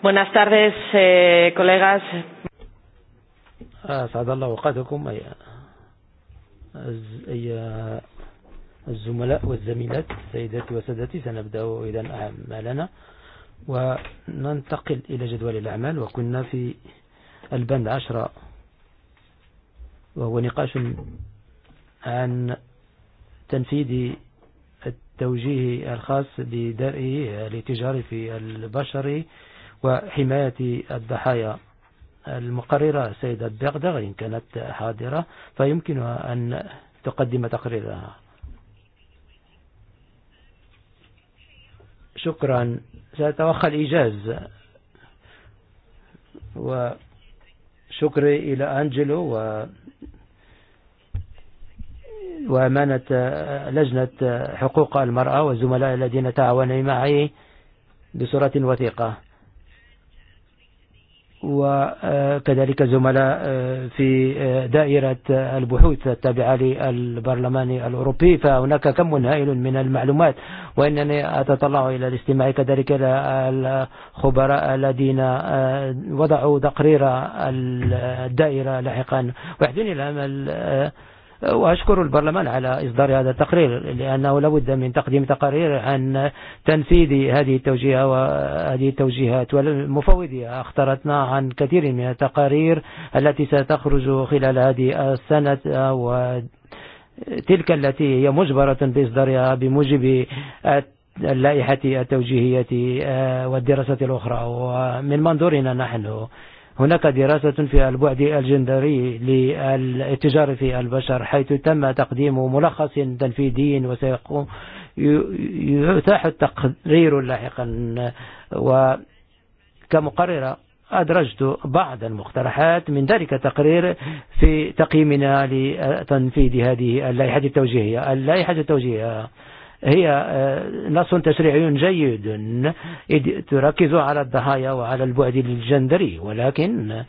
Buenas tardes, eh, colegas. أسعد الله أوقاتكم أي أي الزملاء والزميلات سيداتي وسادتي سنبدأ إذا أعمالنا وننتقل إلى جدول الأعمال وكنا في البند عشرة وهو نقاش عن تنفيذ التوجيه الخاص بدرء الاتجار في bashari. وحماية الضحايا المقررة سيدة بغدغ إن كانت حاضرة فيمكنها أن تقدم تقريرها شكرا سأتوخى الإجاز وشكري إلى أنجلو و وأمانة لجنة حقوق المرأة والزملاء الذين تعاونوا معي بصورة وثيقة وكذلك زملاء في دائرة البحوث التابعة للبرلمان الأوروبي فهناك كم هائل من المعلومات وإنني أتطلع إلى الاستماع كذلك إلى الخبراء الذين وضعوا تقرير الدائرة لاحقا ويحزنني الأمل وأشكر البرلمان على إصدار هذا التقرير لأنه لابد من تقديم تقارير عن تنفيذ هذه التوجيهات وهذه التوجيهات والمفوضية أخطرتنا عن كثير من التقارير التي ستخرج خلال هذه السنة وتلك التي هي مجبرة بإصدارها بموجب اللائحة التوجيهية والدراسة الأخرى ومن منظورنا نحن هناك دراسة في البعد الجندري للتجارة في البشر حيث تم تقديم ملخص تنفيذي وسيقوم يتاح التقرير لاحقا وكمقررة أدرجت بعض المقترحات من ذلك التقرير في تقييمنا لتنفيذ هذه اللائحة التوجيهية اللائحة التوجيهية هي نص تشريعي جيد تركز على الضحايا وعلى البعد الجندري ولكن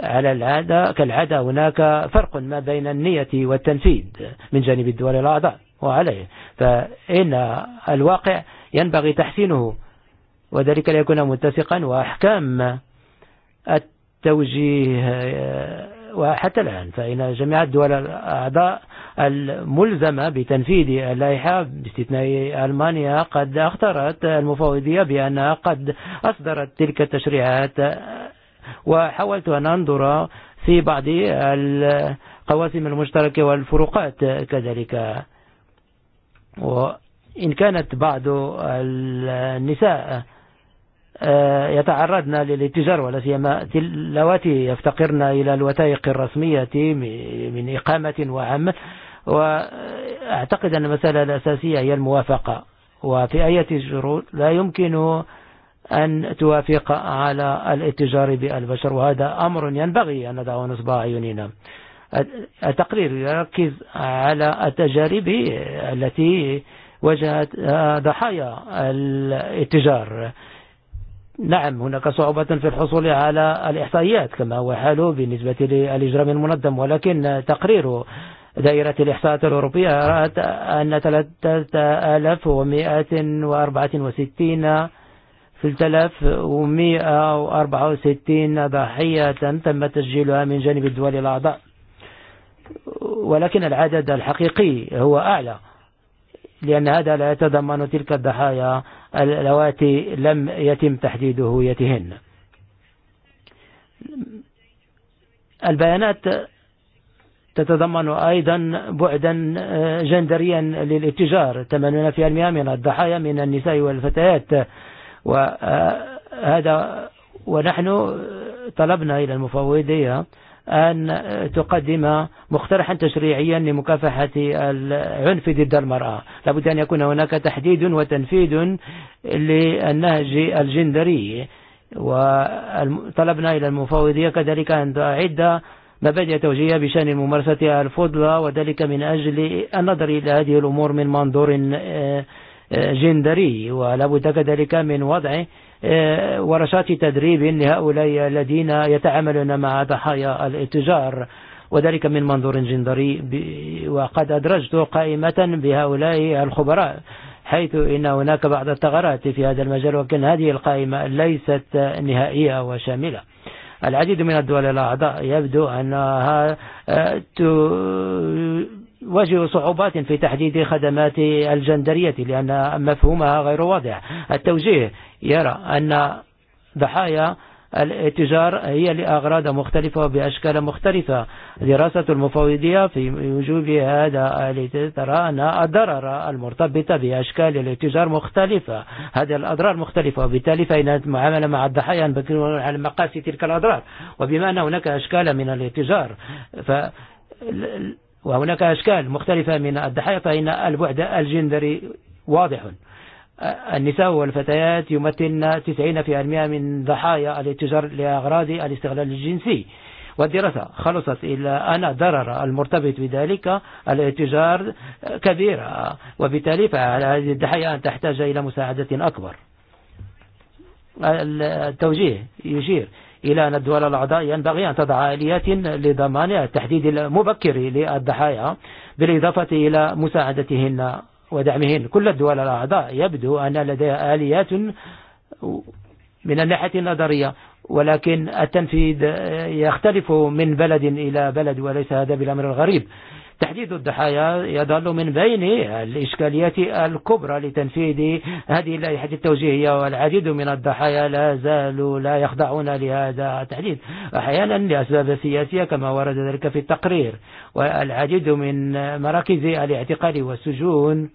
على العادة كالعادة هناك فرق ما بين النية والتنفيذ من جانب الدول الأعضاء وعليه فإن الواقع ينبغي تحسينه وذلك ليكون متسقا وأحكام التوجيه وحتى الآن فإن جميع الدول الأعضاء الملزمة بتنفيذ اللائحة باستثناء ألمانيا قد أخطرت المفوضية بأنها قد أصدرت تلك التشريعات وحاولت أن أنظر في بعض القواسم المشتركة والفروقات كذلك وإن كانت بعض النساء يتعرضنا للاتجار ولا سيما اللواتي يفتقرن الى الوثائق الرسمية من إقامة وعمل واعتقد ان المسألة الأساسية هي الموافقة وفي أي شروط لا يمكن ان توافق على الاتجار بالبشر وهذا امر ينبغي ان ندعو نصب عيوننا التقرير يركز على التجارب التي وجهت ضحايا الاتجار نعم هناك صعوبة في الحصول على الإحصائيات كما هو حاله بالنسبة للإجرام المنظم ولكن تقرير دائرة الإحصاءات الأوروبية رأت أن 3164 في 3164 ضحية تم تسجيلها من جانب الدول الأعضاء ولكن العدد الحقيقي هو أعلى لأن هذا لا يتضمن تلك الضحايا اللواتي لم يتم تحديد هويتهن البيانات تتضمن أيضا بعدا جندريا للاتجار 80% من الضحايا من النساء والفتيات وهذا ونحن طلبنا إلى المفوضية أن تقدم مقترحا تشريعيا لمكافحة العنف ضد المرأة لابد أن يكون هناك تحديد وتنفيذ للنهج الجندري وطلبنا إلى المفاوضية كذلك أن تعد مبادئ توجيه بشأن الممارسة الفضلة وذلك من أجل النظر إلى هذه الأمور من منظور جندري ولابد كذلك من وضع ورشات تدريب لهؤلاء الذين يتعاملون مع ضحايا الاتجار وذلك من منظور جندري وقد أدرجت قائمة بهؤلاء الخبراء حيث إن هناك بعض الثغرات في هذا المجال ولكن هذه القائمة ليست نهائية وشاملة العديد من الدول الأعضاء يبدو أنها واجه صعوبات في تحديد خدمات الجندرية لأن مفهومها غير واضح التوجيه يرى أن ضحايا الاتجار هي لأغراض مختلفة بأشكال مختلفة دراسة المفوضية في وجوب هذا ترى أن الضرر المرتبطة بأشكال الاتجار مختلفة هذه الأضرار مختلفة وبالتالي فإن المعاملة مع الضحايا على مقاس تلك الأضرار وبما أن هناك أشكال من الاتجار ف وهناك أشكال مختلفة من الضحايا فإن البعد الجندري واضح النساء والفتيات يمثلن 90% من ضحايا الاتجار لأغراض الاستغلال الجنسي والدراسة خلصت إلى أن ضرر المرتبط بذلك الاتجار كبيرة وبالتالي فعلى هذه الضحايا أن تحتاج إلى مساعدة أكبر التوجيه يشير إلى أن الدول الأعضاء ينبغي أن تضع آليات لضمان التحديد المبكر للضحايا بالإضافة إلى مساعدتهن ودعمهن كل الدول الأعضاء يبدو أن لديها آليات من الناحية النظرية ولكن التنفيذ يختلف من بلد إلى بلد وليس هذا بالأمر الغريب تحديد الضحايا يظل من بين الإشكاليات الكبرى لتنفيذ هذه اللائحة التوجيهية والعديد من الضحايا لا زالوا لا يخضعون لهذا التحديد أحيانا لأسباب سياسية كما ورد ذلك في التقرير والعديد من مراكز الاعتقال والسجون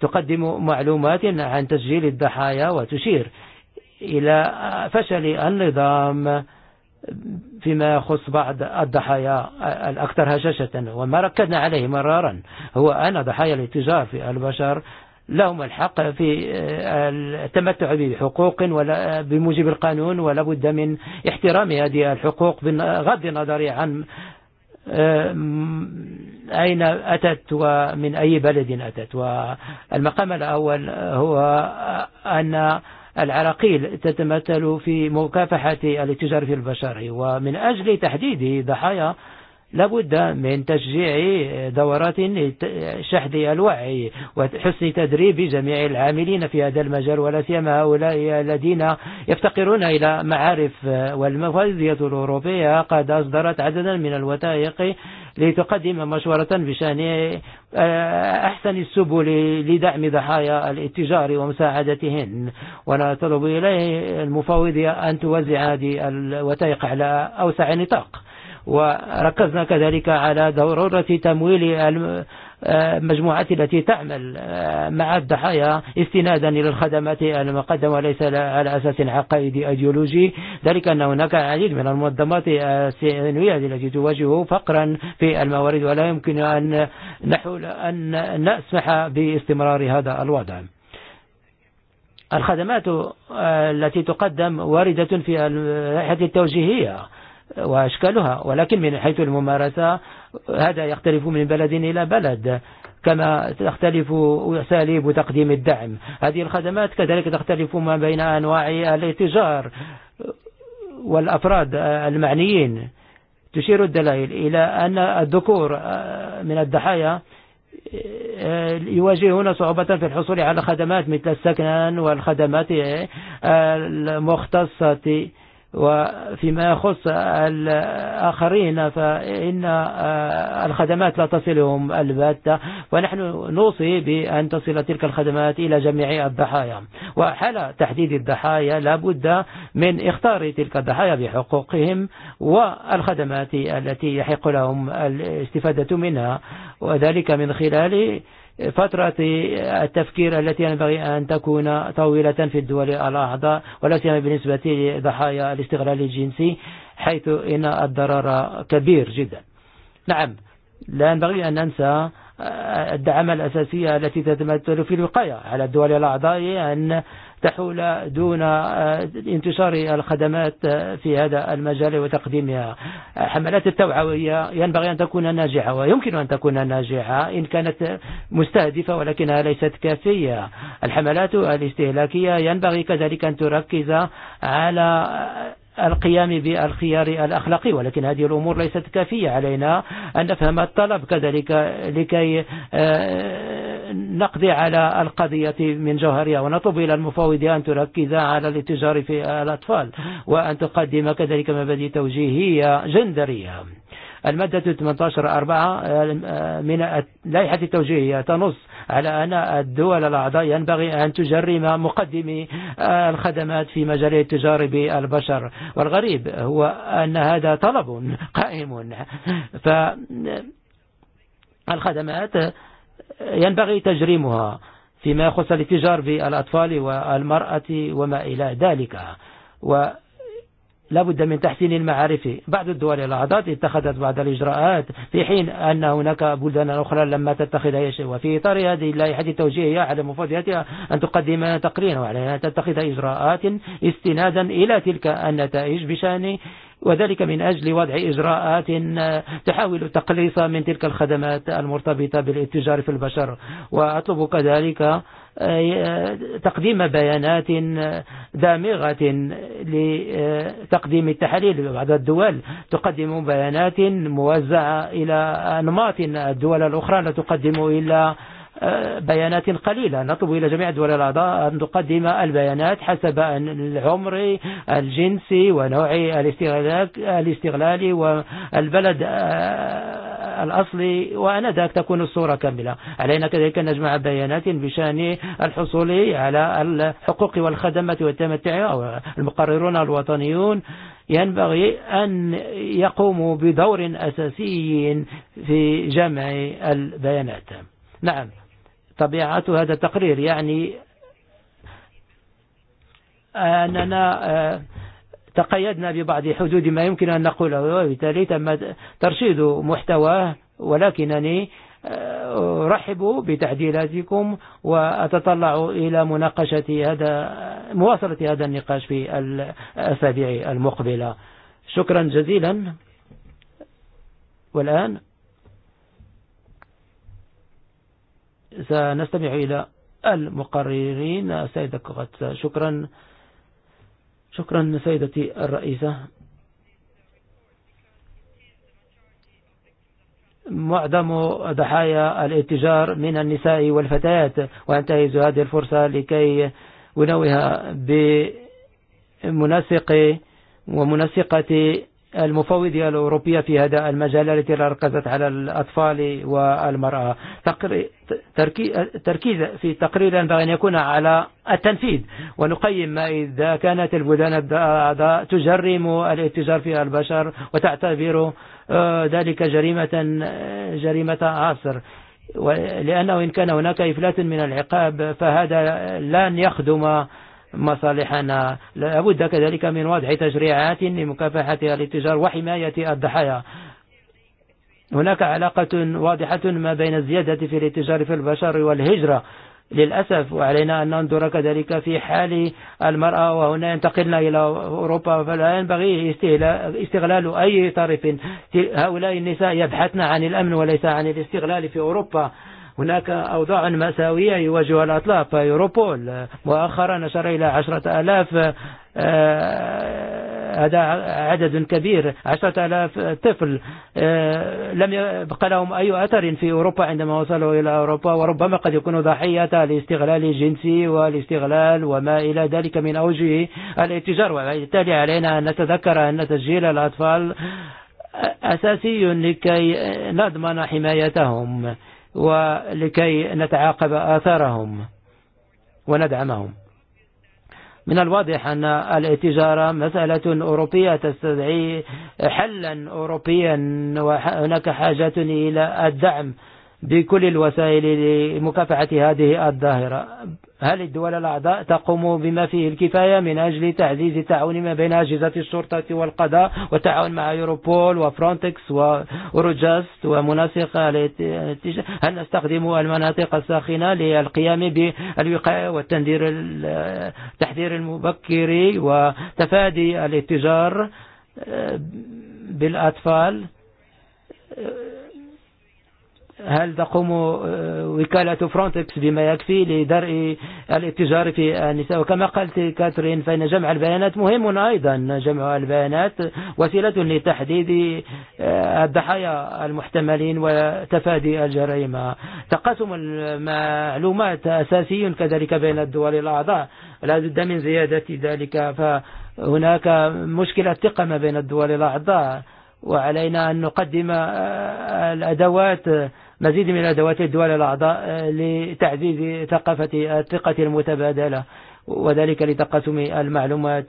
تقدم معلومات عن تسجيل الضحايا وتشير إلى فشل النظام فيما يخص بعض الضحايا الأكثر هشاشة وما ركدنا عليه مرارا هو أن ضحايا الاتجار في البشر لهم الحق في التمتع بحقوق ولا بموجب القانون ولا بد من احترام هذه الحقوق بغض النظر عن أين أتت ومن أي بلد أتت والمقام الأول هو أن العراقيل تتمثل في مكافحة الاتجار في البشر ومن أجل تحديد ضحايا لابد من تشجيع دورات شحذ الوعي وحسن تدريب جميع العاملين في هذا المجال ولا سيما هؤلاء الذين يفتقرون الى معارف والمفوضيه الاوروبيه قد اصدرت عددا من الوثائق لتقدم مشورة بشأن أحسن السبل لدعم ضحايا الاتجار ومساعدتهن وأنا أطلب إليه المفاوض أن توزع هذه الوثائق على أوسع نطاق وركزنا كذلك على ضرورة تمويل المجموعات التي تعمل مع الضحايا استنادا إلى الخدمات المقدمة وليس على أساس عقائدي أيديولوجي ذلك أن هناك العديد من المنظمات السينوية التي تواجه فقرا في الموارد ولا يمكن أن نحول أن نسمح باستمرار هذا الوضع الخدمات التي تقدم واردة في اللائحة التوجيهية وأشكالها ولكن من حيث الممارسة هذا يختلف من بلد إلى بلد كما تختلف أساليب تقديم الدعم هذه الخدمات كذلك تختلف ما بين أنواع الاتجار والأفراد المعنيين تشير الدلائل إلى أن الذكور من الضحايا يواجهون صعوبة في الحصول على خدمات مثل السكن والخدمات المختصة وفيما يخص الآخرين فإن الخدمات لا تصلهم البتة ونحن نوصي بأن تصل تلك الخدمات إلى جميع الضحايا وحال تحديد الضحايا لا بد من اختار تلك الضحايا بحقوقهم والخدمات التي يحق لهم الاستفادة منها وذلك من خلال فترة التفكير التي ينبغي أن تكون طويلة في الدول الأعضاء ولا سيما بالنسبة لضحايا الاستغلال الجنسي حيث إن الضرر كبير جدا نعم لا ينبغي أن ننسى الدعم الأساسية التي تتمثل في الوقاية على الدول الأعضاء أن تحول دون انتشار الخدمات في هذا المجال وتقديمها حملات التوعوية ينبغي أن تكون ناجحة ويمكن أن تكون ناجحة إن كانت مستهدفة ولكنها ليست كافية الحملات الاستهلاكية ينبغي كذلك أن تركز على القيام بالخيار الأخلاقي ولكن هذه الأمور ليست كافية علينا أن نفهم الطلب كذلك لكي نقضي على القضية من جوهرها ونطلب إلى المفاوض أن تركز على الاتجار في الأطفال وأن تقدم كذلك مبادئ توجيهية جندرية المادة 18 4 من لائحة التوجيه تنص على أن الدول الأعضاء ينبغي أن تجرم مقدمي الخدمات في مجال التجار بالبشر والغريب هو أن هذا طلب قائم فالخدمات ينبغي تجريمها فيما يخص الاتجار بالأطفال والمرأة وما إلى ذلك و لا بد من تحسين المعارف بعض الدول العادات اتخذت بعض الإجراءات في حين أن هناك بلدان أخرى لما تتخذ أي شيء وفي إطار هذه اللائحة التوجيهية على مفاداتها أن تقدم تقرير وعلى أن تتخذ إجراءات استنادا إلى تلك النتائج بشأن وذلك من أجل وضع إجراءات تحاول تقليص من تلك الخدمات المرتبطة بالاتجار في البشر وأطلب كذلك تقديم بيانات دامغة لتقديم التحليل بعض الدول تقدم بيانات موزعة إلى أنماط الدول الأخرى لا تقدم إلا بيانات قليلة نطلب إلى جميع الدول الأعضاء أن تقدم البيانات حسب العمر الجنسي ونوع الاستغلال والبلد الأصلي وأنا ذاك تكون الصورة كاملة علينا كذلك أن نجمع بيانات بشأن الحصول على الحقوق والخدمات والتمتع المقررون الوطنيون ينبغي أن يقوموا بدور أساسي في جمع البيانات نعم طبيعة هذا التقرير يعني أننا تقيدنا ببعض حدود ما يمكن أن نقوله وبالتالي تم ترشيد محتواه ولكنني أرحب بتعديلاتكم وأتطلع إلى مناقشة هذا مواصلة هذا النقاش في الأسابيع المقبلة شكرا جزيلا والآن سنستمع إلى المقررين سيدة كغتسا شكرا شكرا سيدتي الرئيسة معظم ضحايا الاتجار من النساء والفتيات وانتهز هذه الفرصة لكي ونوها بمنسق ومنسقة المفوضية الأوروبية في هذا المجال التي ركزت على الأطفال والمرأة تركيز في تقرير ينبغي أن يكون على التنفيذ ونقيم ما إذا كانت البلدان الأعضاء تجرم الاتجار في البشر وتعتبر ذلك جريمة جريمة عصر لأنه إن كان هناك إفلات من العقاب فهذا لن يخدم مصالحنا لابد كذلك من وضع تشريعات لمكافحة الاتجار وحماية الضحايا هناك علاقة واضحة ما بين الزيادة في الاتجار في البشر والهجرة للأسف وعلينا أن ننظر كذلك في حال المرأة وهنا ينتقلنا إلى أوروبا فلا ينبغي استغلال أي طرف هؤلاء النساء يبحثن عن الأمن وليس عن الاستغلال في أوروبا هناك أوضاع مأساوية يواجهها الأطلاف يوروبول مؤخرا نشر إلى عشرة ألاف هذا عدد كبير عشرة ألاف طفل لم يبقى لهم أي أثر في أوروبا عندما وصلوا إلى أوروبا وربما قد يكونوا ضحية لاستغلال الجنسي والاستغلال وما إلى ذلك من أوجه الاتجار وبالتالي علينا أن نتذكر أن تسجيل الأطفال أساسي لكي نضمن حمايتهم ولكي نتعاقب آثارهم وندعمهم من الواضح أن الاتجارة مسألة أوروبية تستدعي حلا أوروبيا وهناك حاجة إلى الدعم بكل الوسائل لمكافحة هذه الظاهرة هل الدول الأعضاء تقوم بما فيه الكفاية من أجل تعزيز التعاون ما بين أجهزة الشرطة والقضاء والتعاون مع يوروبول وفرونتكس وأوروجاست ومنسق هل نستخدم المناطق الساخنة للقيام بالوقاية والتنذير التحذير المبكر وتفادي الاتجار بالأطفال هل تقوم وكالة فرونتكس بما يكفي لدرء الاتجار في النساء وكما قالت كاترين فإن جمع البيانات مهم أيضا جمع البيانات وسيلة لتحديد الضحايا المحتملين وتفادي الجريمة تقاسم المعلومات أساسي كذلك بين الدول الأعضاء لا بد من زيادة ذلك فهناك مشكلة ثقة بين الدول الأعضاء وعلينا أن نقدم الأدوات مزيد من أدوات الدول الأعضاء لتعزيز ثقافة الثقة المتبادلة وذلك لتقاسم المعلومات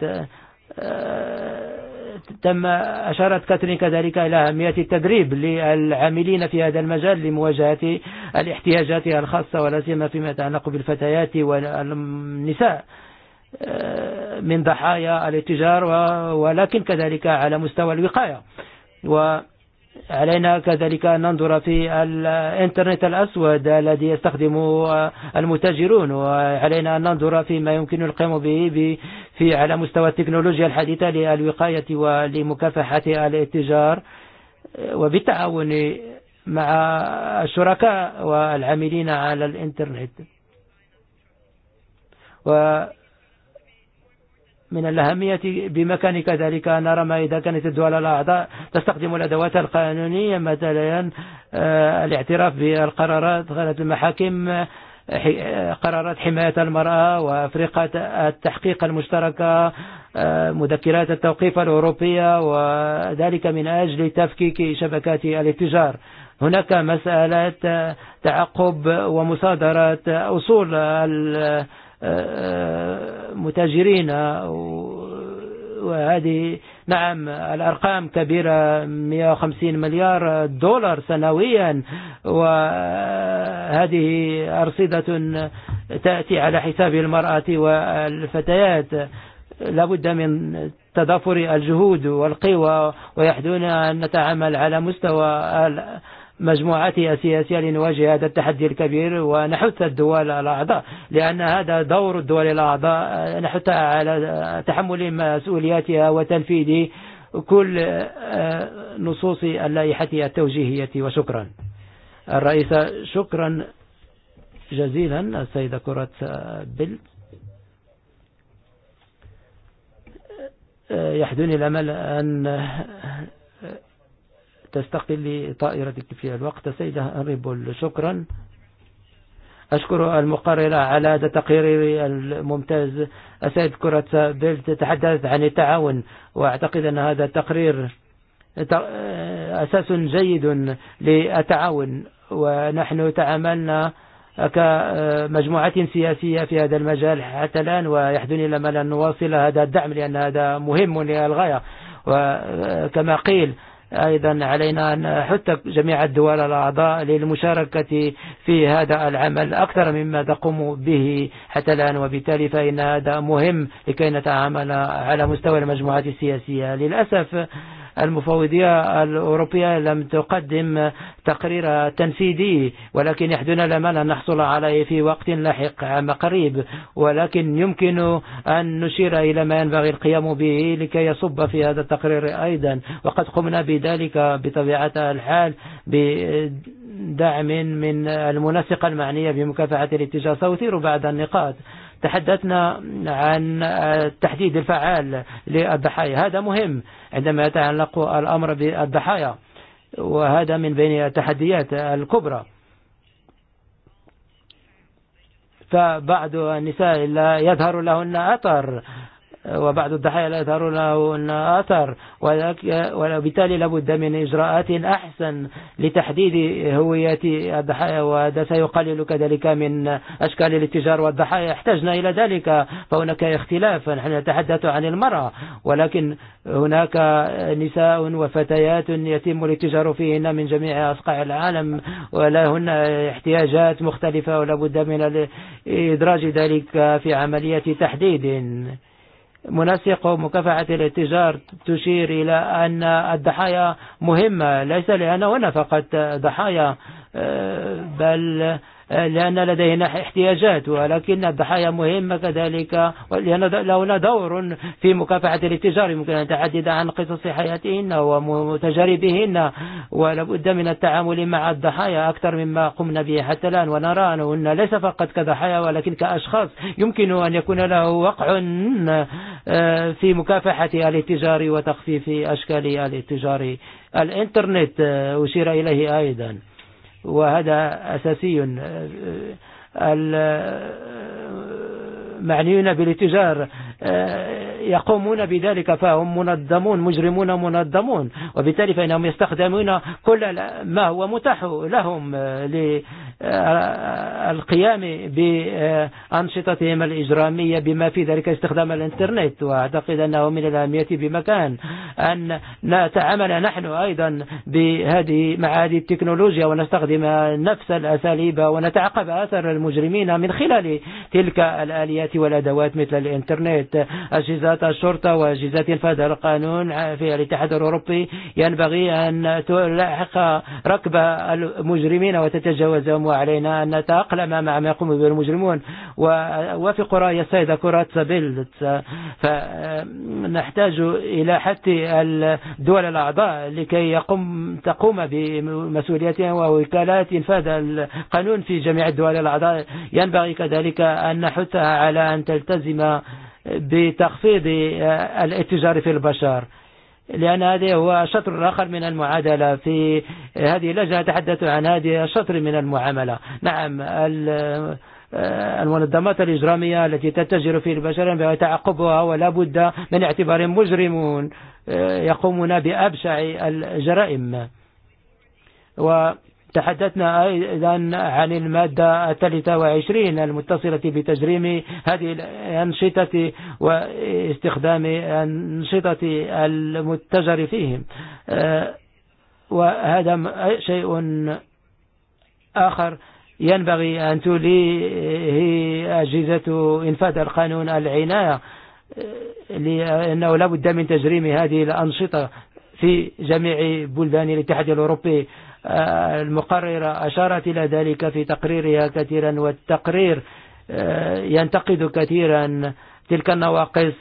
تم أشارت كاترين كذلك إلى أهمية التدريب للعاملين في هذا المجال لمواجهة الاحتياجات الخاصة ولا سيما فيما يتعلق بالفتيات والنساء من ضحايا الاتجار ولكن كذلك على مستوى الوقاية و علينا كذلك أن ننظر في الإنترنت الأسود الذي يستخدمه المتاجرون وعلينا أن ننظر فيما يمكن القيام به في على مستوى التكنولوجيا الحديثة للوقاية ولمكافحة الاتجار وبالتعاون مع الشركاء والعاملين على الإنترنت. و من الأهمية بمكانك ذلك نرى ما إذا كانت الدول الأعضاء تستخدم الأدوات القانونية مثلا الاعتراف بالقرارات غير المحاكم قرارات حماية المرأة وأفريقة التحقيق المشتركة مذكرات التوقيف الأوروبية وذلك من أجل تفكيك شبكات الاتجار هناك مسألة تعقب ومصادرة أصول متاجرين وهذه نعم الأرقام كبيرة 150 مليار دولار سنويا وهذه أرصدة تأتي على حساب المرأة والفتيات لابد من تضافر الجهود والقوى ويحدون أن نتعامل على مستوى مجموعتها السياسية لنواجه هذا التحدي الكبير ونحث الدول الأعضاء لأن هذا دور الدول الأعضاء نحثها على تحمل مسؤولياتها وتنفيذ كل نصوص اللائحة التوجيهية وشكرا الرئيسة شكرا جزيلا السيدة كرة بيلد يحدوني الأمل أن تستقل طائرتك في الوقت سيدة هربل شكرا أشكر المقررة على هذا التقرير الممتاز السيد كرة بيلت تحدث عن التعاون وأعتقد أن هذا التقرير أساس جيد للتعاون ونحن تعاملنا كمجموعة سياسية في هذا المجال حتى الآن ويحدني لما لن نواصل هذا الدعم لأن هذا مهم للغاية وكما قيل أيضا علينا أن نحث جميع الدول الأعضاء للمشاركة في هذا العمل أكثر مما تقوم به حتى الآن وبالتالي فإن هذا مهم لكي نتعامل على مستوى المجموعات السياسية للأسف المفوضية الأوروبية لم تقدم تقرير تنفيذي ولكن يحدنا الأمل أن نحصل عليه في وقت لاحق عام قريب ولكن يمكن أن نشير إلى ما ينبغي القيام به لكي يصب في هذا التقرير أيضا وقد قمنا بذلك بطبيعة الحال بدعم من المنسقة المعنية بمكافحة الاتجاه سأثير بعد النقاط تحدثنا عن التحديد الفعال للضحايا هذا مهم عندما يتعلق الأمر بالضحايا وهذا من بين التحديات الكبرى فبعض النساء لا يظهر لهن أثر وبعض الضحايا لا له لهن أثر وبالتالي لابد من إجراءات أحسن لتحديد هوية الضحايا وهذا سيقلل كذلك من أشكال الاتجار والضحايا احتجنا إلى ذلك فهناك اختلاف نحن نتحدث عن المرأة ولكن هناك نساء وفتيات يتم الاتجار فيهن من جميع أصقاع العالم ولهن احتياجات مختلفة ولابد من إدراج ذلك في عملية تحديد منسق مكافحة الاتجار تشير إلى أن الضحايا مهمة ليس لأنه هنا فقط ضحايا بل لأن لدينا احتياجات ولكن الضحايا مهمة كذلك لأن لنا دور في مكافحة الاتجار يمكن أن تحدد عن قصص حياتهن وتجاربهن ولابد من التعامل مع الضحايا أكثر مما قمنا به حتى الآن ونرى أنهن ليس فقط كضحايا ولكن كأشخاص يمكن أن يكون له وقع في مكافحة الاتجار وتخفيف أشكال الاتجار الانترنت أشير إليه أيضا وهذا أساسي المعنيون بالتجارة يقومون بذلك فهم منظمون مجرمون منظمون وبالتالي فإنهم يستخدمون كل ما هو متاح لهم للقيام بأنشطتهم الإجرامية بما في ذلك استخدام الإنترنت وأعتقد أنه من الأهمية بمكان أن نتعامل نحن أيضا بهذه مع هذه التكنولوجيا ونستخدم نفس الأساليب ونتعقب أثر المجرمين من خلال تلك الآليات والأدوات مثل الإنترنت وظيفة أجهزة الشرطة وأجهزة الفدى القانون في الاتحاد الأوروبي ينبغي أن تلاحق ركب المجرمين وتتجاوزهم وعلينا أن نتأقلم مع ما يقوم به المجرمون ووافق رأي السيدة كرات بيلت فنحتاج إلى حتى الدول الأعضاء لكي يقوم تقوم بمسؤوليتها ووكالات انفاذ القانون في جميع الدول الأعضاء ينبغي كذلك أن نحثها على أن تلتزم بتخفيض الاتجار في البشر لأن هذا هو شطر آخر من المعادلة في هذه اللجنة أتحدث عن هذه شطر من المعاملة نعم المنظمات الإجرامية التي تتجر في البشر ويتعقبها ولا بد من اعتبار مجرمون يقومون بأبشع الجرائم وقال تحدثنا أيضا عن المادة الثالثة وعشرين المتصلة بتجريم هذه الأنشطة واستخدام أنشطة المتجر فيهم وهذا شيء آخر ينبغي أن توليه أجهزة إنفاذ القانون العناية لأنه لابد من تجريم هذه الأنشطة في جميع بلدان الاتحاد الأوروبي المقررة أشارت إلى ذلك في تقريرها كثيرا والتقرير ينتقد كثيرا تلك النواقص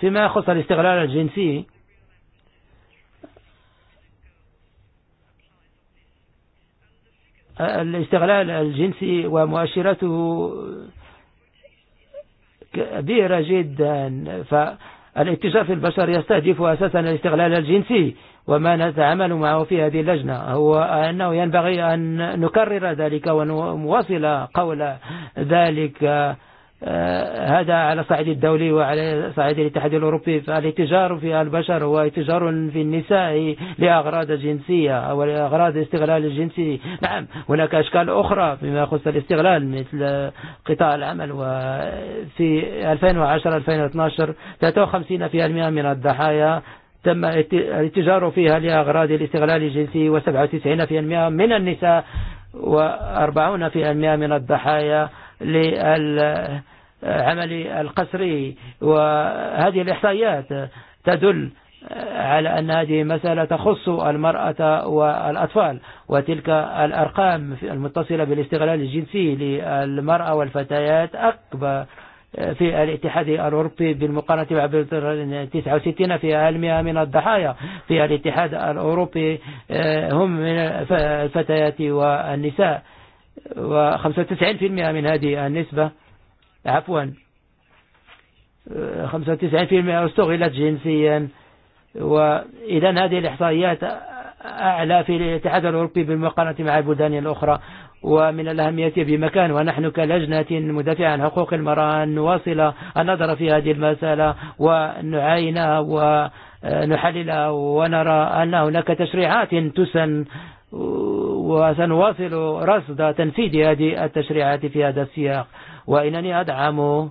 فيما يخص الاستغلال الجنسي الاستغلال الجنسي ومؤشرته كبيرة جدا فالناس الاكتشاف البشر يستهدف أساسا الاستغلال الجنسي وما نتعامل معه في هذه اللجنة هو أنه ينبغي أن نكرر ذلك ونواصل قول ذلك هذا على صعيد الدولي وعلى صعيد الاتحاد الأوروبي فالاتجار في البشر هو اتجار في النساء لأغراض جنسية أو لأغراض استغلال الجنسي نعم هناك أشكال أخرى فيما يخص الاستغلال مثل قطاع العمل وفي 2010-2012 53% من الضحايا تم الاتجار فيها لأغراض الاستغلال الجنسي و97% من النساء و40% من الضحايا لل عملي القسري وهذه الإحصائيات تدل على أن هذه مسألة تخص المرأة والأطفال وتلك الأرقام المتصلة بالاستغلال الجنسي للمرأة والفتيات أكبر في الاتحاد الأوروبي بالمقارنة مع 69 في المئة من الضحايا في الاتحاد الأوروبي هم من الفتيات والنساء و 95% من هذه النسبة عفوا 95% استغلت جنسيا وإذا هذه الإحصائيات أعلى في الاتحاد الأوروبي بالمقارنة مع البلدان الأخرى ومن الأهمية بمكان ونحن كلجنة مدافعة عن حقوق المرأة أن نواصل النظر في هذه المسألة ونعاينها ونحللها ونرى أن هناك تشريعات تسن وسنواصل رصد تنفيذ هذه التشريعات في هذا السياق وإنني أدعم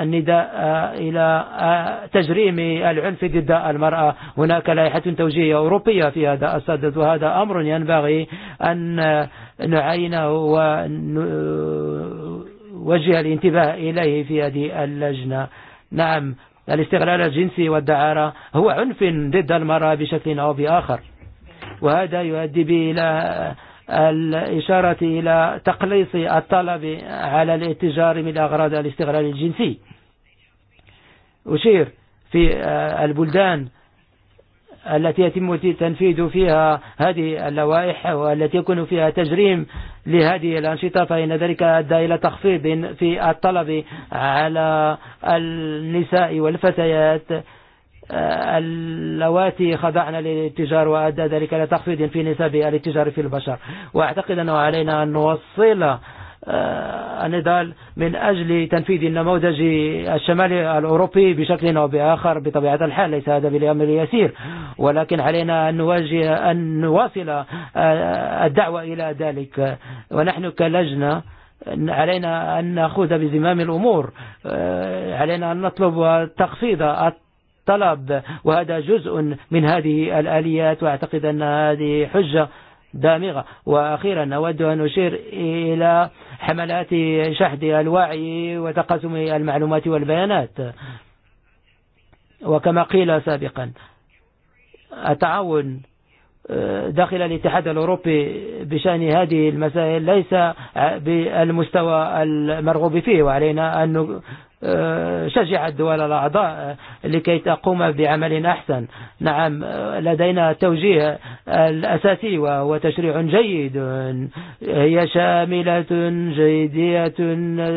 النداء إلى تجريم العنف ضد المرأة هناك لائحة توجيهية أوروبية في هذا الصدد وهذا أمر ينبغي أن نعينه ونوجه الانتباه إليه في هذه اللجنة نعم الاستغلال الجنسي والدعارة هو عنف ضد المرأة بشكل أو بآخر وهذا يؤدي به إلى الإشارة إلى تقليص الطلب على الاتجار من أغراض الاستغلال الجنسي أشير في البلدان التي يتم تنفيذ فيها هذه اللوائح والتي يكون فيها تجريم لهذه الأنشطة فإن ذلك أدى إلى تخفيض في الطلب على النساء والفتيات اللواتي خضعن للاتجار وأدى ذلك لتخفيض في نسب الاتجار في البشر وأعتقد أنه علينا أن نوصل النضال من أجل تنفيذ النموذج الشمالي الأوروبي بشكل أو بآخر بطبيعة الحال ليس هذا بالأمر اليسير ولكن علينا أن نواجه أن نواصل الدعوة إلى ذلك ونحن كلجنة علينا أن نأخذ بزمام الأمور علينا أن نطلب تخفيض الطلب وهذا جزء من هذه الآليات وأعتقد أن هذه حجة دامغة وأخيرا نود أن أشير إلى حملات شحذ الوعي وتقاسم المعلومات والبيانات وكما قيل سابقا التعاون داخل الاتحاد الأوروبي بشأن هذه المسائل ليس بالمستوى المرغوب فيه وعلينا أن شجع الدول الأعضاء لكي تقوم بعمل أحسن نعم لدينا توجيه الأساسي وتشريع جيد هي شاملة جيدية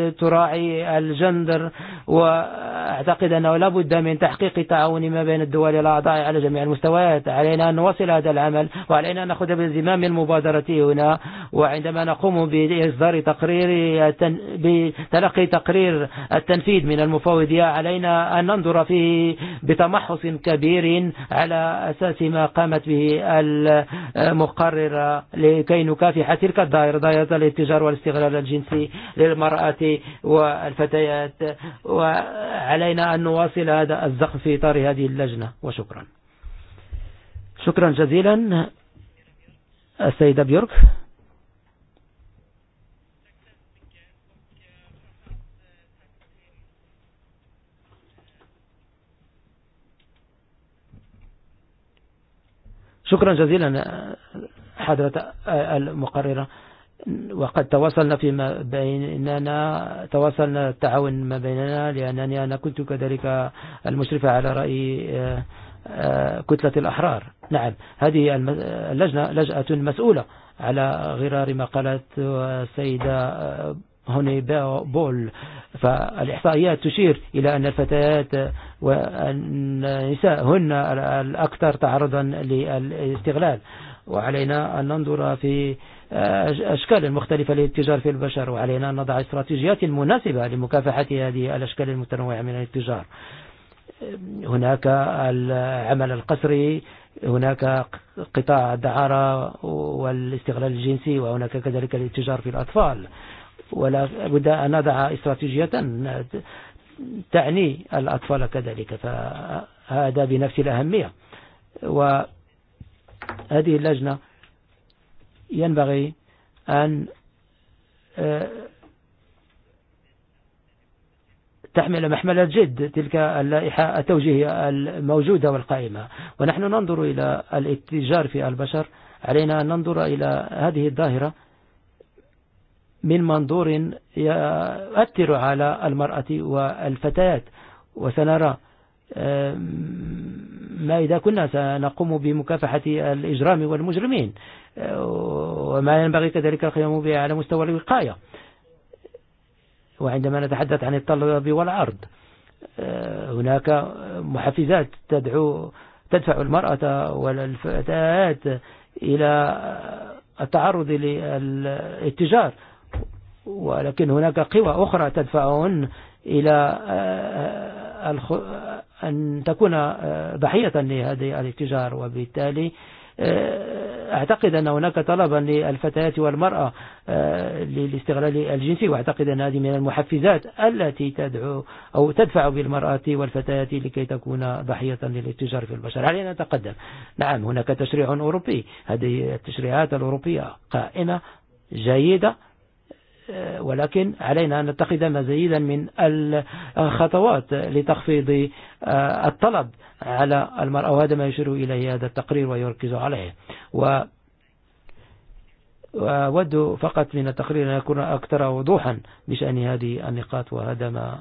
تراعي الجندر وأعتقد أنه لابد من تحقيق التعاون ما بين الدول الأعضاء على جميع المستويات علينا أن نواصل هذا العمل وعلينا أن نأخذ بالزمام المبادرة هنا وعندما نقوم بإصدار تقرير بتلقي تقرير التنفيذ المزيد من المفاوضية علينا أن ننظر فيه بتمحص كبير على أساس ما قامت به المقررة لكي نكافح تلك الدائرة دائرة الاتجار والاستغلال الجنسي للمرأة والفتيات وعلينا أن نواصل هذا الزخم في إطار هذه اللجنة وشكرا شكرا جزيلا السيدة بيورك شكرا جزيلا حضرة المقررة وقد تواصلنا فيما بيننا تواصلنا التعاون ما بيننا لأنني أنا كنت كذلك المشرفة على رأي كتلة الأحرار نعم هذه اللجنة لجأة مسؤولة على غرار ما قالت السيدة هنا بول فالإحصائيات تشير إلى أن الفتيات والنساء هن الأكثر تعرضا للاستغلال وعلينا أن ننظر في أشكال مختلفة للتجار في البشر وعلينا أن نضع استراتيجيات مناسبة لمكافحة هذه الأشكال المتنوعة من التجار هناك العمل القسري هناك قطاع الدعارة والاستغلال الجنسي وهناك كذلك الاتجار في الأطفال ولا بد أن نضع استراتيجية تعني الأطفال كذلك فهذا بنفس الأهمية وهذه اللجنة ينبغي أن تحمل محمل الجد تلك اللائحة التوجيهية الموجودة والقائمة ونحن ننظر إلى الاتجار في البشر علينا أن ننظر إلى هذه الظاهرة من منظور يؤثر على المرأة والفتاة وسنرى ما إذا كنا سنقوم بمكافحة الإجرام والمجرمين وما ينبغي كذلك القيام به على مستوى الوقاية وعندما نتحدث عن الطلب والعرض هناك محفزات تدعو تدفع المرأة والفتاة إلى التعرض للاتجار ولكن هناك قوى أخرى تدفعهن إلى أن تكون ضحية لهذه الاتجار وبالتالي أعتقد أن هناك طلبا للفتيات والمرأة للاستغلال الجنسي وأعتقد أن هذه من المحفزات التي تدعو أو تدفع بالمرأة والفتيات لكي تكون ضحية للاتجار في البشر علينا نتقدم نعم هناك تشريع أوروبي هذه التشريعات الأوروبية قائمة جيدة ولكن علينا أن نتخذ مزيدا من الخطوات لتخفيض الطلب على المرأة وهذا ما يشير إليه هذا التقرير ويركز عليه و وأود فقط من التقرير أن يكون أكثر وضوحا بشأن هذه النقاط وهذا ما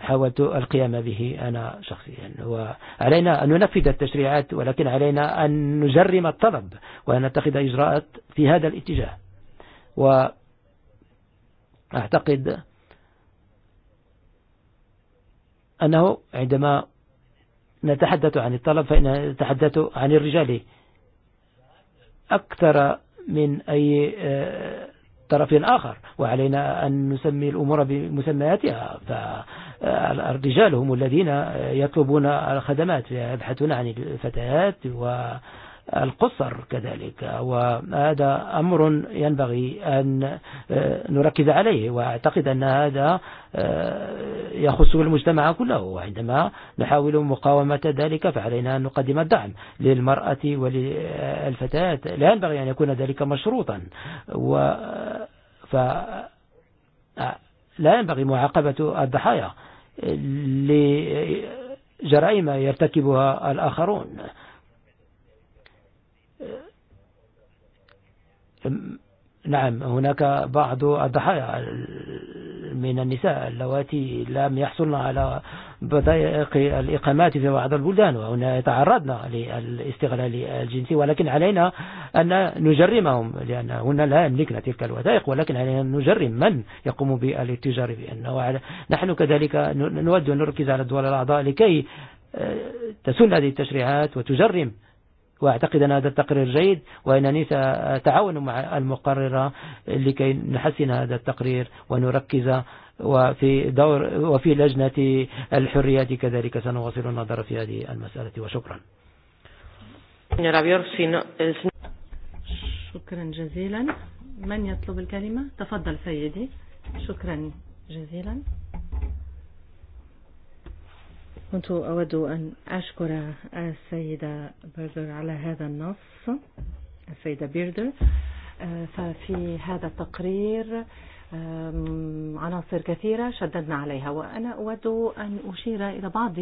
حاولت القيام به انا شخصيا وعلينا أن ننفذ التشريعات ولكن علينا أن نجرم الطلب وأن نتخذ إجراءات في هذا الاتجاه وأعتقد أنه عندما نتحدث عن الطلب فإن نتحدث عن الرجال أكثر من أي طرف آخر وعلينا أن نسمي الأمور بمسمياتها الرجال هم الذين يطلبون الخدمات يبحثون عن الفتيات والقصر كذلك وهذا أمر ينبغي أن نركز عليه وأعتقد أن هذا يخص المجتمع كله وعندما نحاول مقاومة ذلك فعلينا أن نقدم الدعم للمرأة والفتيات لا ينبغي أن يكون ذلك مشروطا و لا ينبغي معاقبة الضحايا لجرائم يرتكبها الآخرون نعم هناك بعض الضحايا من النساء اللواتي لم يحصلن على بدائق الإقامات في بعض البلدان وهنا يتعرضن للاستغلال الجنسي ولكن علينا أن نجرمهم لأن هنا لا يملكنا تلك الوثائق ولكن علينا أن نجرم من يقوم بالاتجار بأنه نحن كذلك نود أن نركز على الدول الأعضاء لكي تسن هذه التشريعات وتجرم وأعتقد أن هذا التقرير جيد وأنني سأتعاون مع المقررة لكي نحسن هذا التقرير ونركز وفي دور وفي لجنة الحريات كذلك سنواصل النظر في هذه المسألة وشكرا. Eh, شكرا جزيلا. من يطلب الكلمة؟ تفضل سيدي. شكرا جزيلا. كنت أود أن أشكر السيدة بيردر على هذا النص السيدة بيردر ففي هذا التقرير عناصر كثيرة شددنا عليها وأنا أود أن أشير إلى بعض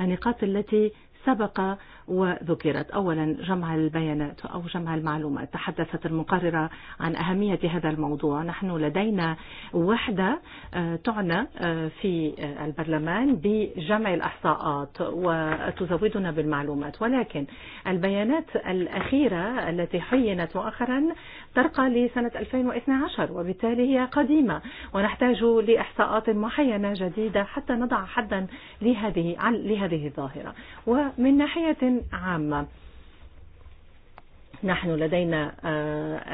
النقاط التي سبق وذكرت أولا جمع البيانات أو جمع المعلومات تحدثت المقررة عن أهمية هذا الموضوع نحن لدينا وحدة تعنى في البرلمان بجمع الأحصاءات وتزودنا بالمعلومات ولكن البيانات الأخيرة التي حينت مؤخرا ترقى لسنة 2012 وبالتالي هي قديمة ونحتاج لإحصاءات محينة جديدة حتى نضع حدا لهذه لهذه الظاهرة ومن ناحية عامة نحن لدينا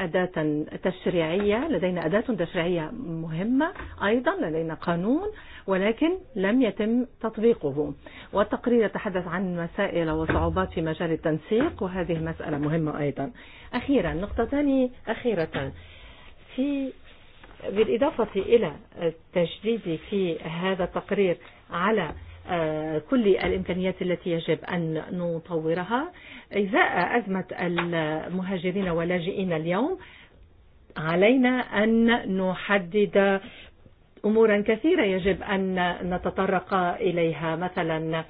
أداة تشريعية لدينا أداة تشريعية مهمة أيضا لدينا قانون ولكن لم يتم تطبيقه والتقرير يتحدث عن مسائل وصعوبات في مجال التنسيق وهذه مسألة مهمة أيضا أخيرا نقطة ثانية أخيرة في بالإضافة إلى التجديد في هذا التقرير على كل الإمكانيات التي يجب أن نطورها إذا أزمة المهاجرين واللاجئين اليوم علينا أن نحدد أمورا كثيرة يجب أن نتطرق إليها مثلا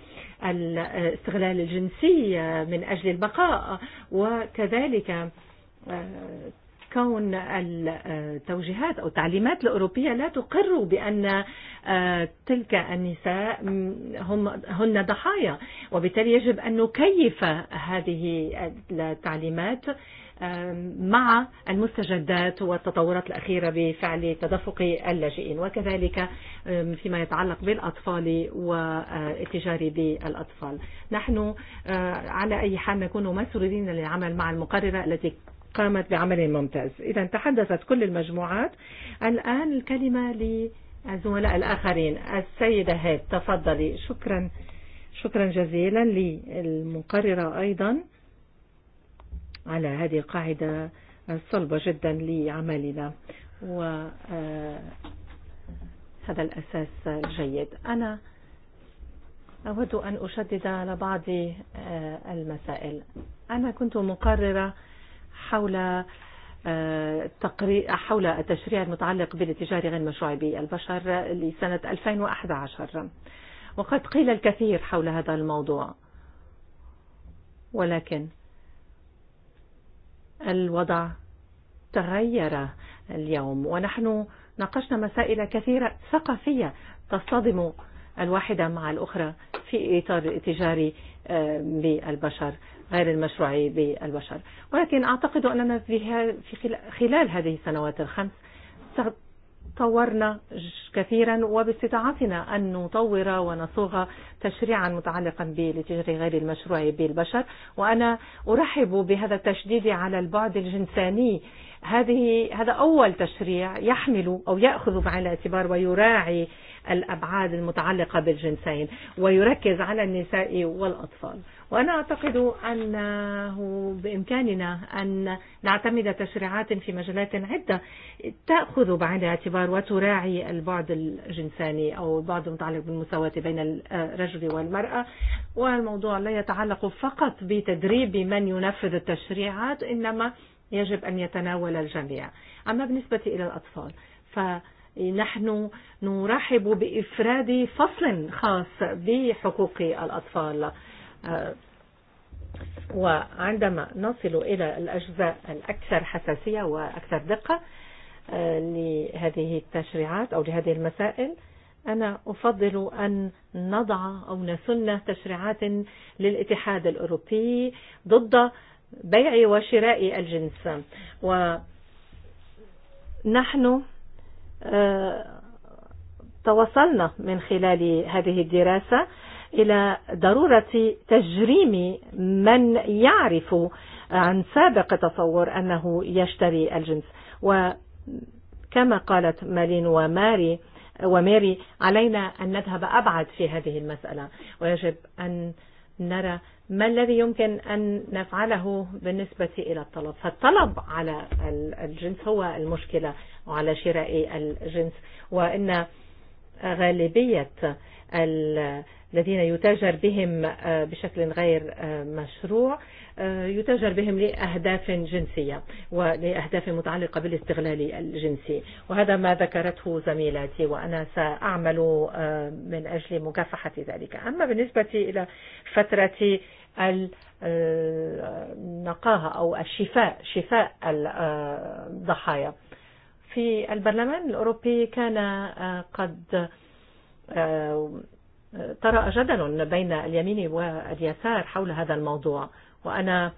الاستغلال الجنسي من أجل البقاء وكذلك كون التوجيهات أو التعليمات الأوروبية لا تقر بأن تلك النساء هم هن ضحايا وبالتالي يجب أن نكيف هذه التعليمات مع المستجدات والتطورات الأخيرة بفعل تدفق اللاجئين وكذلك فيما يتعلق بالأطفال والتجار بالأطفال نحن على أي حال نكون مسؤولين للعمل مع المقررة التي قامت بعمل ممتاز إذا تحدثت كل المجموعات الآن الكلمة للزملاء الآخرين السيدة هيد تفضلي شكرا شكرا جزيلا للمقررة أيضا على هذه القاعدة صلبة جدا لعملنا وهذا الأساس الجيد أنا أود أن أشدد على بعض المسائل أنا كنت مقررة حول تقري حول التشريع المتعلق بالاتجار غير المشروع بي البشر لسنة 2011 وقد قيل الكثير حول هذا الموضوع ولكن الوضع تغير اليوم ونحن ناقشنا مسائل كثيرة ثقافية تصطدم الواحدة مع الأخرى في إطار التجاري بالبشر غير المشروعي بالبشر ولكن أعتقد أننا في خلال هذه السنوات الخمس طورنا كثيرا وباستطاعتنا أن نطور ونصوغ تشريعا متعلقا بالتجري غير المشروعي بالبشر وأنا أرحب بهذا التشديد على البعد الجنساني هذه هذا أول تشريع يحمل أو يأخذ بعين الاعتبار ويراعي الأبعاد المتعلقة بالجنسين ويركز على النساء والأطفال وأنا أعتقد أنه بإمكاننا أن نعتمد تشريعات في مجالات عدة تأخذ بعين الاعتبار وتراعي البعد الجنساني أو البعد المتعلق بالمساواة بين الرجل والمرأة والموضوع لا يتعلق فقط بتدريب من ينفذ التشريعات إنما يجب أن يتناول الجميع أما بالنسبة إلى الأطفال فنحن نرحب بإفراد فصل خاص بحقوق الأطفال وعندما نصل إلى الأجزاء الأكثر حساسية وأكثر دقة لهذه التشريعات أو لهذه المسائل أنا أفضل أن نضع أو نسن تشريعات للاتحاد الأوروبي ضد بيع وشراء الجنس ونحن توصلنا من خلال هذه الدراسة إلى ضرورة تجريم من يعرف عن سابق تصور أنه يشتري الجنس وكما قالت مالين وماري وميري علينا أن نذهب أبعد في هذه المسألة ويجب أن نرى ما الذي يمكن أن نفعله بالنسبة إلى الطلب فالطلب على الجنس هو المشكلة وعلى شراء الجنس وإن غالبية الذين يتاجر بهم بشكل غير مشروع يتجر بهم لأهداف جنسية ولأهداف متعلقة بالاستغلال الجنسي وهذا ما ذكرته زميلاتي وأنا سأعمل من أجل مكافحة ذلك أما بالنسبة إلى فترة النقاهة أو الشفاء شفاء الضحايا في البرلمان الأوروبي كان قد طرأ جدل بين اليمين واليسار حول هذا الموضوع وأنا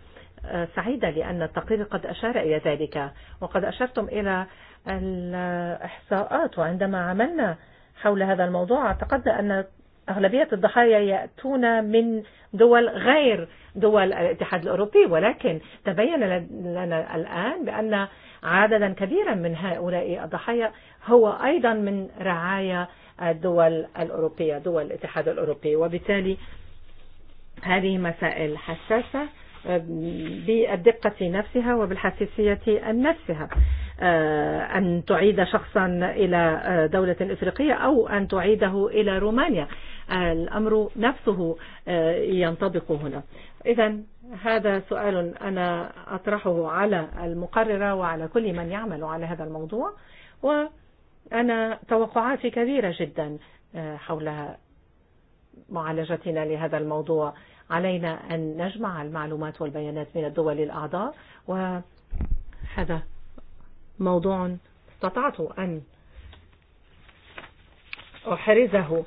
سعيدة لأن التقرير قد أشار إلى ذلك وقد أشرتم إلى الإحصاءات وعندما عملنا حول هذا الموضوع اعتقدنا أن أغلبية الضحايا يأتون من دول غير دول الاتحاد الأوروبي ولكن تبين لنا الآن بأن عددا كبيرا من هؤلاء الضحايا هو أيضا من رعاية الدول الأوروبية دول الاتحاد الأوروبي وبالتالي هذه مسائل حساسة بالدقة نفسها وبالحساسية نفسها أن تعيد شخصا إلى دولة إفريقية أو أن تعيده إلى رومانيا الأمر نفسه ينطبق هنا إذا هذا سؤال أنا أطرحه على المقررة وعلى كل من يعمل على هذا الموضوع وأنا توقعاتي كبيرة جدا حول معالجتنا لهذا الموضوع علينا أن نجمع المعلومات والبيانات من الدول الأعضاء وهذا موضوع استطعت أن أحرزه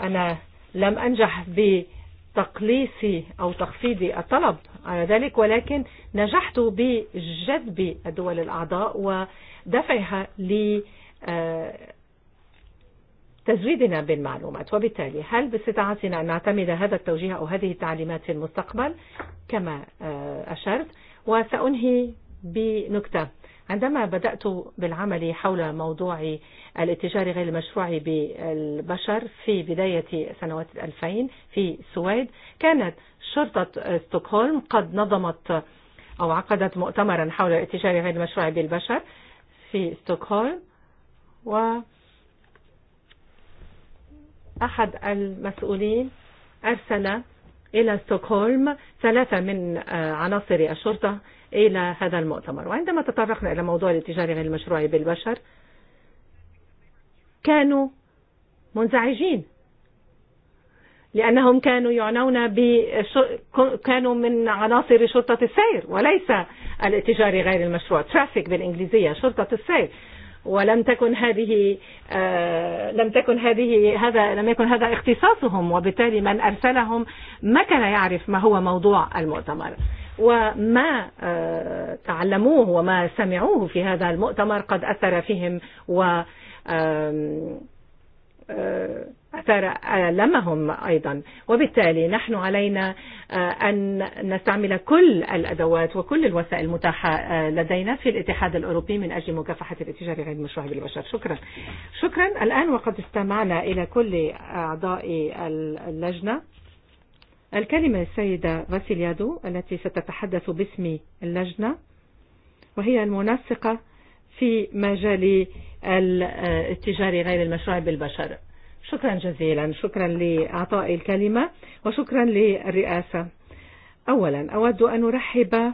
أنا لم أنجح بتقليص أو تخفيض الطلب على ذلك ولكن نجحت بجذب الدول الأعضاء ودفعها لي تزويدنا بالمعلومات وبالتالي هل باستطاعتنا أن نعتمد هذا التوجيه أو هذه التعليمات في المستقبل كما أشرت وسأنهي بنكتة عندما بدأت بالعمل حول موضوع الاتجار غير المشروع بالبشر في بداية سنوات الألفين في السويد كانت شرطة ستوكهولم قد نظمت أو عقدت مؤتمرا حول الاتجار غير المشروع بالبشر في ستوكهولم و أحد المسؤولين أرسل إلى ستوكهولم ثلاثة من عناصر الشرطة إلى هذا المؤتمر وعندما تطرقنا إلى موضوع الاتجار غير المشروع بالبشر كانوا منزعجين لأنهم كانوا يعنون كانوا من عناصر شرطة السير وليس الاتجار غير المشروع ترافيك بالإنجليزية شرطة السير ولم تكن هذه لم تكن هذه هذا لم يكن هذا اختصاصهم وبالتالي من ارسلهم ما كان يعرف ما هو موضوع المؤتمر وما تعلموه وما سمعوه في هذا المؤتمر قد اثر فيهم و ألمهم أيضا وبالتالي نحن علينا أن نستعمل كل الأدوات وكل الوسائل المتاحة لدينا في الاتحاد الأوروبي من أجل مكافحة الاتجار غير المشروع بالبشر شكرا شكرا الآن وقد استمعنا إلى كل أعضاء اللجنة الكلمة السيدة فاسيليادو التي ستتحدث باسم اللجنة وهي المنسقة في مجال التجار غير المشروع بالبشر شكرا جزيلا شكرا لإعطاء الكلمة وشكرا للرئاسة أولا أود أن أرحب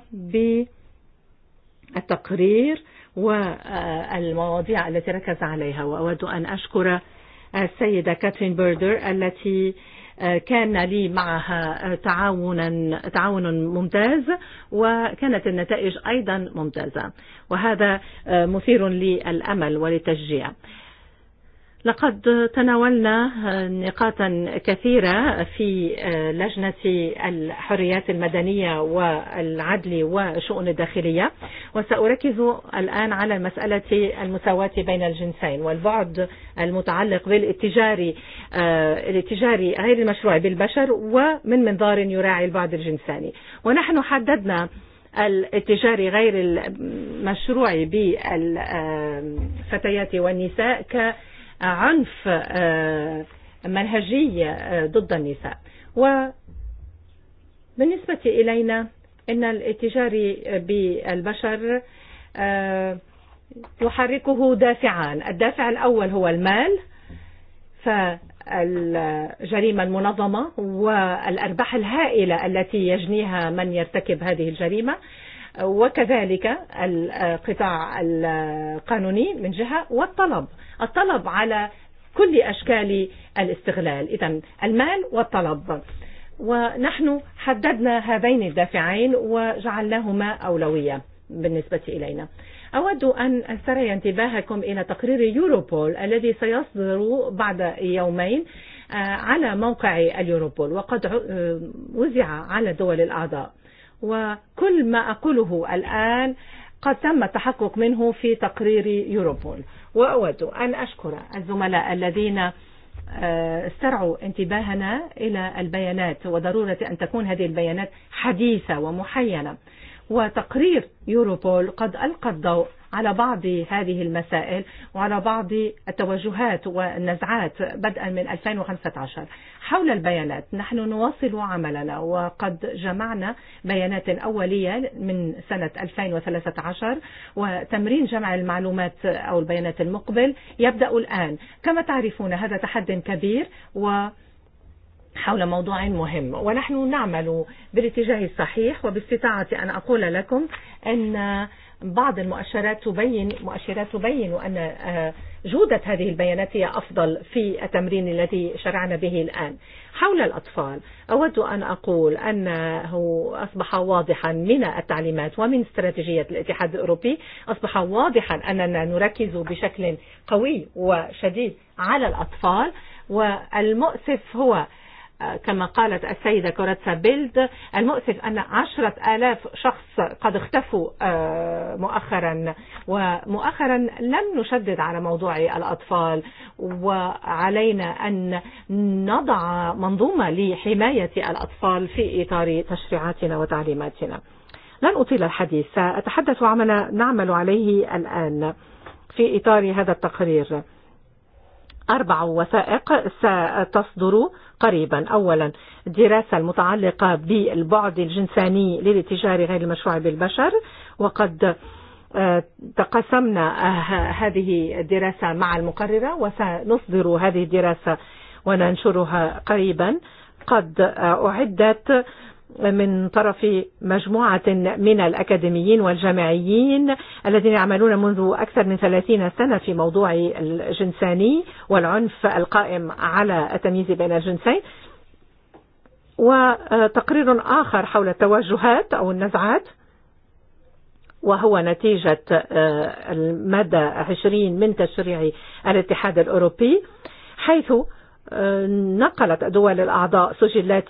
بالتقرير والمواضيع التي ركز عليها وأود أن أشكر السيدة كاترين بيردر التي كان لي معها تعاونا تعاون ممتاز وكانت النتائج أيضا ممتازة وهذا مثير للأمل وللتشجيع لقد تناولنا نقاطا كثيرة في لجنة الحريات المدنية والعدل وشؤون الداخلية وسأركز الآن على مسألة المساواة بين الجنسين والبعد المتعلق بالاتجاري الاتجاري غير المشروع بالبشر ومن منظار يراعي البعد الجنساني ونحن حددنا الاتجاري غير المشروع بالفتيات والنساء ك عنف منهجي ضد النساء وبالنسبة إلينا إن الاتجار بالبشر يحركه دافعان الدافع الأول هو المال فالجريمة المنظمة والأرباح الهائلة التي يجنيها من يرتكب هذه الجريمة وكذلك القطاع القانوني من جهة والطلب الطلب على كل أشكال الاستغلال إذن المال والطلب ونحن حددنا هذين الدافعين وجعلناهما أولوية بالنسبة إلينا أود أن أستري انتباهكم إلى تقرير يوروبول الذي سيصدر بعد يومين على موقع اليوروبول وقد وزع على دول الأعضاء وكل ما أقوله الآن قد تم التحقق منه في تقرير يوروبول وأود أن أشكر الزملاء الذين استرعوا انتباهنا إلى البيانات وضرورة أن تكون هذه البيانات حديثة ومحينة وتقرير يوروبول قد ألقى الضوء على بعض هذه المسائل وعلى بعض التوجهات والنزعات بدءا من 2015 حول البيانات نحن نواصل عملنا وقد جمعنا بيانات أولية من سنة 2013 وتمرين جمع المعلومات أو البيانات المقبل يبدأ الآن كما تعرفون هذا تحد كبير و حول موضوع مهم ونحن نعمل بالاتجاه الصحيح وباستطاعة أن أقول لكم أن بعض المؤشرات تبين مؤشرات تبين أن جودة هذه البيانات هي أفضل في التمرين الذي شرعنا به الآن حول الأطفال أود أن أقول أنه أصبح واضحا من التعليمات ومن استراتيجية الاتحاد الأوروبي أصبح واضحا أننا نركز بشكل قوي وشديد على الأطفال والمؤسف هو كما قالت السيدة كوراتسا بيلد المؤسف أن عشرة آلاف شخص قد اختفوا مؤخرا ومؤخرا لم نشدد على موضوع الأطفال وعلينا أن نضع منظومة لحماية الأطفال في إطار تشريعاتنا وتعليماتنا لن أطيل الحديث سأتحدث عما نعمل عليه الآن في إطار هذا التقرير أربع وثائق ستصدر قريبا أولا دراسة المتعلقة بالبعد الجنساني للاتجار غير المشروع بالبشر وقد تقسمنا هذه الدراسة مع المقررة وسنصدر هذه الدراسة وننشرها قريبا قد أعدت من طرف مجموعة من الأكاديميين والجامعيين الذين يعملون منذ أكثر من ثلاثين سنة في موضوع الجنساني والعنف القائم على التمييز بين الجنسين وتقرير آخر حول التوجهات أو النزعات وهو نتيجة المادة 20 من تشريع الاتحاد الأوروبي حيث نقلت دول الأعضاء سجلات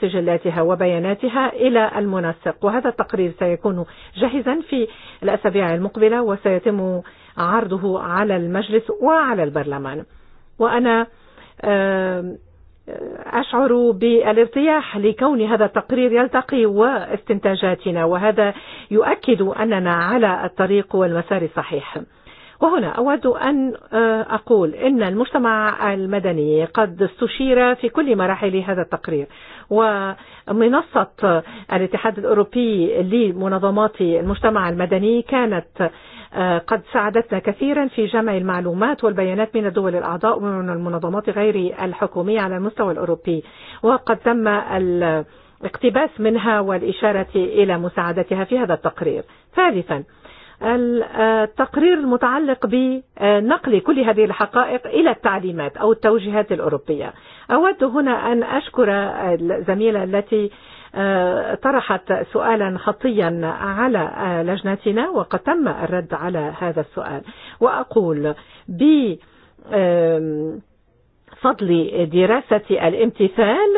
سجلاتها وبياناتها إلى المنسق وهذا التقرير سيكون جاهزا في الأسابيع المقبلة وسيتم عرضه على المجلس وعلى البرلمان وأنا أشعر بالارتياح لكون هذا التقرير يلتقي واستنتاجاتنا وهذا يؤكد أننا على الطريق والمسار الصحيح وهنا أود أن أقول إن المجتمع المدني قد استشير في كل مراحل هذا التقرير ومنصة الاتحاد الأوروبي لمنظمات المجتمع المدني كانت قد ساعدتنا كثيرا في جمع المعلومات والبيانات من الدول الأعضاء ومن المنظمات غير الحكومية على المستوى الأوروبي وقد تم الاقتباس منها والإشارة إلى مساعدتها في هذا التقرير ثالثا التقرير المتعلق بنقل كل هذه الحقائق إلى التعليمات أو التوجيهات الأوروبية أود هنا أن أشكر الزميلة التي طرحت سؤالا خطيا على لجنتنا وقد تم الرد على هذا السؤال وأقول بفضل دراسة الامتثال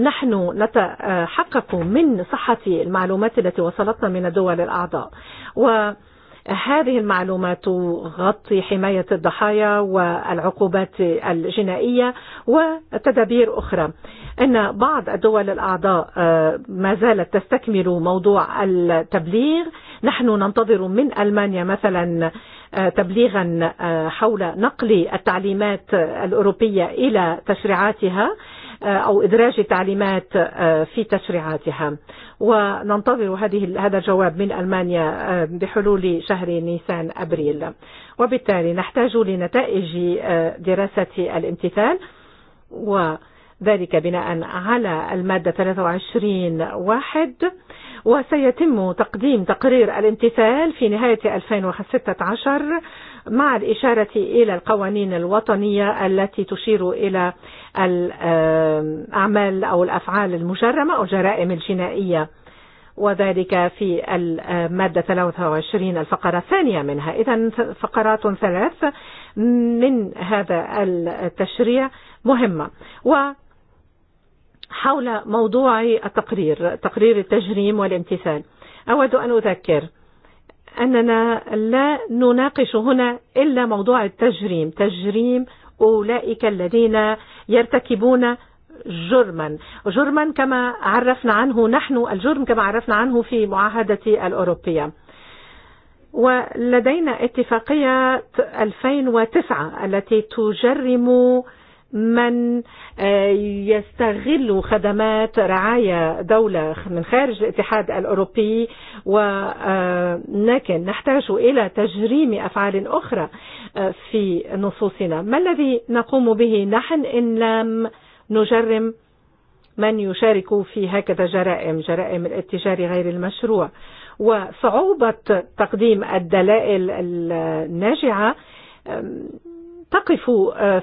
نحن نتحقق من صحة المعلومات التي وصلتنا من الدول الأعضاء و هذه المعلومات تغطي حماية الضحايا والعقوبات الجنائية وتدابير أخرى أن بعض الدول الأعضاء ما زالت تستكمل موضوع التبليغ نحن ننتظر من ألمانيا مثلا تبليغا حول نقل التعليمات الأوروبية إلى تشريعاتها أو إدراج تعليمات في تشريعاتها وننتظر هذه هذا الجواب من ألمانيا بحلول شهر نيسان أبريل وبالتالي نحتاج لنتائج دراسة الامتثال وذلك بناء على المادة 23 واحد وسيتم تقديم تقرير الامتثال في نهاية 2016 مع الإشارة إلى القوانين الوطنية التي تشير إلى الأعمال أو الأفعال المجرمة أو الجرائم الجنائية وذلك في المادة 23 الفقرة الثانية منها إذا فقرات ثلاث من هذا التشريع مهمة و حول موضوع التقرير تقرير التجريم والامتثال أود أن أذكر أننا لا نناقش هنا إلا موضوع التجريم تجريم أولئك الذين يرتكبون جرما جرما كما عرفنا عنه نحن الجرم كما عرفنا عنه في معاهدة الأوروبية ولدينا اتفاقية 2009 التي تجرم من يستغل خدمات رعاية دولة من خارج الاتحاد الأوروبي ولكن نحتاج إلى تجريم أفعال أخرى في نصوصنا ما الذي نقوم به نحن إن لم نجرم من يشارك في هكذا جرائم جرائم الاتجار غير المشروع وصعوبة تقديم الدلائل الناجعة تقف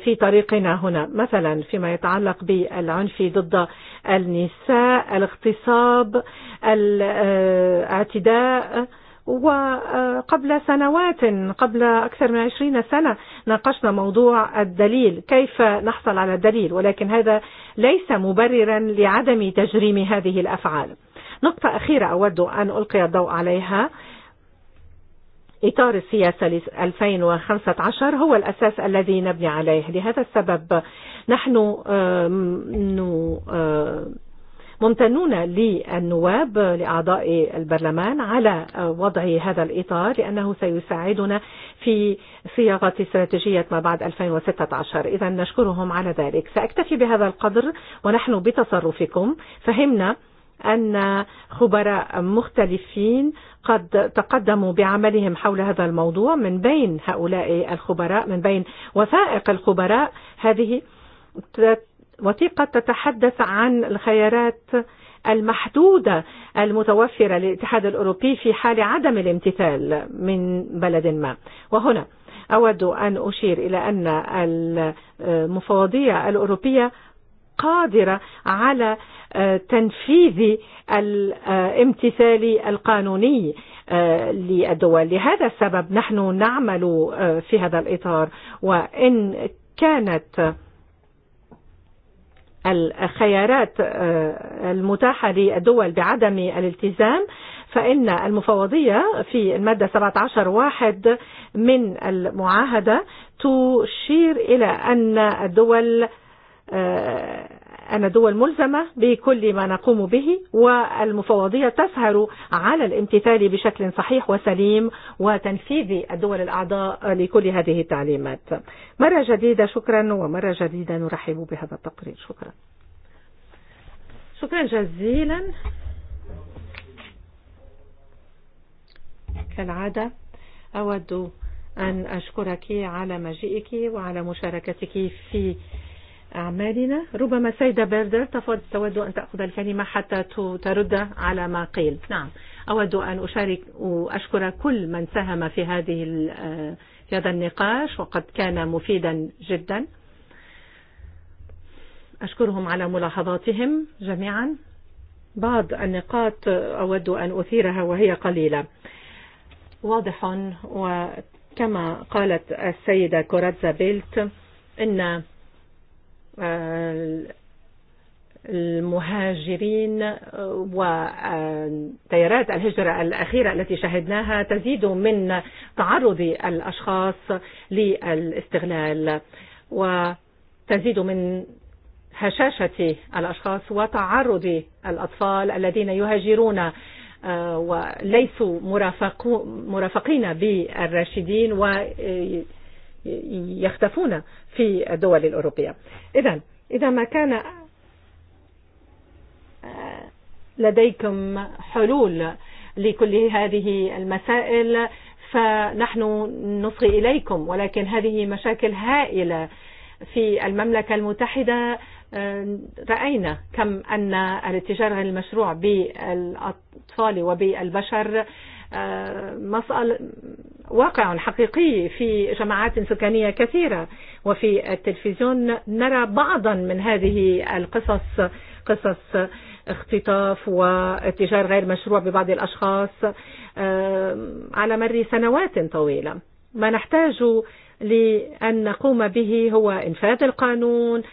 في طريقنا هنا مثلا فيما يتعلق بالعنف ضد النساء الاغتصاب الاعتداء وقبل سنوات قبل أكثر من عشرين سنة ناقشنا موضوع الدليل كيف نحصل على الدليل ولكن هذا ليس مبررا لعدم تجريم هذه الأفعال نقطة أخيرة أود أن ألقي الضوء عليها إطار السياسة ل 2015 هو الأساس الذي نبني عليه لهذا السبب نحن ممتنون للنواب لأعضاء البرلمان على وضع هذا الإطار لأنه سيساعدنا في صياغة استراتيجية ما بعد 2016 إذا نشكرهم على ذلك سأكتفي بهذا القدر ونحن بتصرفكم فهمنا أن خبراء مختلفين قد تقدموا بعملهم حول هذا الموضوع من بين هؤلاء الخبراء من بين وثائق الخبراء هذه وثيقة تتحدث عن الخيارات المحدودة المتوفرة للاتحاد الأوروبي في حال عدم الامتثال من بلد ما وهنا أود أن أشير إلى أن المفوضية الأوروبية قادرة على تنفيذ الامتثال القانوني للدول لهذا السبب نحن نعمل في هذا الإطار وإن كانت الخيارات المتاحة للدول بعدم الالتزام فإن المفوضية في المادة 17 واحد من المعاهدة تشير إلى أن الدول أن الدول ملزمة بكل ما نقوم به والمفوضية تسهر على الامتثال بشكل صحيح وسليم وتنفيذ الدول الأعضاء لكل هذه التعليمات مرة جديدة شكرا ومرة جديدة نرحب بهذا التقرير شكرا شكرا جزيلا كالعادة أود أن أشكرك على مجيئك وعلى مشاركتك في أعمالنا ربما سيدة بردر تفضل تود أن تأخذ الكلمة حتى ترد على ما قيل نعم أود أن أشارك وأشكر كل من ساهم في هذه في هذا النقاش وقد كان مفيدا جدا أشكرهم على ملاحظاتهم جميعا بعض النقاط أود أن أثيرها وهي قليلة واضح وكما قالت السيدة كوراتزا بيلت إن المهاجرين وتيارات الهجرة الأخيرة التي شهدناها تزيد من تعرض الأشخاص للاستغلال وتزيد من هشاشة الأشخاص وتعرض الأطفال الذين يهاجرون وليسوا مرافقين بالراشدين ويهاجرون يختفون في الدول الأوروبية إذا إذا ما كان لديكم حلول لكل هذه المسائل فنحن نصغي إليكم ولكن هذه مشاكل هائلة في المملكة المتحدة رأينا كم أن الاتجار المشروع بالأطفال وبالبشر مسألة واقع حقيقي في جماعات سكانية كثيرة وفي التلفزيون نرى بعضا من هذه القصص قصص اختطاف واتجار غير مشروع ببعض الأشخاص على مر سنوات طويلة ما نحتاج لأن نقوم به هو إنفاذ القانون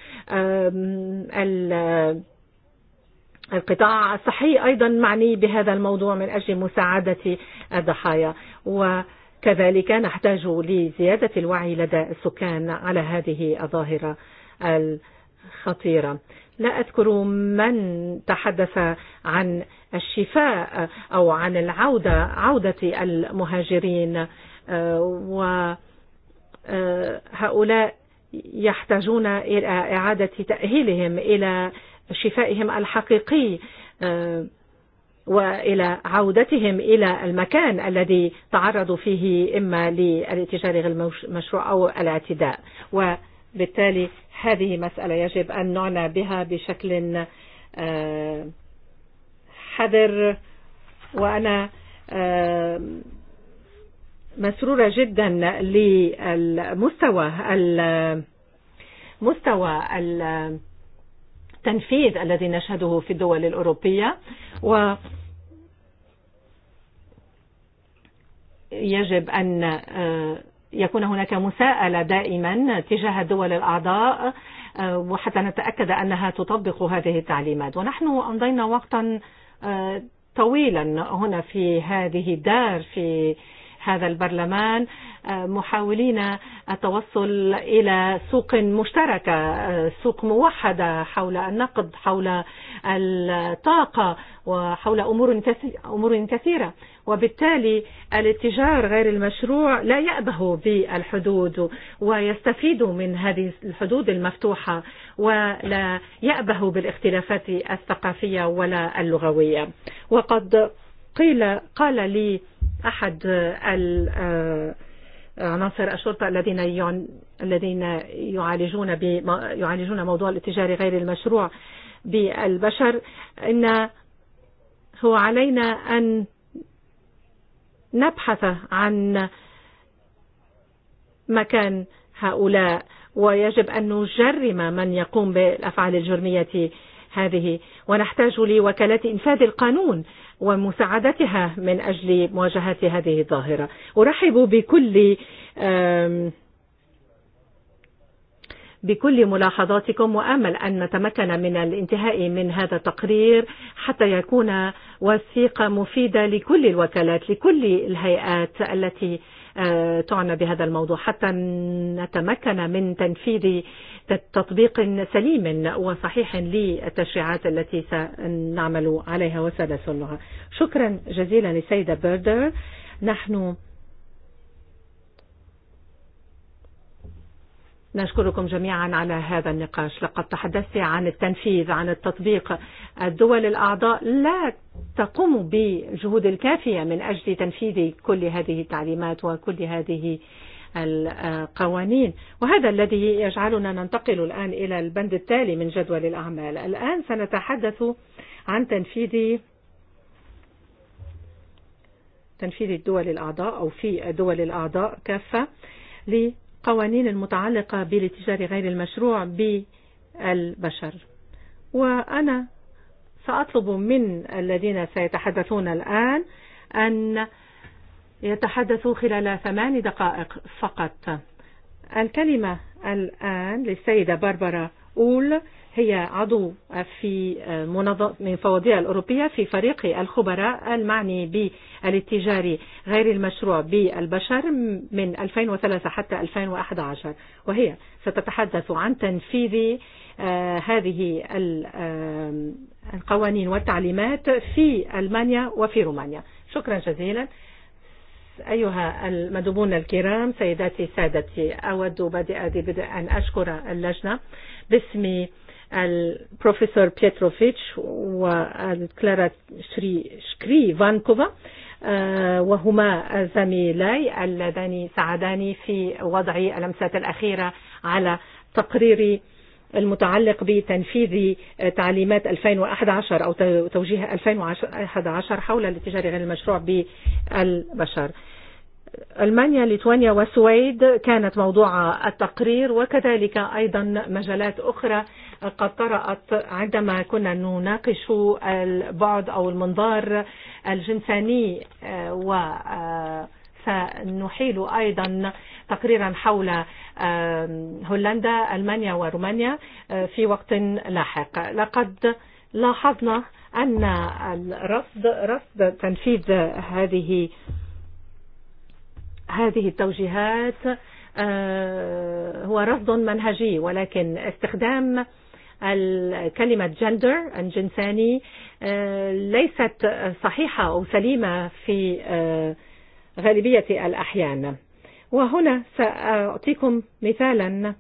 القطاع الصحي أيضا معني بهذا الموضوع من أجل مساعدة الضحايا وكذلك نحتاج لزيادة الوعي لدى السكان على هذه الظاهرة الخطيرة لا أذكر من تحدث عن الشفاء أو عن العودة عودة المهاجرين وهؤلاء يحتاجون إلى إعادة تأهيلهم إلى شفائهم الحقيقي وإلى عودتهم إلى المكان الذي تعرضوا فيه إما للاتجار المشروع أو الاعتداء وبالتالي هذه مسألة يجب أن نعنى بها بشكل حذر وأنا مسرورة جدا للمستوى المستوى المستوى التنفيذ الذي نشهده في الدول الأوروبية و يجب أن يكون هناك مساءلة دائما تجاه الدول الأعضاء وحتى نتأكد أنها تطبق هذه التعليمات ونحن أمضينا وقتا طويلا هنا في هذه الدار في هذا البرلمان محاولين التوصل إلى سوق مشتركة سوق موحدة حول النقد حول الطاقة وحول أمور كثيرة وبالتالي الاتجار غير المشروع لا يأبه بالحدود ويستفيد من هذه الحدود المفتوحة ولا يأبه بالاختلافات الثقافية ولا اللغوية وقد قيل قال لي أحد ال عناصر الشرطة الذين الذين يعالجون يعالجون موضوع الاتجار غير المشروع بالبشر ان هو علينا ان نبحث عن مكان هؤلاء ويجب ان نجرم من يقوم بالافعال الجرمية هذه ونحتاج لوكالات انفاذ القانون ومساعدتها من أجل مواجهة هذه الظاهرة أرحب بكل بكل ملاحظاتكم وأمل أن نتمكن من الانتهاء من هذا التقرير حتى يكون وثيقة مفيدة لكل الوكالات لكل الهيئات التي تعنى بهذا الموضوع حتى نتمكن من تنفيذ تطبيق سليم وصحيح للتشريعات التي سنعمل عليها وسنسلها شكرا جزيلا لسيدة بيردر نحن نشكركم جميعا على هذا النقاش لقد تحدثت عن التنفيذ عن التطبيق الدول الأعضاء لا تقوم بجهود الكافية من أجل تنفيذ كل هذه التعليمات وكل هذه القوانين وهذا الذي يجعلنا ننتقل الآن إلى البند التالي من جدول الأعمال الآن سنتحدث عن تنفيذ تنفيذ الدول الأعضاء أو في دول الأعضاء كافة لقوانين المتعلقة بالتجار غير المشروع بالبشر وأنا سأطلب من الذين سيتحدثون الآن أن يتحدثوا خلال ثمان دقائق فقط الكلمة الآن للسيدة باربرا أول هي عضو في من فوضية الأوروبية في فريق الخبراء المعني بالاتجار غير المشروع بالبشر من 2003 حتى 2011 وهي ستتحدث عن تنفيذ هذه القوانين والتعليمات في ألمانيا وفي رومانيا شكرا جزيلا أيها المدبون الكرام سيداتي سادتي أود بادئ بدء أن أشكر اللجنة باسم البروفيسور بيتروفيتش وكلارا شري شكري فانكوفا وهما زميلاي اللذان ساعداني في وضع اللمسات الأخيرة على تقريري المتعلق بتنفيذ تعليمات 2011 أو توجيه 2011 حول الاتجار غير المشروع بالبشر ألمانيا ليتوانيا والسويد كانت موضوع التقرير وكذلك أيضا مجالات أخرى قد طرأت عندما كنا نناقش البعد أو المنظار الجنساني و سنحيل أيضا تقريرا حول هولندا ألمانيا ورومانيا في وقت لاحق لقد لاحظنا أن الرصد رصد تنفيذ هذه هذه التوجيهات هو رصد منهجي ولكن استخدام الكلمة جندر الجنساني ليست صحيحة أو سليمة في غالبية الأحيان وهنا سأعطيكم مثالا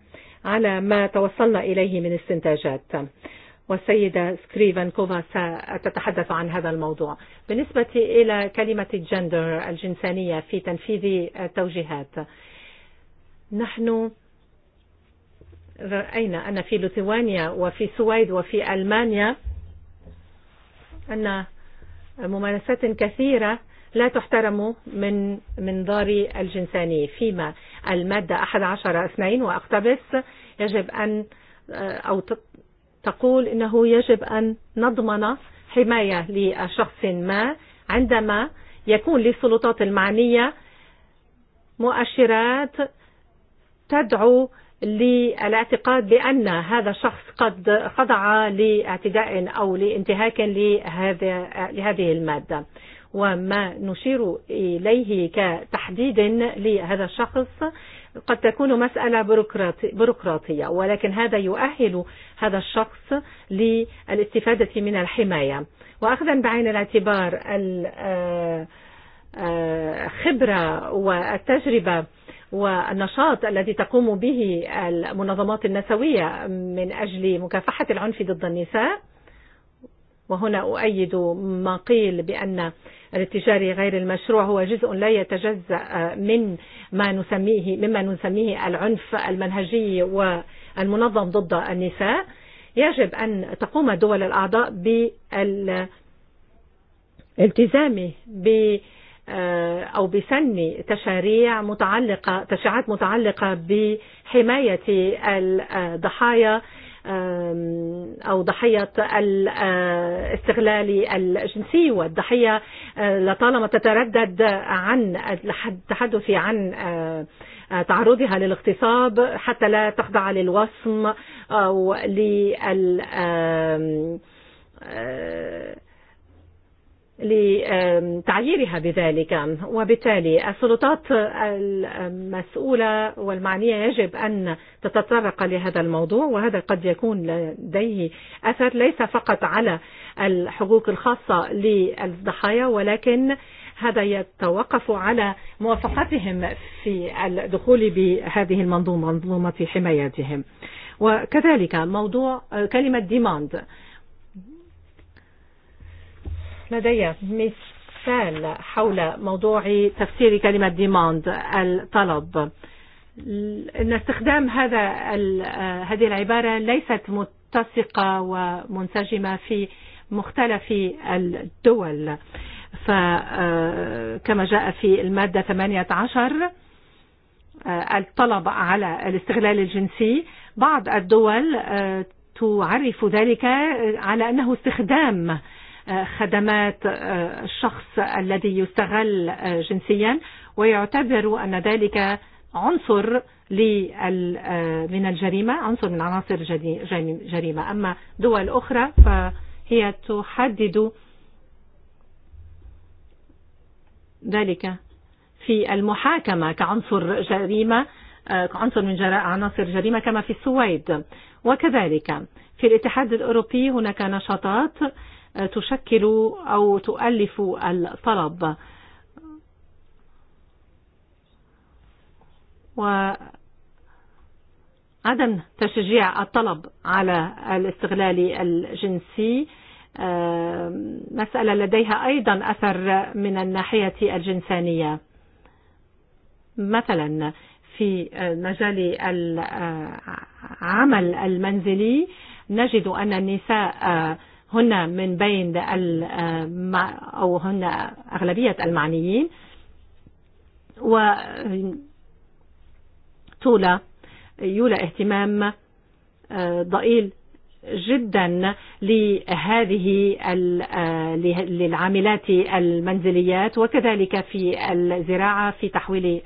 على ما توصلنا إليه من استنتاجات والسيدة سكريفان كوفا ستتحدث عن هذا الموضوع بالنسبة إلى كلمة الجندر الجنسانية في تنفيذ التوجيهات نحن رأينا أن في لوثوانيا وفي سويد وفي ألمانيا أن ممارسات كثيرة لا تحترم من منظار الجنساني فيما المادة 11 2 وأقتبس يجب أن أو تقول إنه يجب أن نضمن حماية لشخص ما عندما يكون للسلطات المعنية مؤشرات تدعو للاعتقاد بأن هذا الشخص قد خضع لاعتداء أو لانتهاك لهذه المادة وما نشير إليه كتحديد لهذا الشخص قد تكون مسألة بيروقراطية ولكن هذا يؤهل هذا الشخص للاستفادة من الحماية وأخذا بعين الاعتبار الخبرة والتجربة والنشاط الذي تقوم به المنظمات النسوية من أجل مكافحة العنف ضد النساء وهنا أؤيد ما قيل بأن التجاري غير المشروع هو جزء لا يتجزا من ما نسميه مما نسميه العنف المنهجي والمنظم ضد النساء يجب أن تقوم الدول الأعضاء بالالتزام ب او بسن تشاريع متعلقه تشريعات متعلقه بحمايه الضحايا أو ضحية الاستغلال الجنسي والضحية لطالما تتردد عن التحدث عن تعرضها للاغتصاب حتى لا تخضع للوصم أو لل لتعييرها بذلك وبالتالي السلطات المسؤولة والمعنية يجب أن تتطرق لهذا الموضوع وهذا قد يكون لديه أثر ليس فقط على الحقوق الخاصة للضحايا ولكن هذا يتوقف على موافقتهم في الدخول بهذه المنظومة منظومة حمايتهم وكذلك موضوع كلمة ديماند لدي مثال حول موضوع تفسير كلمة demand الطلب إن استخدام هذا هذه العبارة ليست متسقة ومنسجمة في مختلف الدول فكما جاء في المادة 18 الطلب على الاستغلال الجنسي بعض الدول تعرف ذلك على أنه استخدام خدمات الشخص الذي يستغل جنسيا ويعتبر أن ذلك عنصر من الجريمة عنصر من عناصر جريمة أما دول أخرى فهي تحدد ذلك في المحاكمة كعنصر جريمة عنصر من عناصر جريمة كما في السويد وكذلك في الاتحاد الأوروبي هناك نشاطات تشكل أو تؤلف الطلب وعدم تشجيع الطلب على الاستغلال الجنسي مسألة لديها أيضا أثر من الناحية الجنسانية مثلا في مجال العمل المنزلي نجد أن النساء هنا من بين أو هنا أغلبية المعنيين وطولة يولى اهتمام ضئيل جدا لهذه للعاملات المنزليات وكذلك في الزراعة في تحويل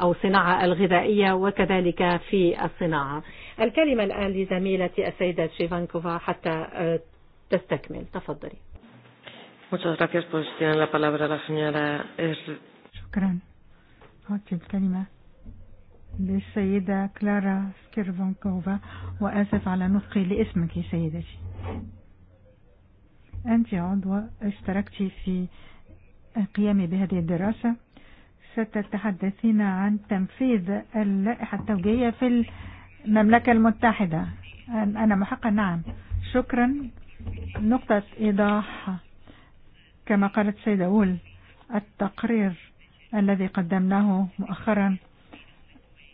أو صناعة الغذائية وكذلك في الصناعة الكلمة الآن لزميلتي السيدة شيفانكوفا حتى تستكمل تفضلي Muchas gracias, pues tiene la palabra la señora شكرا أعطي الكلمة للسيدة كلارا سكيرفانكوفا وآسف على نطقي لاسمك سيدتي أنت عضوة اشتركت في قيامي بهذه الدراسة ستتحدثين عن تنفيذ اللائحة التوجيهية في المملكة المتحدة أنا محقا نعم شكرا نقطة إيضاح كما قالت سيدة أول التقرير الذي قدمناه مؤخرا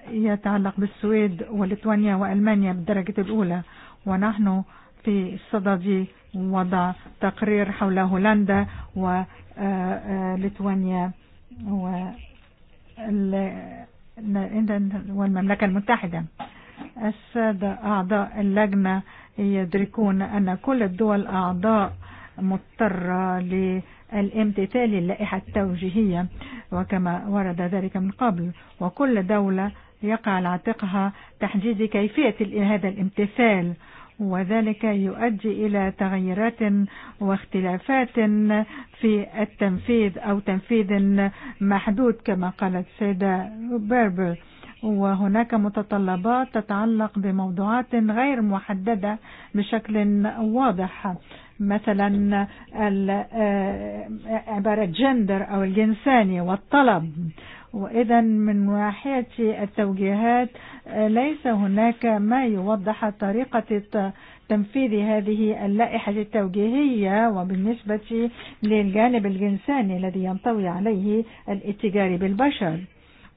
يتعلق بالسويد وليتوانيا وألمانيا بالدرجة الأولى ونحن في صدد وضع تقرير حول هولندا وليتوانيا والمملكة المتحدة السادة أعضاء اللجنة يدركون أن كل الدول أعضاء مضطرة للامتثال للائحة التوجيهية وكما ورد ذلك من قبل وكل دولة يقع العتقها عاتقها تحديد كيفية هذا الامتثال وذلك يؤدي إلى تغيرات واختلافات في التنفيذ أو تنفيذ محدود كما قالت سيدة بيربر وهناك متطلبات تتعلق بموضوعات غير محددة بشكل واضح مثلا عبارة جندر أو الجنساني والطلب وإذا من ناحية التوجيهات ليس هناك ما يوضح طريقة تنفيذ هذه اللائحة التوجيهية وبالنسبة للجانب الجنساني الذي ينطوي عليه الاتجار بالبشر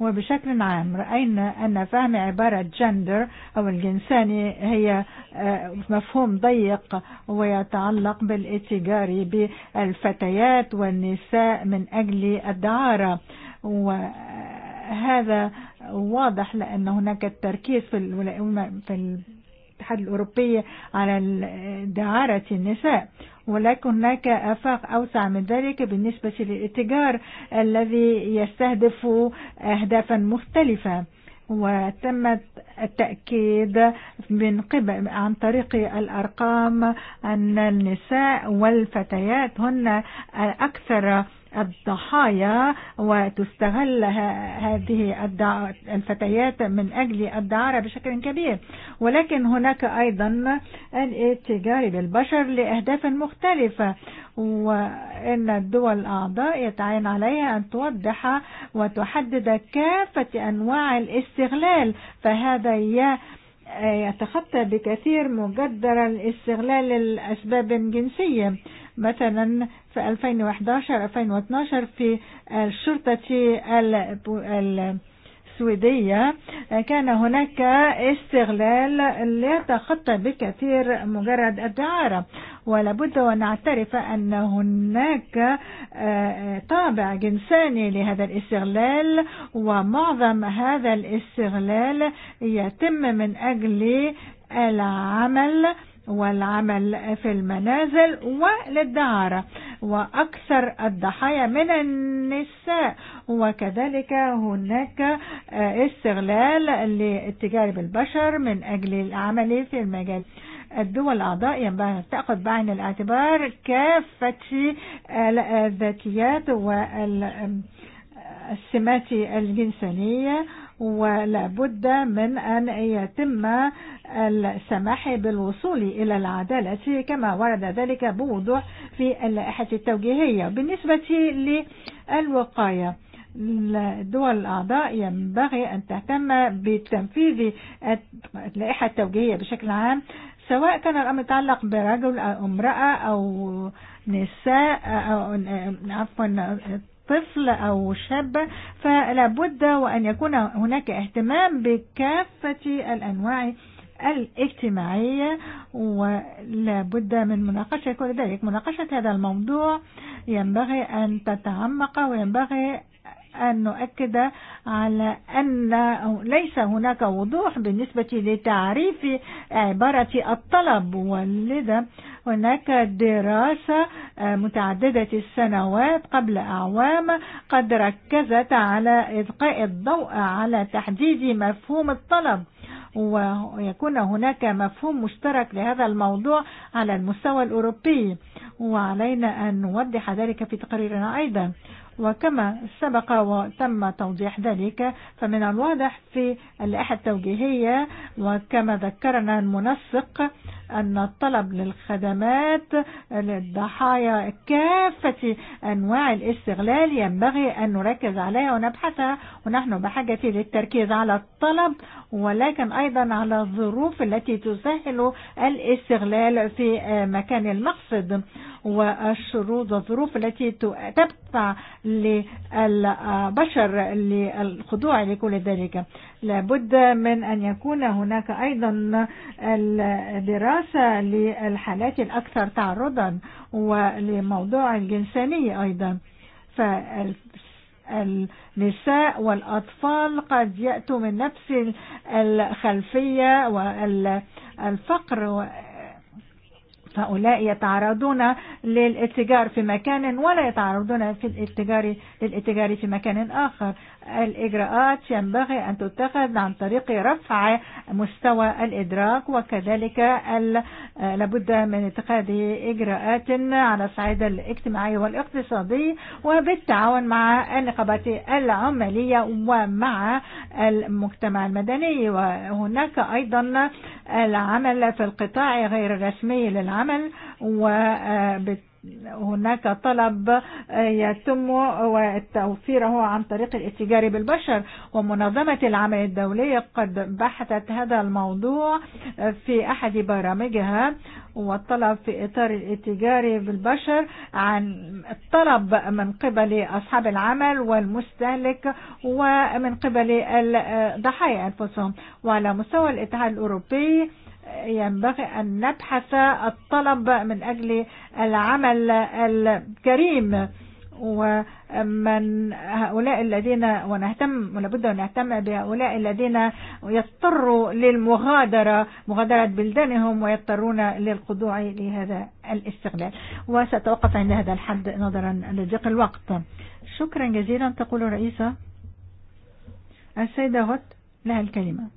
وبشكل عام رأينا أن فهم عبارة جندر أو الجنساني هي مفهوم ضيق ويتعلق بالاتجار بالفتيات والنساء من أجل الدعارة وهذا واضح لأن هناك التركيز في الاتحاد الأوروبي على دعارة النساء ولكن هناك آفاق أوسع من ذلك بالنسبة للاتجار الذي يستهدف أهدافا مختلفة وتم التأكيد من قبل عن طريق الأرقام أن النساء والفتيات هن أكثر الضحايا وتستغل هذه الفتيات من أجل الدعارة بشكل كبير ولكن هناك أيضا الاتجار بالبشر لأهداف مختلفة وإن الدول الأعضاء يتعين عليها أن توضح وتحدد كافة أنواع الاستغلال فهذا يجب يتخطى بكثير مجدر استغلال الأسباب الجنسية مثلا في 2011-2012 في الشرطة السويدية eh, كان هناك استغلال لا تخطى بكثير مجرد الدعارة ولابد أن نعترف أن هناك طابع جنساني لهذا الاستغلال ومعظم هذا الاستغلال يتم من أجل العمل والعمل في المنازل وللدعارة وأكثر الضحايا من النساء وكذلك هناك استغلال للتجارة بالبشر من أجل العمل في المجال الدول الأعضاء ينبغي أن تأخذ بعين الاعتبار كافة الذاتيات والسمات الجنسانية ولا بد من أن يتم السماح بالوصول إلى العدالة كما ورد ذلك بوضوح في اللائحة التوجيهية بالنسبة للوقاية الدول الأعضاء ينبغي أن تهتم بتنفيذ اللائحة التوجيهية بشكل عام سواء كان الأمر يتعلق برجل أو امرأة أو نساء أو عفوا طفل أو شاب فلا بد وأن يكون هناك اهتمام بكافة الأنواع الاجتماعية ولا بد من مناقشة كل ذلك مناقشة هذا الموضوع ينبغي أن تتعمق وينبغي أن نؤكد على أن ليس هناك وضوح بالنسبة لتعريف عبارة الطلب ولذا هناك دراسة متعددة السنوات قبل أعوام قد ركزت على إبقاء الضوء على تحديد مفهوم الطلب ويكون هناك مفهوم مشترك لهذا الموضوع على المستوى الأوروبي وعلينا أن نوضح ذلك في تقريرنا أيضا وكما سبق وتم توضيح ذلك فمن الواضح في اللائحة التوجيهية وكما ذكرنا المنسق أن الطلب للخدمات للضحايا كافة أنواع الاستغلال ينبغي أن نركز عليها ونبحثها ونحن بحاجة للتركيز على الطلب ولكن أيضا على الظروف التي تسهل الاستغلال في مكان المقصد والشروط والظروف التي تدفع للبشر للخضوع لكل ذلك لابد من أن يكون هناك أيضا الدراسة للحالات الأكثر تعرضا ولموضوع الجنسانية أيضا فالنساء والأطفال قد يأتوا من نفس الخلفية والفقر هؤلاء يتعرضون للاتجار في مكان ولا يتعرضون في الاتجار للاتجار في مكان آخر الإجراءات ينبغي أن تتخذ عن طريق رفع مستوى الإدراك وكذلك لابد من اتخاذ إجراءات على الصعيد الاجتماعي والاقتصادي وبالتعاون مع النقابات العملية ومع المجتمع المدني وهناك أيضا العمل في القطاع غير الرسمي للعمل وبالتعاون هناك طلب يتم توفيره عن طريق الاتجار بالبشر ومنظمة العمل الدولية قد بحثت هذا الموضوع في أحد برامجها والطلب في إطار الاتجار بالبشر عن الطلب من قبل أصحاب العمل والمستهلك ومن قبل الضحايا أنفسهم وعلى مستوى الاتحاد الأوروبي ينبغي أن نبحث الطلب من أجل العمل الكريم ومن هؤلاء الذين ونهتم ولابد أن نهتم بهؤلاء الذين يضطروا للمغادرة مغادرة بلدانهم ويضطرون للخضوع لهذا الاستغلال وستوقف عند هذا الحد نظرا لضيق الوقت شكرا جزيلا تقول الرئيسة السيدة هوت لها الكلمة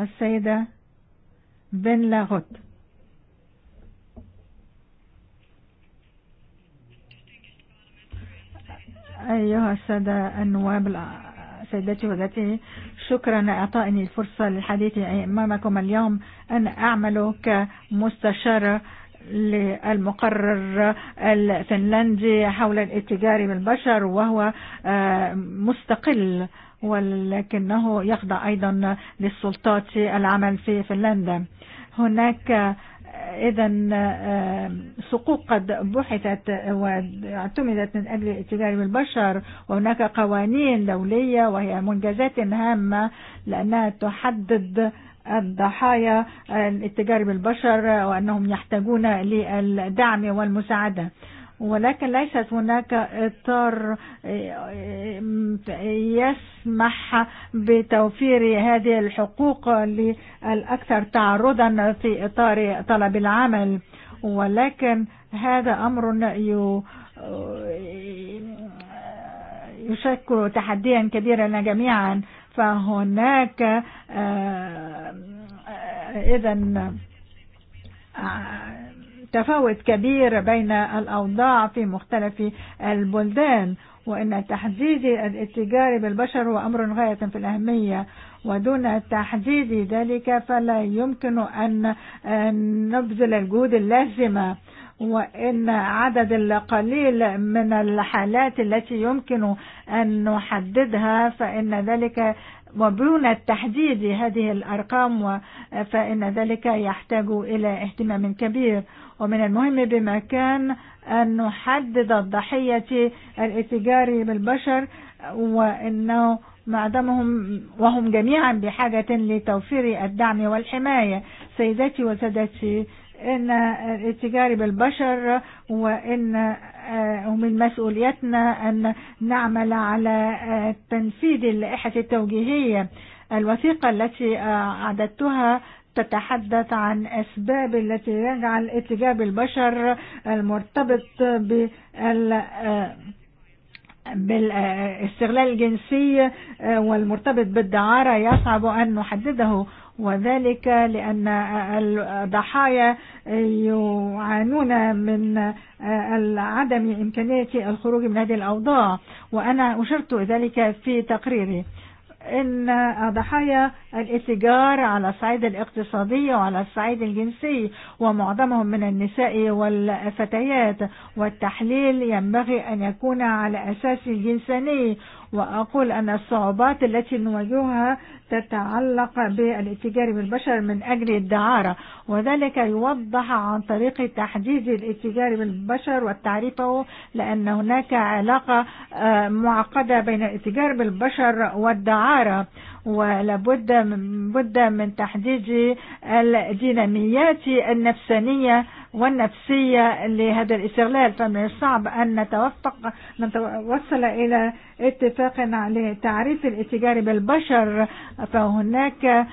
السيدة بن لاغوت أيها السادة النواب سيدتي وذاتي شكرا لإعطائني الفرصة للحديث أمامكم اليوم أن أعمل كمستشارة للمقرر الفنلندي حول الاتجار بالبشر وهو مستقل ولكنه يخضع أيضا للسلطات العمل في فنلندا هناك إذا سقوق قد بحثت واعتمدت من أجل التجارة بالبشر وهناك قوانين دولية وهي منجزات هامة لأنها تحدد الضحايا التجارة بالبشر وأنهم يحتاجون للدعم والمساعدة ولكن ليست هناك إطار يسمح بتوفير هذه الحقوق للأكثر تعرضا في إطار طلب العمل ولكن هذا أمر يشكل تحديا كبيرا جميعا فهناك إذا تفاوت كبير بين الأوضاع في مختلف البلدان وإن تحديد الاتجار بالبشر هو أمر غاية في الأهمية ودون تحديد ذلك فلا يمكن أن نبذل الجهود اللازمة وإن عدد القليل من الحالات التي يمكن أن نحددها فإن ذلك ودون تحديد هذه الأرقام فإن ذلك يحتاج إلى اهتمام كبير ومن المهم بمكان أن نحدد الضحية الاتجاري بالبشر وأنه معدمهم وهم جميعا بحاجة لتوفير الدعم والحماية سيداتي وسادتي إن الاتجار بالبشر وإن ومن مسؤوليتنا أن نعمل على تنفيذ اللائحة التوجيهية الوثيقة التي أعددتها تتحدث عن أسباب التي يجعل اتجاب البشر المرتبط بال بالاستغلال الجنسي والمرتبط بالدعارة يصعب أن نحدده وذلك لأن الضحايا يعانون من عدم إمكانية الخروج من هذه الأوضاع وأنا أشرت ذلك في تقريري إن ضحايا الاتجار على الصعيد الاقتصادي وعلى الصعيد الجنسي ومعظمهم من النساء والفتيات والتحليل ينبغي أن يكون على أساس الجنساني وأقول أن الصعوبات التي نواجهها تتعلق بالاتجار بالبشر من أجل الدعارة وذلك يوضح عن طريق تحديد الاتجار بالبشر وتعريفه لأن هناك علاقة معقدة بين الاتجار بالبشر والدعارة ولابد من, من تحديد الديناميات النفسانية والنفسية لهذا الاستغلال فمن الصعب أن نتوفق نتوصل إلى اتفاق لتعريف الاتجار بالبشر فهناك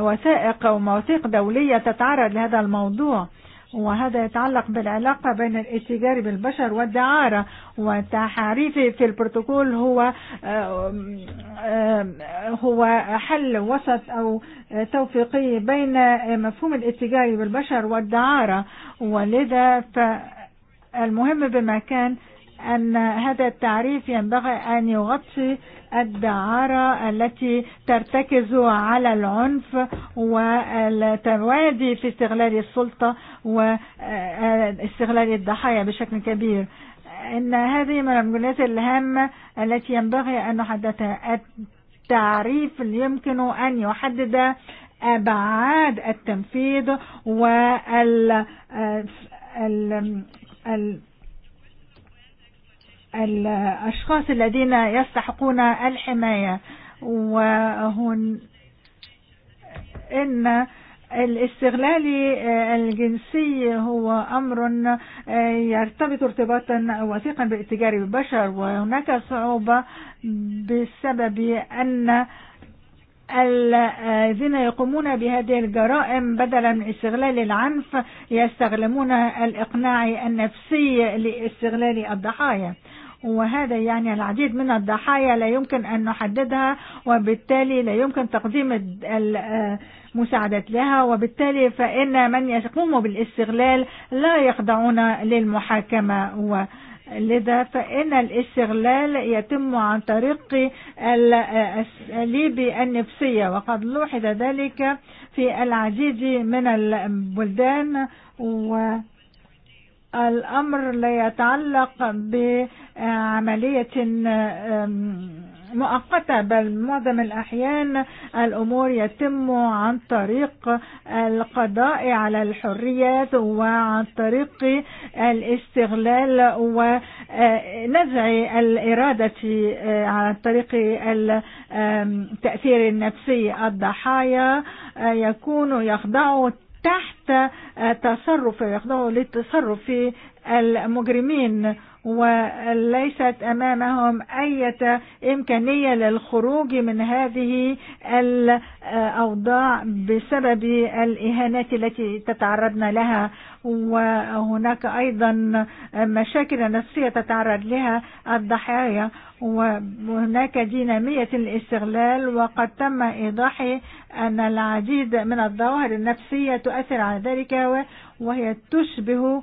وثائق ومواثيق دولية تتعرض لهذا الموضوع وهذا يتعلق بالعلاقة بين الاتجار بالبشر والدعارة وتحريفي في البروتوكول هو هو حل وسط أو توفيقي بين مفهوم الاتجار بالبشر والدعارة ولذا فالمهم بما كان أن هذا التعريف ينبغي أن يغطي الدعارة التي ترتكز على العنف والتوادي في استغلال السلطة واستغلال الضحايا بشكل كبير إن هذه من المجالات الهامة التي ينبغي أن نحددها التعريف يمكن أن يحدد أبعاد التنفيذ وال الأشخاص الذين يستحقون الحماية وهن إن الاستغلال الجنسي هو أمر يرتبط ارتباطا وثيقا بالتجارة بالبشر وهناك صعوبة بسبب أن الذين يقومون بهذه الجرائم بدلا من استغلال العنف يستخدمون الإقناع النفسي لاستغلال الضحايا وهذا يعني العديد من الضحايا لا يمكن أن نحددها وبالتالي لا يمكن تقديم المساعدات لها وبالتالي فإن من يقوم بالاستغلال لا يخضعون للمحاكمة و لذا فإن الاستغلال يتم عن طريق الأساليب النفسية وقد لوحظ ذلك في العديد من البلدان و الأمر لا يتعلق ب عملية مؤقتة بل معظم الأحيان الأمور يتم عن طريق القضاء على الحريات وعن طريق الاستغلال ونزع الإرادة عن طريق التأثير النفسي الضحايا يكون يخضع تحت تصرف يخضع للتصرف المجرمين وليست أمامهم أي إمكانية للخروج من هذه الأوضاع بسبب الإهانات التي تتعرضن لها وهناك أيضا مشاكل نفسية تتعرض لها الضحايا وهناك دينامية الاستغلال وقد تم إيضاح أن العديد من الظواهر النفسية تؤثر على ذلك وهي تشبه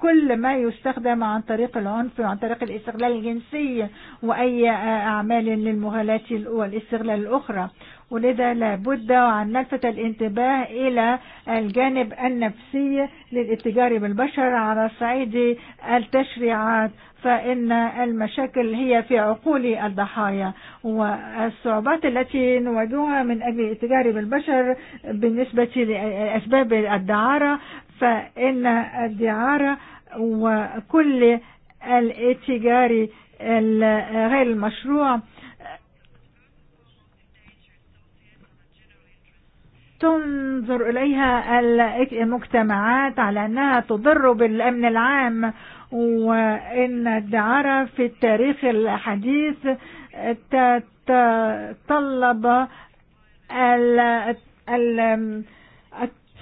كل ما يستخدم عن طريق العنف وعن طريق الاستغلال الجنسي وأي أعمال للمغالاة والاستغلال الأخرى ولذا لابد عن لفت الانتباه إلى الجانب النفسي للاتجار بالبشر على صعيد التشريعات فإن المشاكل هي في عقول الضحايا والصعوبات التي نواجهها من أجل التجار بالبشر بالنسبة لأسباب الدعارة فإن الدعارة وكل الاتجار غير المشروع تنظر إليها المجتمعات على أنها تضر بالأمن العام وإن الدعارة في التاريخ الحديث تتطلب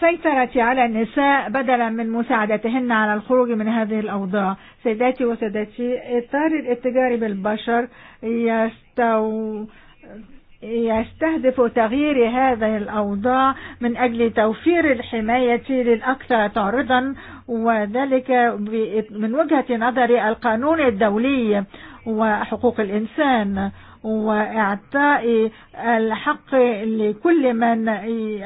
سيطرت على النساء بدلا من مساعدتهن على الخروج من هذه الأوضاع سيداتي وسادتي إطار الاتجار بالبشر يستو يستهدف تغيير هذه الأوضاع من أجل توفير الحماية للأكثر تعرضا وذلك من وجهة نظر القانون الدولي وحقوق الإنسان وإعطاء الحق لكل من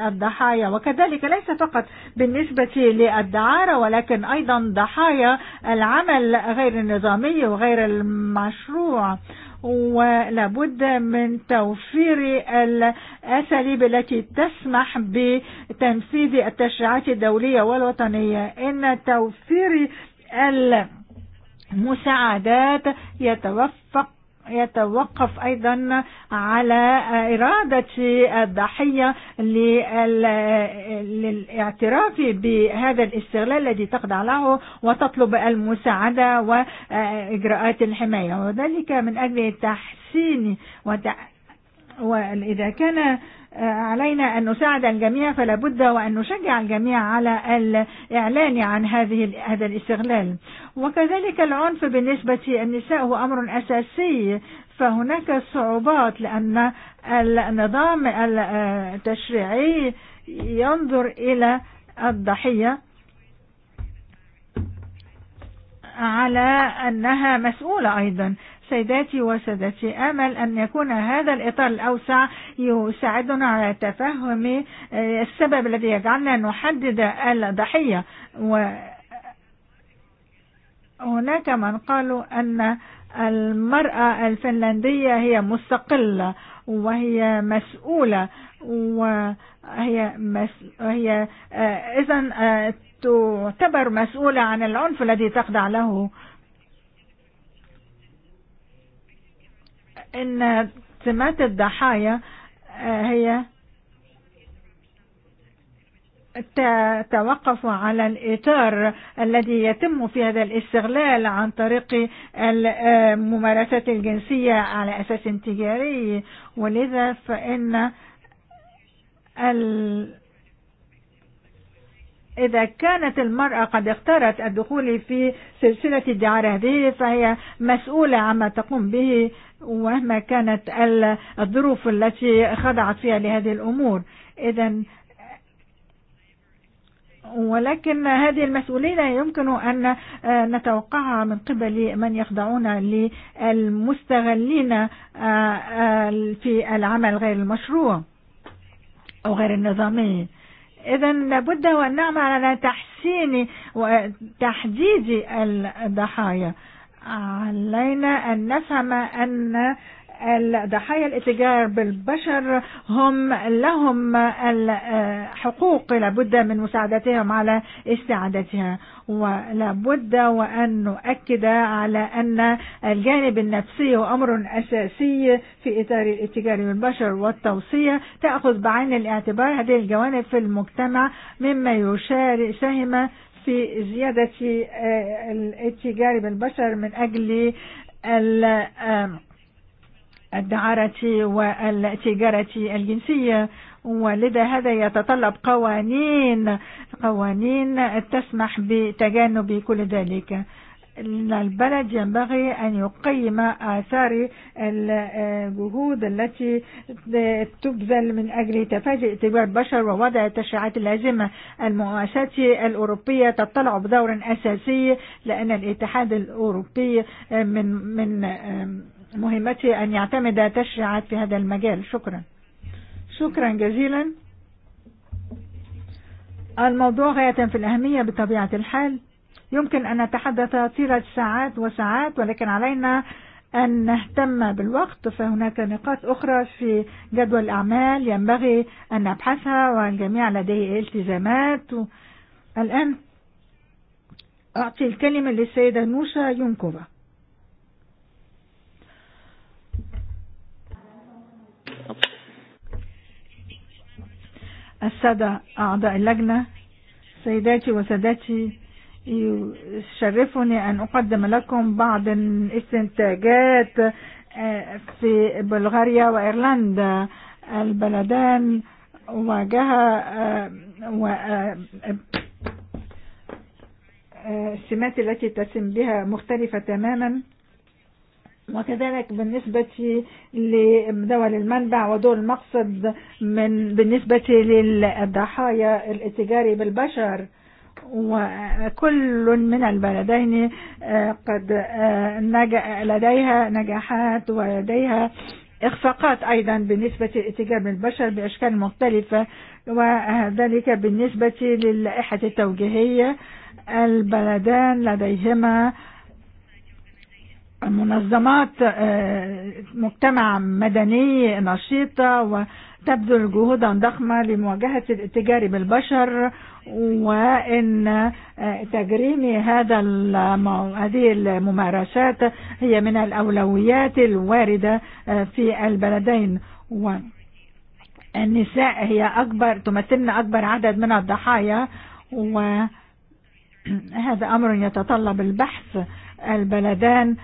الضحايا وكذلك ليس فقط بالنسبة للدعارة ولكن أيضا ضحايا العمل غير النظامي وغير المشروع ولابد من توفير الأساليب التي تسمح بتنفيذ التشريعات الدولية والوطنية إن توفير المساعدات يتوفق يتوقف أيضا على إرادة الضحية للاعتراف بهذا الاستغلال الذي تقضى له وتطلب المساعدة وإجراءات الحماية وذلك من أجل تحسين وتحسين وإذا كان علينا أن نساعد الجميع فلا بد وأن نشجع الجميع على الإعلان عن هذه هذا الاستغلال وكذلك العنف بالنسبة للنساء هو أمر أساسي فهناك صعوبات لأن النظام التشريعي ينظر إلى الضحية على أنها مسؤولة أيضا سيداتي وسادتي أمل أن يكون هذا الإطار الأوسع يساعدنا على تفهم السبب الذي يجعلنا نحدد الضحية هناك من قالوا أن المرأة الفنلندية هي مستقلة وهي مسؤولة وهي مس... وهي إذا تعتبر مسؤولة عن العنف الذي تخضع له إن سمات الضحايا هي تتوقف على الإطار الذي يتم في هذا الاستغلال عن طريق الممارسات الجنسية على أساس تجاري ولذا فإن ال إذا كانت المرأة قد اختارت الدخول في سلسلة الدعارة هذه فهي مسؤولة عما تقوم به ومهما كانت الظروف التي خضعت فيها لهذه الأمور إذا ولكن هذه المسؤولية يمكن أن نتوقعها من قبل من يخضعون للمستغلين في العمل غير المشروع أو غير النظامي إذا لابد وأن نعمل على تحسين وتحديد الضحايا علينا أن نفهم أن الضحايا الاتجار بالبشر هم لهم الحقوق لابد من مساعدتهم على استعادتها ولابد وأن نؤكد على أن الجانب النفسي هو أمر أساسي في إطار الاتجار بالبشر والتوصية تأخذ بعين الاعتبار هذه الجوانب في المجتمع مما يساهم في زيادة الاتجار بالبشر من أجل الدعارة والتجارة الجنسية ولذا هذا يتطلب قوانين قوانين تسمح بتجنب كل ذلك البلد ينبغي أن يقيم آثار الجهود التي تبذل من أجل تفادي اعتبار البشر ووضع التشريعات اللازمة المؤسسات الأوروبية تطلع بدور أساسي لأن الاتحاد الأوروبي من من مهمتي أن يعتمد تشريعات في هذا المجال شكرا شكرا جزيلا الموضوع غاية في الأهمية بطبيعة الحال يمكن أن نتحدث طيلة ساعات وساعات ولكن علينا أن نهتم بالوقت فهناك نقاط أخرى في جدول الأعمال ينبغي أن نبحثها والجميع لديه التزامات الآن أعطي الكلمة للسيدة نوشا ينكوفا السادة أعضاء اللجنة سيداتي وسادتي يشرفني أن أقدم لكم بعض الاستنتاجات في بلغاريا وإيرلندا البلدان واجه السمات التي تسم بها مختلفة تماما وكذلك بالنسبة لدول المنبع ودول المقصد من بالنسبة للضحايا الاتجاري بالبشر وكل من البلدين قد لديها نجاحات ولديها إخفاقات أيضا بالنسبة لاتجاه البشر بأشكال مختلفة وذلك بالنسبة للائحة التوجيهية البلدان لديهما منظمات مجتمع مدني نشيطة وتبذل جهودا ضخمة لمواجهة الاتجار بالبشر وإن تجريم هذا هذه الممارسات هي من الأولويات الواردة في البلدين والنساء هي أكبر تمثلن أكبر عدد من الضحايا وهذا أمر يتطلب البحث البلدان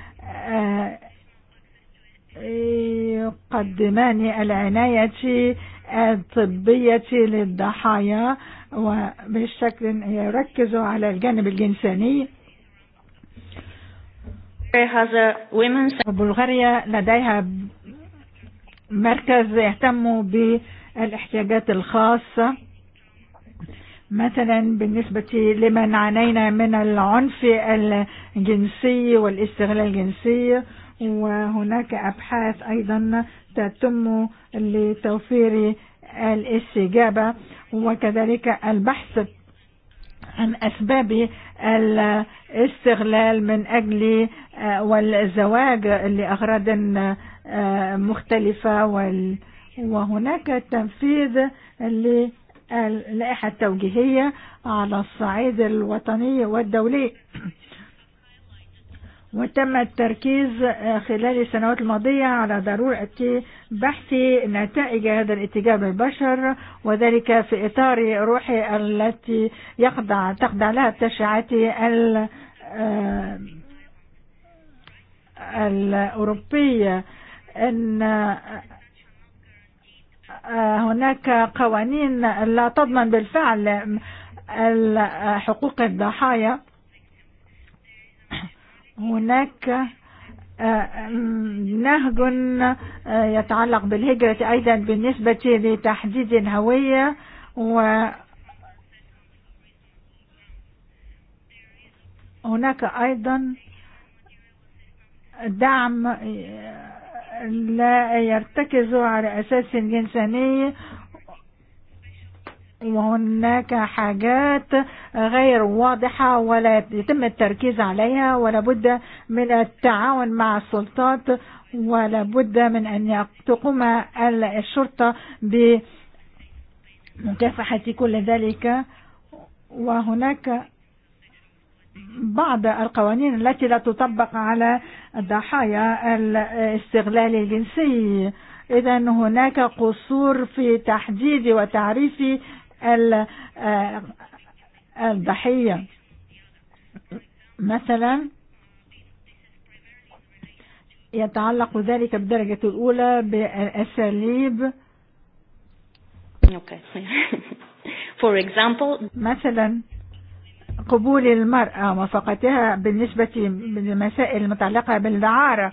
يقدمان العناية الطبية للضحايا وبشكل يركز على الجانب الجنساني بلغاريا لديها مركز يهتم بالاحتياجات الخاصة مثلا بالنسبة لمن عانينا من العنف الجنسي والاستغلال الجنسي وهناك أبحاث أيضا تتم لتوفير الاستجابة وكذلك البحث عن أسباب الاستغلال من أجل والزواج لأغراض مختلفة وهناك تنفيذ اللائحة التوجيهية على الصعيد الوطني والدولي وتم التركيز خلال السنوات الماضية على ضرورة بحث نتائج هذا الاتجاه بالبشر وذلك في إطار روح التي يخضع تخضع لها التشريعات الأوروبية أن هناك قوانين لا تضمن بالفعل حقوق الضحايا هناك نهج يتعلق بالهجرة أيضا بالنسبة لتحديد الهوية و هناك أيضا دعم لا يرتكز على أساس إنساني وهناك حاجات غير واضحة ولا يتم التركيز عليها ولا بد من التعاون مع السلطات ولا بد من أن تقوم الشرطة بمكافحة كل ذلك وهناك بعض القوانين التي لا تطبق على ضحايا الاستغلال الجنسي اذا هناك قصور في تحديد وتعريف الضحية مثلا يتعلق ذلك بالدرجة الأولى بالأساليب okay. For example مثلا قبول المرأة وفقتها بالنسبة للمسائل المتعلقة بالدعارة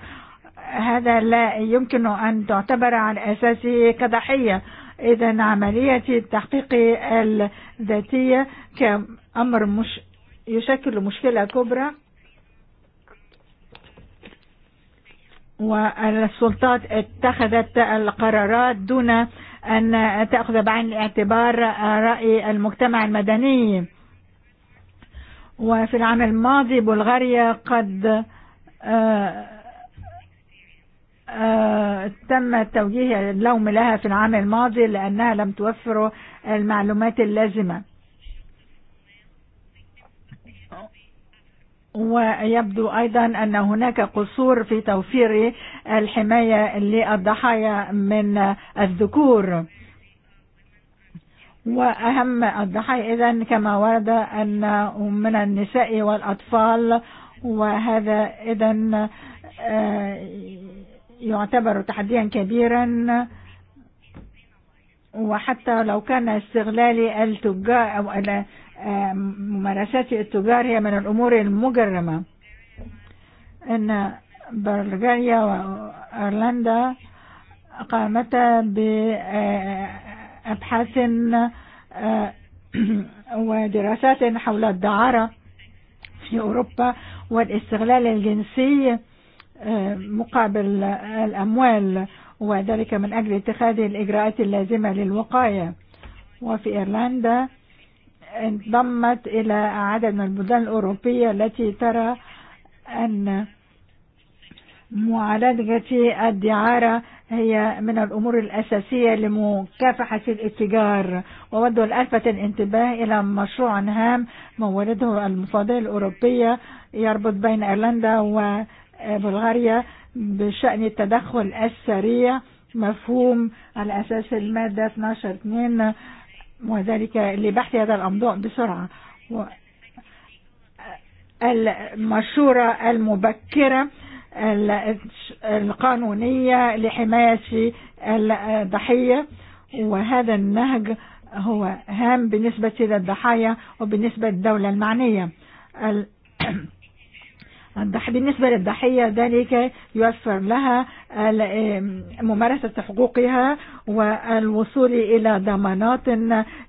هذا لا يمكن أن تعتبر على أساسه كضحية إذا عملية التحقيق الذاتية كأمر مش يشكل مشكلة كبرى والسلطات اتخذت القرارات دون أن تأخذ بعين الاعتبار رأي المجتمع المدني وفي العام الماضي بلغاريا قد تم توجيه اللوم لها في العام الماضي لأنها لم توفر المعلومات اللازمة ويبدو أيضا أن هناك قصور في توفير الحماية للضحايا من الذكور وأهم الضحايا إذا كما ورد أن من النساء والأطفال وهذا إذا يعتبر تحديا كبيرا وحتى لو كان استغلال التجار أو ممارسات التجار هي من الأمور المجرمة أن بلغاريا وأيرلندا قامتا ب أبحاث ودراسات حول الدعارة في أوروبا والاستغلال الجنسي مقابل الأموال وذلك من أجل اتخاذ الإجراءات اللازمة للوقاية وفي إيرلندا انضمت إلى عدد من البلدان الأوروبية التي ترى أن معالجة الدعارة هي من الأمور الأساسية لمكافحة الاتجار وود الألفة الانتباه إلى مشروع هام مولده المفاضلة الأوروبية يربط بين أيرلندا وبلغاريا بشأن التدخل السريع مفهوم الأساس المادة 12-2 وذلك لبحث هذا الأمضاء بسرعة المشورة المبكرة القانونية لحماية الضحية وهذا النهج هو هام بالنسبة للضحايا وبالنسبة للدولة المعنية بالنسبة للضحية ذلك يوفر لها ممارسة حقوقها والوصول إلى ضمانات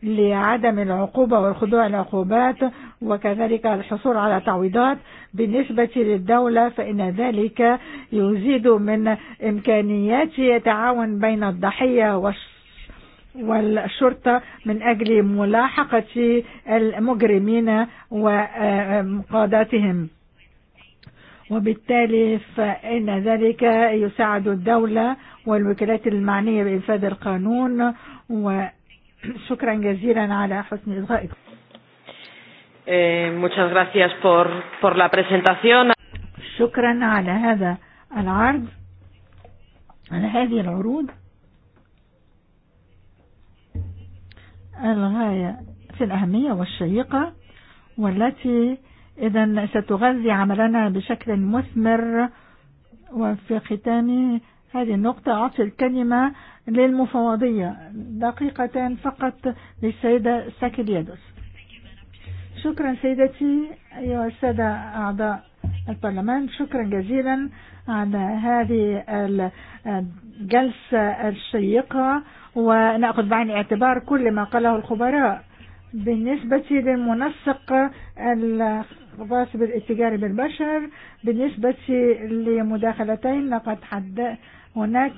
لعدم العقوبة والخضوع للعقوبات وكذلك الحصول على تعويضات بالنسبة للدولة فإن ذلك يزيد من إمكانيات تعاون بين الضحية والشخص والشرطة من أجل ملاحقة المجرمين ومقاداتهم وبالتالي فإن ذلك يساعد الدولة والوكالات المعنية بإنفاذ القانون وشكرا جزيلا على حسن إلغائكم eh, muchas gracias por, por la presentación. شكرا على هذا العرض على هذه العروض الغاية في الأهمية والشيقة والتي إذا ستغذي عملنا بشكل مثمر وفي ختام هذه النقطة أعطي الكلمة للمفوضية دقيقتان فقط للسيدة ساكليادوس شكرا سيدتي أيها السادة أعضاء البرلمان شكرا جزيلا على هذه الجلسة الشيقة ونأخذ بعين الاعتبار كل ما قاله الخبراء بالنسبة للمنسق الأقباص بالاتجار بالبشر بالنسبة لمداخلتين لقد حد هناك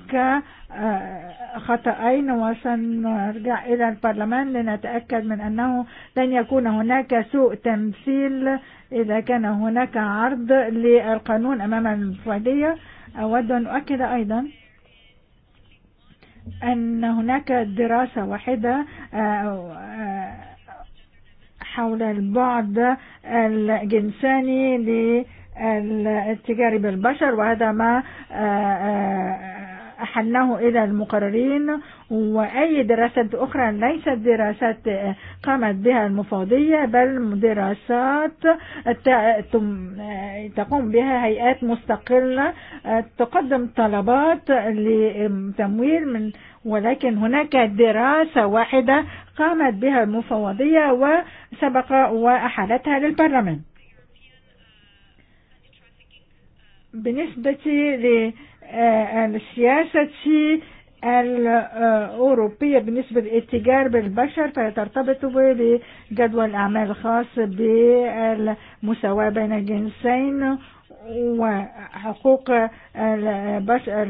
خطأين وسنرجع إلى البرلمان لنتأكد من أنه لن يكون هناك سوء تمثيل إذا كان هناك عرض للقانون أمام الفردية أود أن أؤكد أيضا أن هناك دراسة واحدة حول البعد الجنساني للتجاري بالبشر وهذا ما أحلناه إلى المقررين وأي دراسات أخرى ليست دراسات قامت بها المفوضية بل دراسات تقوم بها هيئات مستقلة تقدم طلبات لتمويل من ولكن هناك دراسة واحدة قامت بها المفوضية وسبق وأحالتها للبرلمان بالنسبة للسياسة الأوروبية بالنسبة للاتجار بالبشر فهي ترتبط بجدول الأعمال الخاص بالمساواة بين الجنسين وحقوق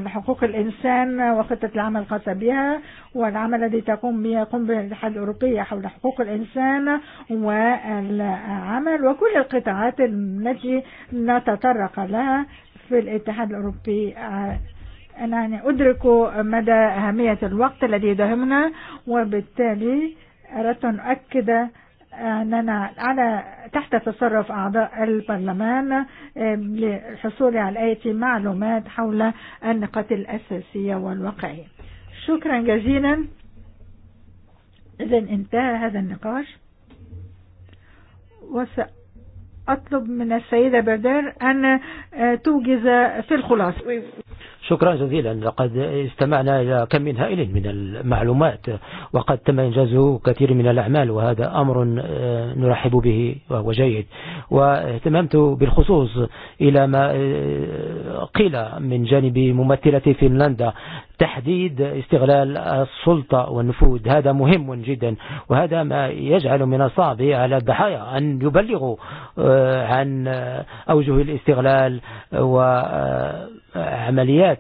حقوق الإنسان وخطة العمل الخاصة بها والعمل الذي تقوم به يقوم به الاتحاد الأوروبي حول حقوق الإنسان والعمل وكل القطاعات التي نتطرق لها في الاتحاد الأوروبي أنا يعني أدرك مدى أهمية الوقت الذي يدهمنا وبالتالي أردت أن أؤكد أننا على تحت تصرف أعضاء البرلمان للحصول على أي معلومات حول النقاط الأساسية والواقعية شكرا جزيلا إذا انتهى هذا النقاش وسأطلب من السيدة بردار أن توجز في الخلاصة شكرا جزيلا لقد استمعنا إلى كم من هائل من المعلومات وقد تم إنجازه كثير من الأعمال وهذا أمر نرحب به وهو جيد واهتممت بالخصوص إلى ما قيل من جانب ممثلة فنلندا تحديد استغلال السلطة والنفوذ هذا مهم جدا وهذا ما يجعل من الصعب على الضحايا أن يبلغوا عن أوجه الاستغلال و عمليات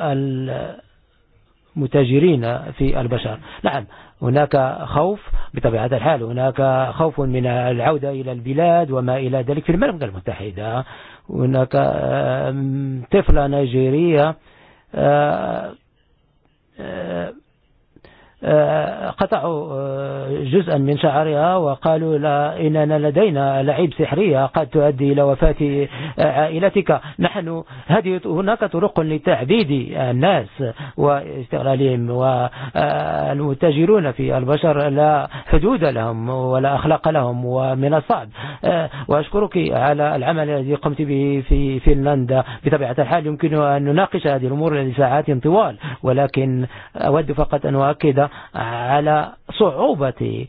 المتاجرين في البشر نعم هناك خوف بطبيعة الحال هناك خوف من العودة إلى البلاد وما إلى ذلك في المملكة المتحدة هناك طفلة نيجيرية قطعوا جزءا من شعرها وقالوا لا إننا لدينا لعيب سحرية قد تؤدي إلى وفاة عائلتك نحن هذه هناك طرق لتعبيد الناس واستغلالهم والمتاجرون في البشر لا حدود لهم ولا أخلاق لهم ومن الصعب وأشكرك على العمل الذي قمت به في فنلندا بطبيعة الحال يمكن أن نناقش هذه الأمور لساعات طوال ولكن أود فقط أن أؤكد على صعوبة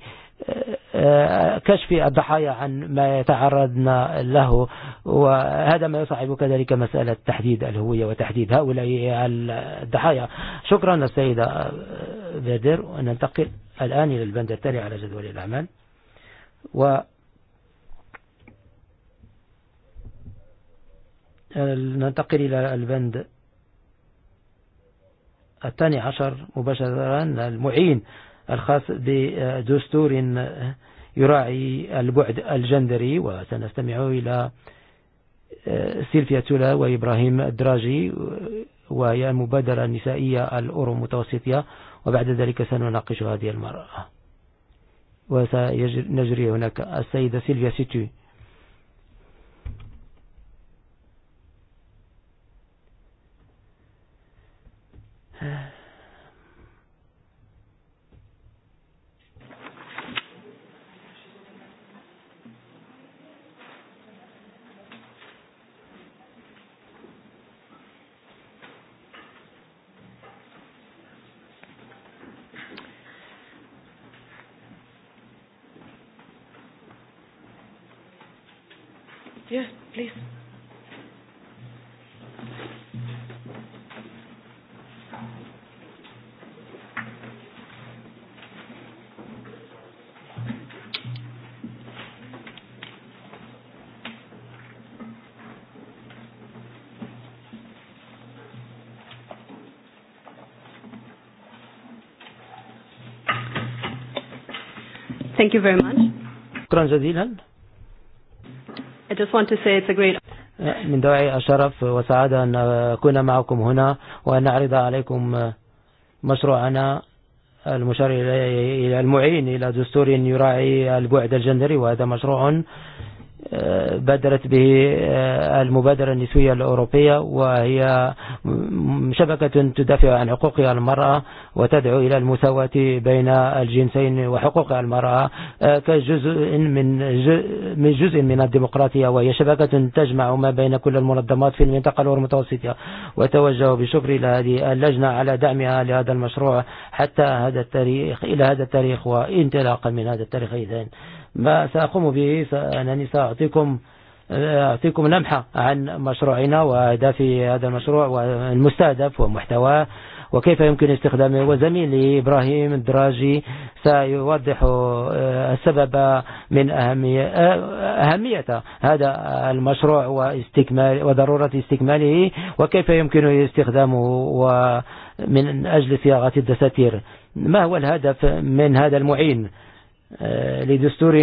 كشف الضحايا عن ما يتعرضنا له وهذا ما يصعب كذلك مسألة تحديد الهوية وتحديد هؤلاء الضحايا شكرا السيدة بدر وننتقل الآن إلى البند التالي على جدول الأعمال و ننتقل إلى البند الثاني عشر مباشرة المعين الخاص بدستور يراعي البعد الجندري وسنستمع إلى سيلفيا تولا وإبراهيم الدراجي وهي المبادرة النسائية الأورو متوسطية وبعد ذلك سنناقش هذه المرأة وسنجري هناك السيدة سيلفيا سيتو Yes, please. Thank you very much. Kranza just want to say it's a great من دواعي الشرف وسعادة أن أكون معكم هنا وأن أعرض عليكم مشروعنا المشار إلى المعين إلى دستور يراعي البعد الجندري وهذا مشروع بدرت به المبادرة النسوية الأوروبية وهي شبكة تدافع عن حقوق المرأة وتدعو إلى المساواة بين الجنسين وحقوق المرأة كجزء من من جزء من الديمقراطية وهي شبكة تجمع ما بين كل المنظمات في المنطقة المتوسطة وتوجه بشكر إلى هذه اللجنة على دعمها لهذا المشروع حتى هذا التاريخ إلى هذا التاريخ وانطلاقا من هذا التاريخ إذن ما سأقوم به أنني سأعطيكم أعطيكم لمحة عن مشروعنا وأهداف هذا المشروع والمستهدف ومحتواه وكيف يمكن استخدامه وزميلي إبراهيم الدراجي سيوضح السبب من أهمية أهمية هذا المشروع واستكمال وضرورة استكماله وكيف يمكن استخدامه ومن أجل صياغة الدساتير ما هو الهدف من هذا المعين لدستور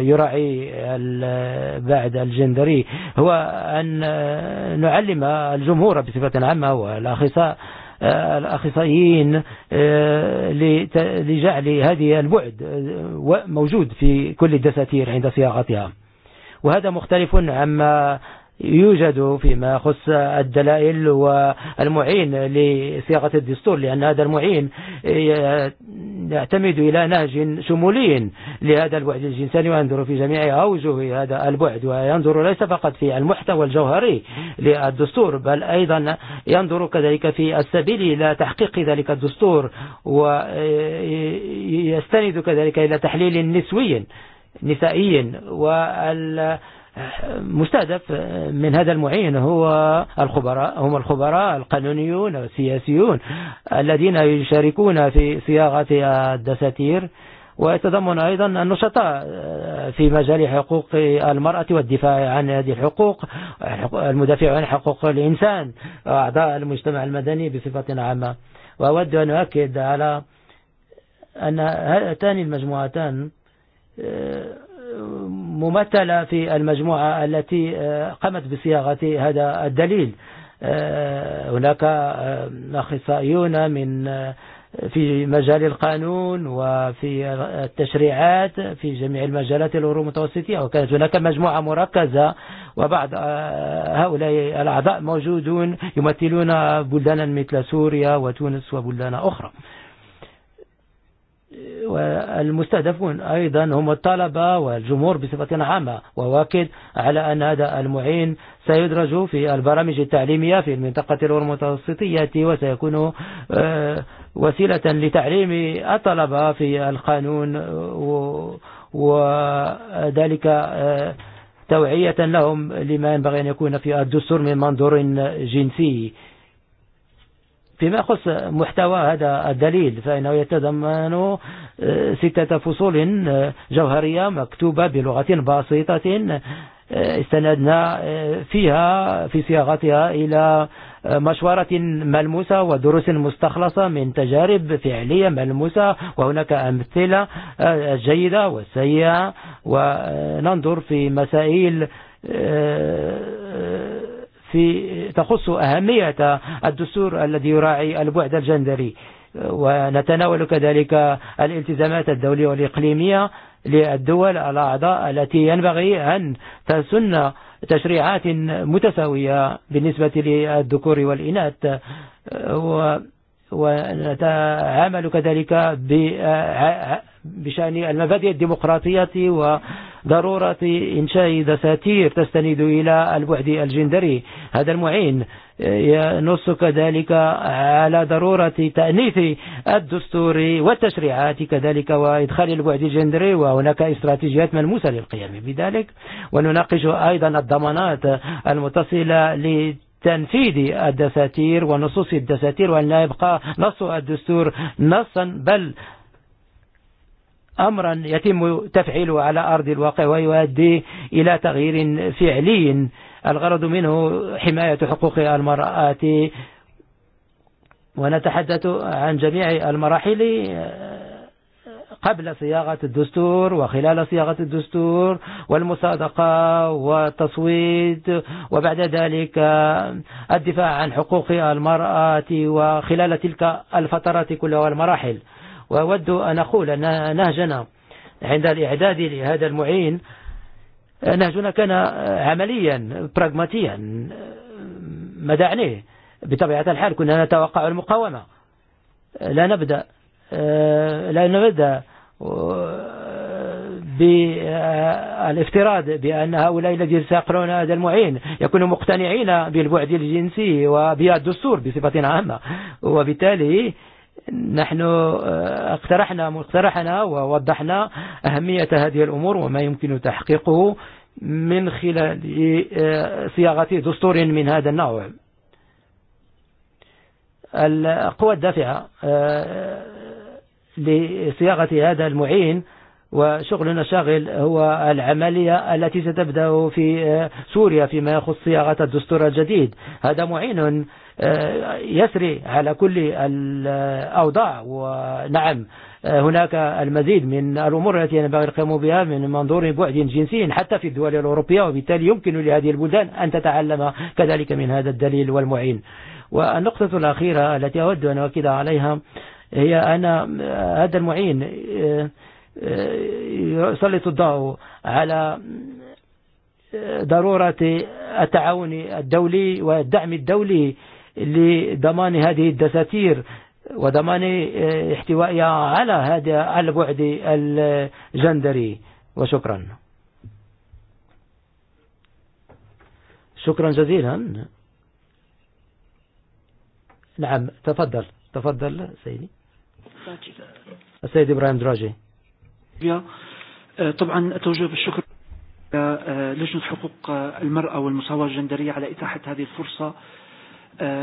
يراعي البعد الجندري هو أن نعلم الجمهور بصفة عامة والأخصائيين الأخصائيين لجعل هذه البعد موجود في كل الدساتير عند صياغتها وهذا مختلف عما يوجد فيما خص الدلائل والمعين لصياغة الدستور لأن هذا المعين يعتمد إلى نهج شمولي لهذا البعد الجنساني وينظر في جميع أوجه هذا البعد وينظر ليس فقط في المحتوى الجوهري للدستور بل أيضا ينظر كذلك في السبيل إلى تحقيق ذلك الدستور ويستند كذلك إلى تحليل نسوي نسائي والمعين مستهدف من هذا المعين هو الخبراء هم الخبراء القانونيون والسياسيون الذين يشاركون في صياغة الدساتير ويتضمن أيضا النشطاء في مجال حقوق المرأة والدفاع عن هذه الحقوق المدافع عن حقوق الإنسان وأعضاء المجتمع المدني بصفة عامة وأود أن أؤكد على أن هاتان المجموعتان ممثلة في المجموعة التي قامت بصياغة هذا الدليل هناك أخصائيون من في مجال القانون وفي التشريعات في جميع المجالات الأورو المتوسطية وكانت هناك مجموعة مركزة وبعض هؤلاء الأعضاء موجودون يمثلون بلدانا مثل سوريا وتونس وبلدان أخرى والمستهدفون أيضا هم الطلبة والجمهور بصفة عامة وواكد على أن هذا المعين سيدرج في البرامج التعليمية في المنطقة المتوسطية وسيكون وسيلة لتعليم الطلبة في القانون وذلك توعية لهم لما ينبغي أن يكون في الدستور من منظور جنسي فيما يخص محتوى هذا الدليل فإنه يتضمن ستة فصول جوهرية مكتوبة بلغة بسيطة استندنا فيها في صياغتها إلى مشورة ملموسة ودروس مستخلصة من تجارب فعلية ملموسة وهناك أمثلة جيدة وسيئة وننظر في مسائل في تخص أهمية الدستور الذي يراعي البعد الجندري ونتناول كذلك الالتزامات الدولية والإقليمية للدول الأعضاء التي ينبغي أن تسن تشريعات متساوية بالنسبة للذكور والإناث ونتعامل كذلك بشأن المبادئ الديمقراطية ضرورة إنشاء دساتير تستند إلى الوعد الجندري هذا المعين ينص كذلك على ضرورة تأنيث الدستور والتشريعات كذلك وإدخال البعد الجندري وهناك استراتيجيات ملموسة للقيام بذلك ونناقش أيضا الضمانات المتصلة تنفيذ الدساتير ونصوص الدساتير وأن لا يبقى نص الدستور نصا بل أمرا يتم تفعيله على أرض الواقع ويؤدي إلى تغيير فعلي الغرض منه حماية حقوق المرأة ونتحدث عن جميع المراحل قبل صياغة الدستور وخلال صياغة الدستور والمصادقة والتصويت وبعد ذلك الدفاع عن حقوق المرأة وخلال تلك الفترات كلها والمراحل وأود أن أقول أن نهجنا عند الإعداد لهذا المعين نهجنا كان عمليا براغماتيا مدى عينيه بطبيعة الحال كنا نتوقع المقاومة لا نبدأ لا نبدأ بالافتراض بأن هؤلاء الذين سيقرون هذا المعين يكونوا مقتنعين بالبعد الجنسي وبالدستور بصفة عامة وبالتالي نحن اقترحنا مقترحنا ووضحنا أهمية هذه الأمور وما يمكن تحقيقه من خلال صياغة دستور من هذا النوع القوى الدافعة لصياغة هذا المعين وشغلنا الشاغل هو العملية التي ستبدأ في سوريا فيما يخص صياغة الدستور الجديد هذا معين يسري على كل الأوضاع ونعم هناك المزيد من الأمور التي ينبغي القيام بها من منظور بعد جنسي حتى في الدول الأوروبية وبالتالي يمكن لهذه البلدان أن تتعلم كذلك من هذا الدليل والمعين والنقطة الأخيرة التي أود أن أؤكد عليها هي أن هذا المعين يسلط الضوء على ضرورة التعاون الدولي والدعم الدولي لضمان هذه الدساتير وضمان احتوائها على هذا البعد الجندري وشكرا شكرا جزيلا نعم تفضل تفضل سيدي السيد إبراهيم دراجي طبعا أتوجه بالشكر لجنة حقوق المرأة والمساواة الجندرية على إتاحة هذه الفرصة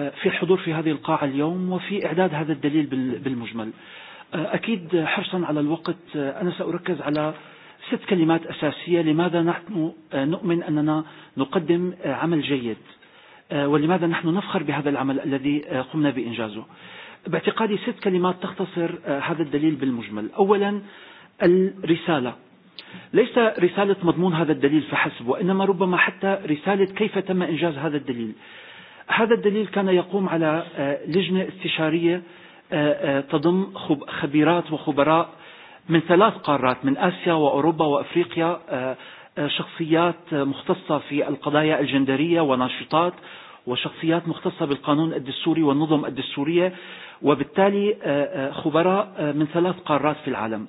في الحضور في هذه القاعة اليوم وفي إعداد هذا الدليل بالمجمل أكيد حرصا على الوقت أنا سأركز على ست كلمات أساسية لماذا نحن نؤمن أننا نقدم عمل جيد ولماذا نحن نفخر بهذا العمل الذي قمنا بإنجازه باعتقادي ست كلمات تختصر هذا الدليل بالمجمل أولا الرسالة ليس رسالة مضمون هذا الدليل فحسب وإنما ربما حتى رسالة كيف تم إنجاز هذا الدليل هذا الدليل كان يقوم على لجنة استشارية تضم خبيرات وخبراء من ثلاث قارات من آسيا وأوروبا وأفريقيا شخصيات مختصة في القضايا الجندرية وناشطات وشخصيات مختصة بالقانون الدستوري والنظم الدستورية وبالتالي خبراء من ثلاث قارات في العالم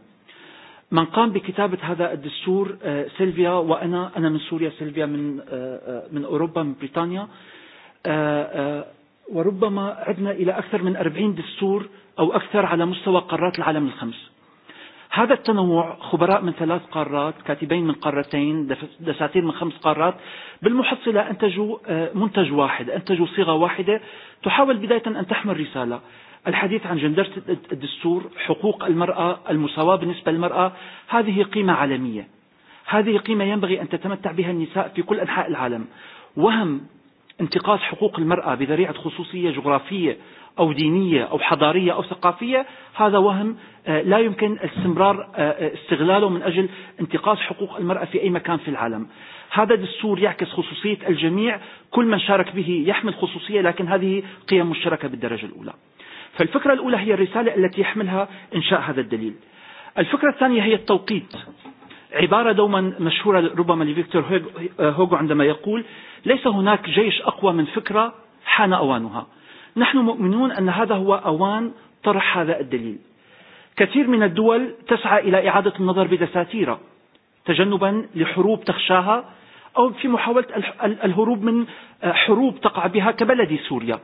من قام بكتابة هذا الدستور سيلفيا وأنا أنا من سوريا سيلفيا من من أوروبا من بريطانيا وربما عدنا إلى أكثر من 40 دستور أو أكثر على مستوى قارات العالم الخمس هذا التنوع خبراء من ثلاث قارات كاتبين من قارتين دساتير من خمس قارات بالمحصلة أنتجوا منتج واحد أنتجوا صيغة واحدة تحاول بداية أن تحمل رسالة الحديث عن جندرة الدستور حقوق المرأة المساواة بالنسبة للمرأة هذه قيمة عالمية هذه قيمة ينبغي أن تتمتع بها النساء في كل أنحاء العالم وهم انتقاص حقوق المرأة بذريعة خصوصية جغرافية أو دينية أو حضارية أو ثقافية هذا وهم لا يمكن استمرار استغلاله من أجل انتقاص حقوق المرأة في أي مكان في العالم هذا دستور يعكس خصوصية الجميع كل من شارك به يحمل خصوصية لكن هذه قيم مشتركة بالدرجة الأولى فالفكرة الأولى هي الرسالة التي يحملها إنشاء هذا الدليل الفكرة الثانية هي التوقيت عبارة دوما مشهورة ربما لفيكتور هوغو عندما يقول ليس هناك جيش أقوى من فكرة حان أوانها نحن مؤمنون أن هذا هو أوان طرح هذا الدليل كثير من الدول تسعى إلى إعادة النظر بدساتيرة تجنبا لحروب تخشاها أو في محاولة الهروب من حروب تقع بها كبلد سوريا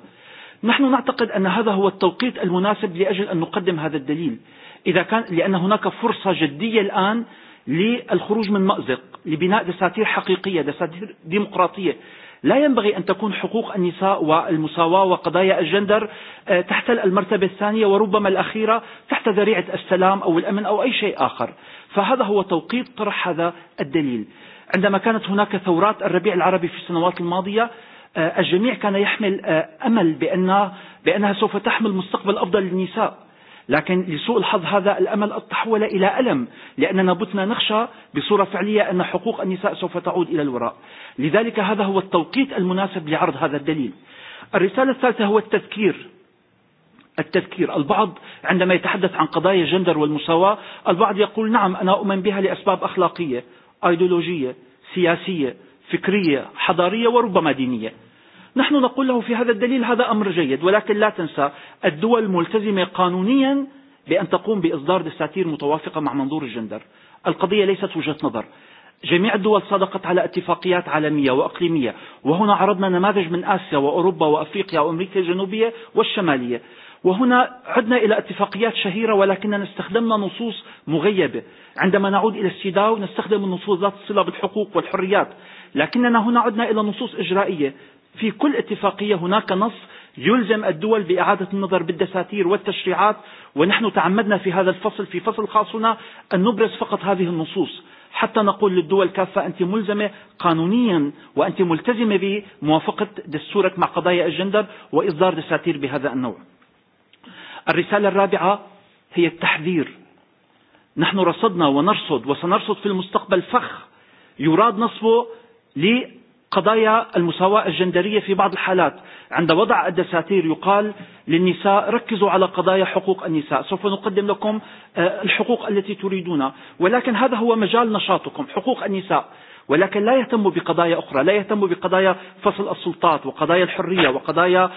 نحن نعتقد أن هذا هو التوقيت المناسب لأجل أن نقدم هذا الدليل إذا كان لأن هناك فرصة جدية الآن للخروج من مأزق لبناء دساتير حقيقية دساتير ديمقراطية لا ينبغي أن تكون حقوق النساء والمساواة وقضايا الجندر تحت المرتبة الثانية وربما الأخيرة تحت ذريعة السلام أو الأمن أو أي شيء آخر فهذا هو توقيت طرح هذا الدليل عندما كانت هناك ثورات الربيع العربي في السنوات الماضية الجميع كان يحمل أمل بأنها, بأنها سوف تحمل مستقبل أفضل للنساء لكن لسوء الحظ هذا الأمل تحول إلى ألم لأننا بتنا نخشى بصورة فعلية أن حقوق النساء سوف تعود إلى الوراء لذلك هذا هو التوقيت المناسب لعرض هذا الدليل الرسالة الثالثة هو التذكير التذكير البعض عندما يتحدث عن قضايا الجندر والمساواة البعض يقول نعم أنا أؤمن بها لأسباب أخلاقية أيديولوجية سياسية فكرية حضارية وربما دينية نحن نقول له في هذا الدليل هذا أمر جيد ولكن لا تنسى الدول ملتزمة قانونيا بأن تقوم بإصدار دساتير متوافقة مع منظور الجندر القضية ليست وجهة نظر جميع الدول صدقت على اتفاقيات عالمية وأقليمية وهنا عرضنا نماذج من آسيا وأوروبا وأفريقيا وأمريكا الجنوبية والشمالية وهنا عدنا إلى اتفاقيات شهيرة ولكننا استخدمنا نصوص مغيبة عندما نعود إلى السيداو نستخدم النصوص ذات الصلة بالحقوق والحريات لكننا هنا عدنا إلى نصوص إجرائية في كل اتفاقية هناك نص يلزم الدول بإعادة النظر بالدساتير والتشريعات ونحن تعمدنا في هذا الفصل في فصل خاصنا أن نبرز فقط هذه النصوص حتى نقول للدول كافة أنت ملزمة قانونيا وأنت ملتزمة بموافقة دستورك مع قضايا الجندر وإصدار دساتير بهذا النوع الرسالة الرابعة هي التحذير نحن رصدنا ونرصد وسنرصد في المستقبل فخ يراد نصبه قضايا المساواة الجندرية في بعض الحالات عند وضع الدساتير يقال للنساء ركزوا على قضايا حقوق النساء سوف نقدم لكم الحقوق التي تريدونها ولكن هذا هو مجال نشاطكم حقوق النساء ولكن لا يهتم بقضايا أخرى لا يهتم بقضايا فصل السلطات وقضايا الحرية وقضايا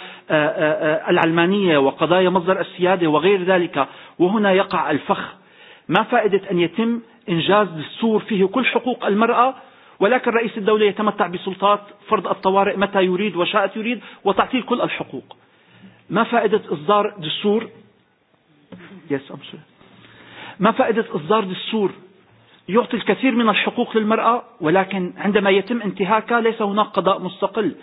العلمانية وقضايا مصدر السيادة وغير ذلك وهنا يقع الفخ ما فائدة أن يتم إنجاز دستور فيه كل حقوق المرأة ولكن رئيس الدولة يتمتع بسلطات فرض الطوارئ متى يريد وشاءت يريد وتعطيل كل الحقوق ما فائدة إصدار دستور yes, ما فائدة إصدار دستور يعطي الكثير من الحقوق للمرأة ولكن عندما يتم انتهاكها ليس هناك قضاء مستقل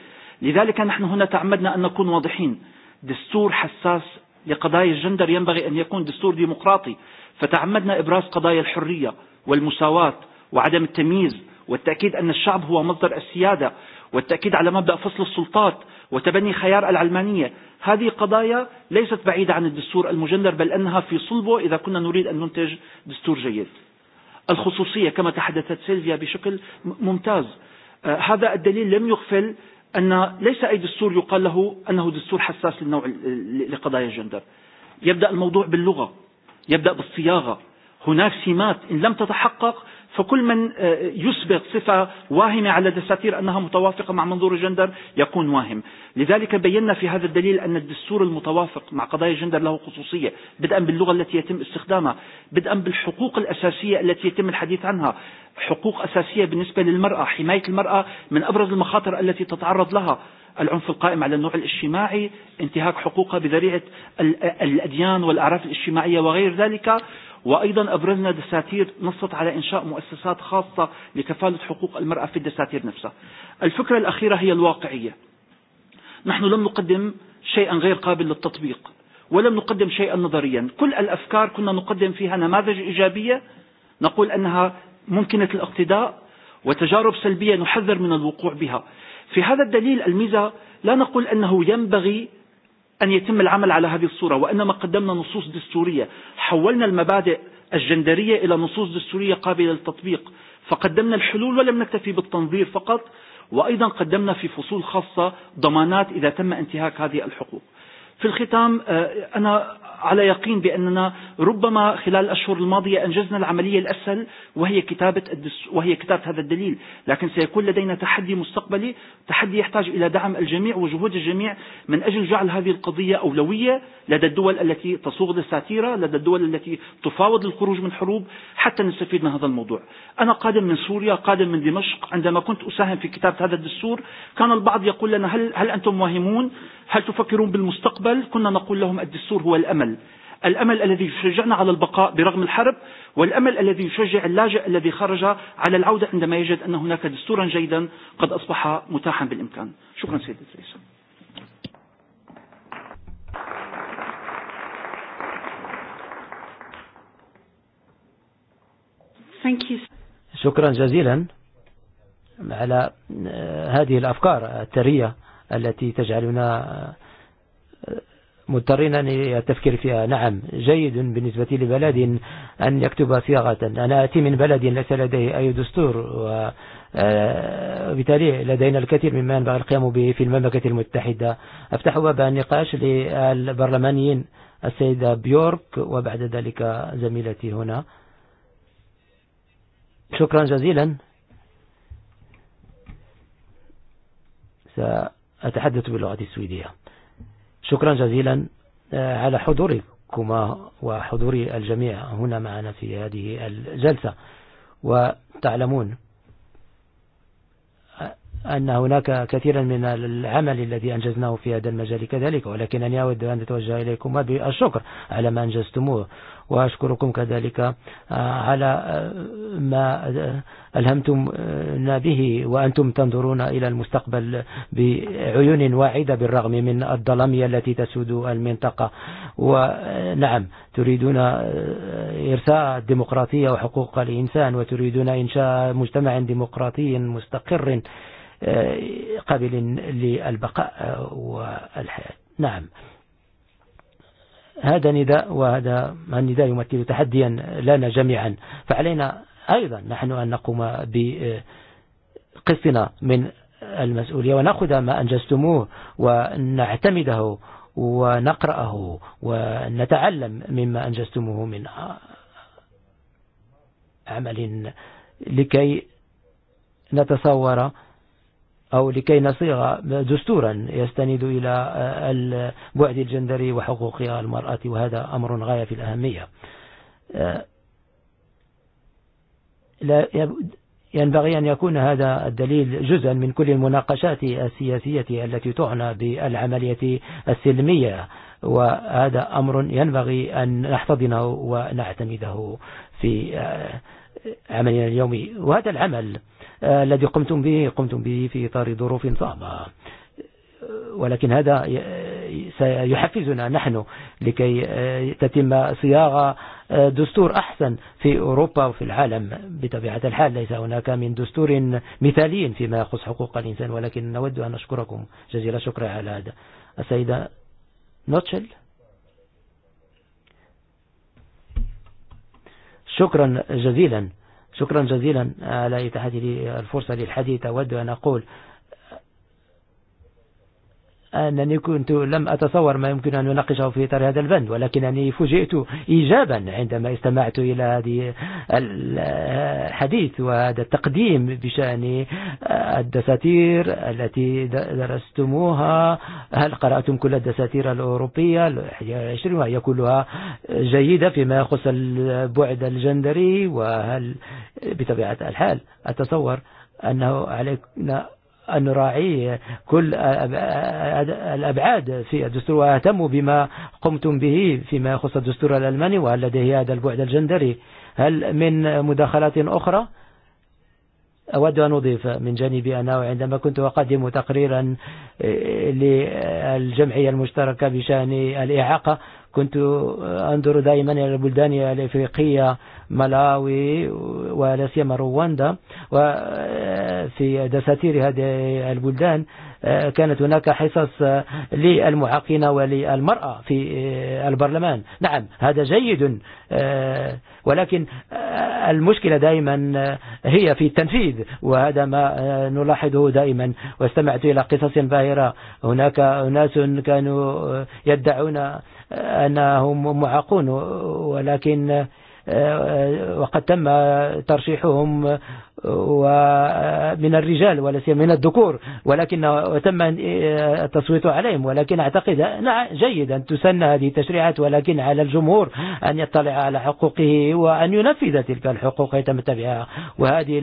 لذلك نحن هنا تعمدنا أن نكون واضحين دستور حساس لقضايا الجندر ينبغي أن يكون دستور ديمقراطي فتعمدنا إبراز قضايا الحرية والمساواة وعدم التمييز والتأكيد أن الشعب هو مصدر السيادة والتأكيد على مبدأ فصل السلطات وتبني خيار العلمانية هذه قضايا ليست بعيدة عن الدستور المجندر بل أنها في صلبه إذا كنا نريد أن ننتج دستور جيد الخصوصية كما تحدثت سيلفيا بشكل ممتاز هذا الدليل لم يغفل أن ليس أي دستور يقال له أنه دستور حساس للنوع لقضايا الجندر يبدأ الموضوع باللغة يبدأ بالصياغة هناك سمات إن لم تتحقق فكل من يثبت صفة واهمة على دساتير أنها متوافقة مع منظور الجندر يكون واهم لذلك بينا في هذا الدليل أن الدستور المتوافق مع قضايا الجندر له خصوصية بدءا باللغة التي يتم استخدامها بدءا بالحقوق الأساسية التي يتم الحديث عنها حقوق أساسية بالنسبة للمرأة حماية المرأة من أبرز المخاطر التي تتعرض لها العنف القائم على النوع الاجتماعي انتهاك حقوقها بذريعة الأديان والأعراف الاجتماعية وغير ذلك وأيضا أبرزنا دساتير نصت على إنشاء مؤسسات خاصة لكفالة حقوق المرأة في الدساتير نفسها الفكرة الأخيرة هي الواقعية نحن لم نقدم شيئا غير قابل للتطبيق ولم نقدم شيئا نظريا كل الأفكار كنا نقدم فيها نماذج إيجابية نقول أنها ممكنة الاقتداء وتجارب سلبية نحذر من الوقوع بها في هذا الدليل الميزة لا نقول أنه ينبغي أن يتم العمل على هذه الصورة وإنما قدمنا نصوص دستورية حولنا المبادئ الجندرية إلى نصوص دستورية قابلة للتطبيق فقدمنا الحلول ولم نكتفي بالتنظير فقط وأيضا قدمنا في فصول خاصة ضمانات إذا تم انتهاك هذه الحقوق في الختام أنا على يقين بأننا ربما خلال الأشهر الماضية أنجزنا العملية الأسهل وهي كتابة وهي كتابة هذا الدليل، لكن سيكون لدينا تحدي مستقبلي، تحدي يحتاج إلى دعم الجميع وجهود الجميع من أجل جعل هذه القضية أولوية لدى الدول التي تصوغ للساتيرة، لدى الدول التي تفاوض للخروج من حروب حتى نستفيد من هذا الموضوع. أنا قادم من سوريا، قادم من دمشق، عندما كنت أساهم في كتابة هذا الدستور كان البعض يقول لنا هل هل أنتم واهمون هل تفكرون بالمستقبل كنا نقول لهم الدستور هو الأمل الأمل الذي يشجعنا على البقاء برغم الحرب والأمل الذي يشجع اللاجئ الذي خرج على العودة عندما يجد أن هناك دستورا جيدا قد أصبح متاحا بالإمكان شكرا سيد الرئيس شكرا جزيلا على هذه الأفكار الثرية التي تجعلنا مضطرين للتفكير فيها نعم جيد بالنسبة لبلد أن يكتب صياغة أنا أتي من بلد ليس لديه أي دستور وبالتالي لدينا الكثير مما ينبغي القيام به في المملكة المتحدة أفتح باب النقاش للبرلمانيين السيدة بيورك وبعد ذلك زميلتي هنا شكرا جزيلا سأ أتحدث باللغة السويدية شكرا جزيلا على حضوركما وحضور الجميع هنا معنا في هذه الجلسة وتعلمون أن هناك كثيرا من العمل الذي أنجزناه في هذا المجال كذلك ولكن ولكنني أود أن تتوجه إليكم بالشكر على ما أنجزتموه وأشكركم كذلك على ما ألهمتمنا به وأنتم تنظرون إلى المستقبل بعيون واعدة بالرغم من الظلامية التي تسود المنطقة ونعم تريدون إرساء الديمقراطية وحقوق الإنسان وتريدون إنشاء مجتمع ديمقراطي مستقر قابل للبقاء والحياة نعم هذا نداء وهذا النداء يمثل تحديا لنا جميعا فعلينا أيضا نحن أن نقوم بقسطنا من المسؤولية ونأخذ ما أنجزتموه ونعتمده ونقرأه ونتعلم مما أنجزتموه من عمل لكي نتصور أو لكي نصيغ دستورا يستند إلى البعد الجندري وحقوق المرأة وهذا أمر غاية في الأهمية لا ينبغي أن يكون هذا الدليل جزءا من كل المناقشات السياسية التي تعنى بالعملية السلمية وهذا أمر ينبغي أن نحتضنه ونعتمده في عملنا اليومي وهذا العمل الذي قمتم به قمتم به في إطار ظروف صعبة ولكن هذا سيحفزنا نحن لكي تتم صياغة دستور أحسن في أوروبا وفي العالم بطبيعة الحال ليس هناك من دستور مثالي فيما يخص حقوق الإنسان ولكن نود أن أشكركم جزيل الشكر على هذا السيدة نوتشل شكرا جزيلا شكرا جزيلا على إتاحة لي الفرصة للحديث أود أن أقول أنني كنت لم أتصور ما يمكن أن نناقشه في إطار هذا البند ولكنني فوجئت إيجابا عندما استمعت إلى هذه الحديث وهذا التقديم بشأن الدساتير التي درستموها هل قرأتم كل الدساتير الأوروبية العشرين وهي كلها جيدة فيما يخص البعد الجندري وهل بطبيعة الحال أتصور أنه علينا أن نراعي كل الأبعاد في الدستور وأهتم بما قمتم به فيما يخص الدستور الألماني وهل لديه هذا البعد الجندري هل من مداخلات أخرى؟ أود أن أضيف من جانبي أنا عندما كنت أقدم تقريرا للجمعية المشتركة بشأن الإعاقة كنت أنظر دائما إلى البلدان الإفريقية ملاوي ولا سيما رواندا وفي دساتير هذه البلدان كانت هناك حصص للمعاقين وللمرأة في البرلمان نعم هذا جيد ولكن المشكلة دائما هي في التنفيذ وهذا ما نلاحظه دائما واستمعت إلى قصص باهرة هناك ناس كانوا يدعون أنهم معاقون ولكن وقد تم ترشيحهم من الرجال ولا سيما من الذكور ولكن تم التصويت عليهم ولكن اعتقد نعم جيدا تسنى هذه التشريعات ولكن على الجمهور أن يطلع على حقوقه وأن ينفذ تلك الحقوق يتمتع بها وهذه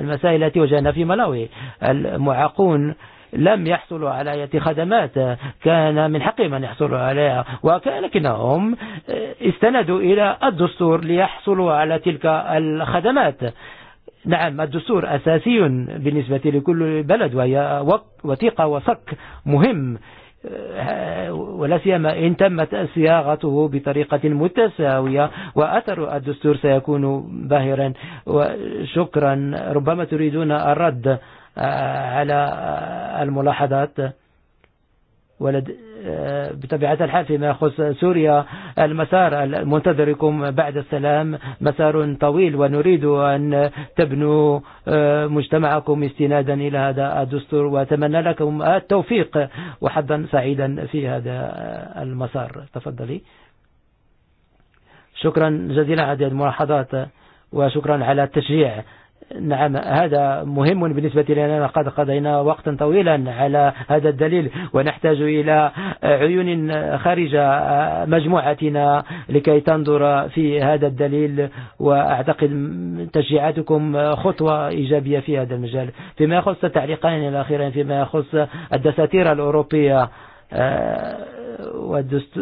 المسائل التي وجدنا في ملاوي المعاقون لم يحصلوا على أي خدمات كان من حقهم أن يحصلوا عليها ولكنهم استندوا إلى الدستور ليحصلوا على تلك الخدمات نعم الدستور أساسي بالنسبة لكل بلد وهي وثيقة وصك مهم ولا سيما إن تمت صياغته بطريقة متساوية وأثر الدستور سيكون باهرا وشكرا ربما تريدون الرد على الملاحظات ولد بطبيعة الحال فيما يخص سوريا المسار المنتظركم بعد السلام مسار طويل ونريد أن تبنوا مجتمعكم استنادا إلى هذا الدستور وأتمنى لكم التوفيق وحظا سعيدا في هذا المسار تفضلي شكرا جزيلا على هذه الملاحظات وشكرا على التشجيع نعم هذا مهم بالنسبة لنا قد قضينا وقتا طويلا على هذا الدليل ونحتاج إلى عيون خارج مجموعتنا لكي تنظر في هذا الدليل وأعتقد تشجيعاتكم خطوة إيجابية في هذا المجال فيما يخص التعليقين الأخيرين فيما يخص الدساتير الأوروبية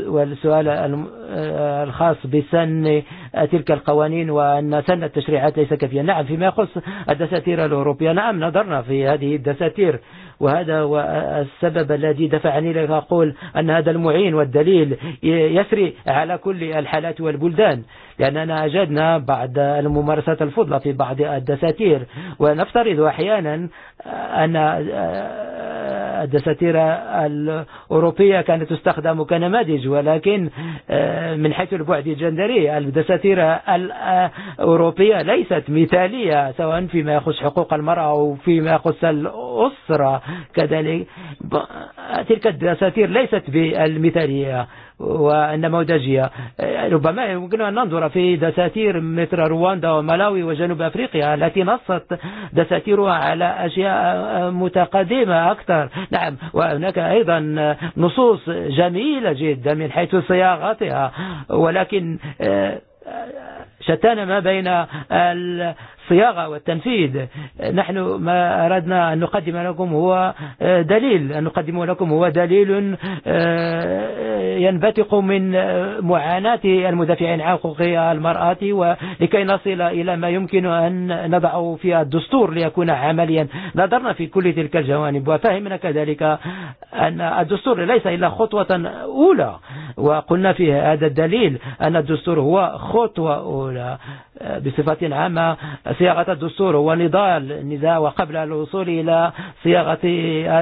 والسؤال الخاص بسن تلك القوانين وأن سن التشريعات ليس كافيا نعم فيما يخص الدساتير الأوروبية نعم نظرنا في هذه الدساتير وهذا هو السبب الذي دفعني لأقول أن هذا المعين والدليل يسري على كل الحالات والبلدان لأننا أجدنا بعد الممارسات الفضلة في بعض الدساتير ونفترض أحيانا أن الدساتير الأوروبية كانت تستخدم كنماذج ولكن من حيث البعد الجندري الدساتير الأوروبية ليست مثالية سواء فيما يخص حقوق المرأة أو فيما يخص الأسرة كذلك تلك الدساتير ليست بالمثالية ونموذجية ربما يمكن أن ننظر في دساتير مثل رواندا وملاوي وجنوب أفريقيا التي نصت دساتيرها على أشياء متقدمة أكثر نعم وهناك أيضا نصوص جميلة جدا من حيث صياغتها ولكن شتان ما بين الصياغة والتنفيذ نحن ما أردنا أن نقدم لكم هو دليل أن نقدم لكم هو دليل ينبتق من معاناة المدافعين عن حقوق المرأة ولكي نصل إلى ما يمكن أن نضع في الدستور ليكون عمليا نظرنا في كل تلك الجوانب وفهمنا كذلك أن الدستور ليس إلا خطوة أولى وقلنا في هذا الدليل أن الدستور هو خطوة أولى بصفة عامة صياغة الدستور هو نضال نزاع وقبل الوصول إلى صياغة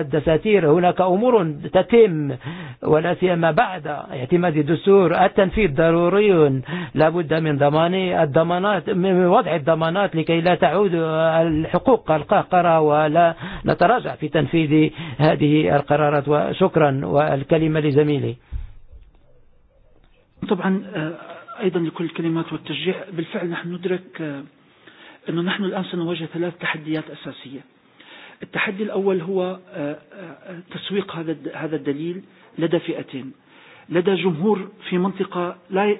الدساتير هناك أمور تتم ولا سيما بعد اعتماد الدستور التنفيذ ضروري لا بد من ضمان الضمانات من وضع الضمانات لكي لا تعود الحقوق القهقرة ولا نتراجع في تنفيذ هذه القرارات وشكرا والكلمة لزميلي طبعا أيضا لكل الكلمات والتشجيع بالفعل نحن ندرك أنه نحن الآن سنواجه ثلاث تحديات أساسية التحدي الأول هو تسويق هذا هذا الدليل لدى فئتين لدى جمهور في منطقة لا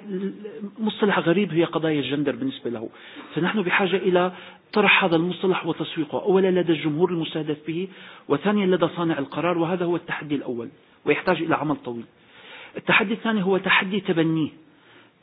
مصطلح غريب هي قضايا الجندر بالنسبة له فنحن بحاجة إلى طرح هذا المصطلح وتسويقه أولا لدى الجمهور المستهدف به وثانيا لدى صانع القرار وهذا هو التحدي الأول ويحتاج إلى عمل طويل التحدي الثاني هو تحدي تبنيه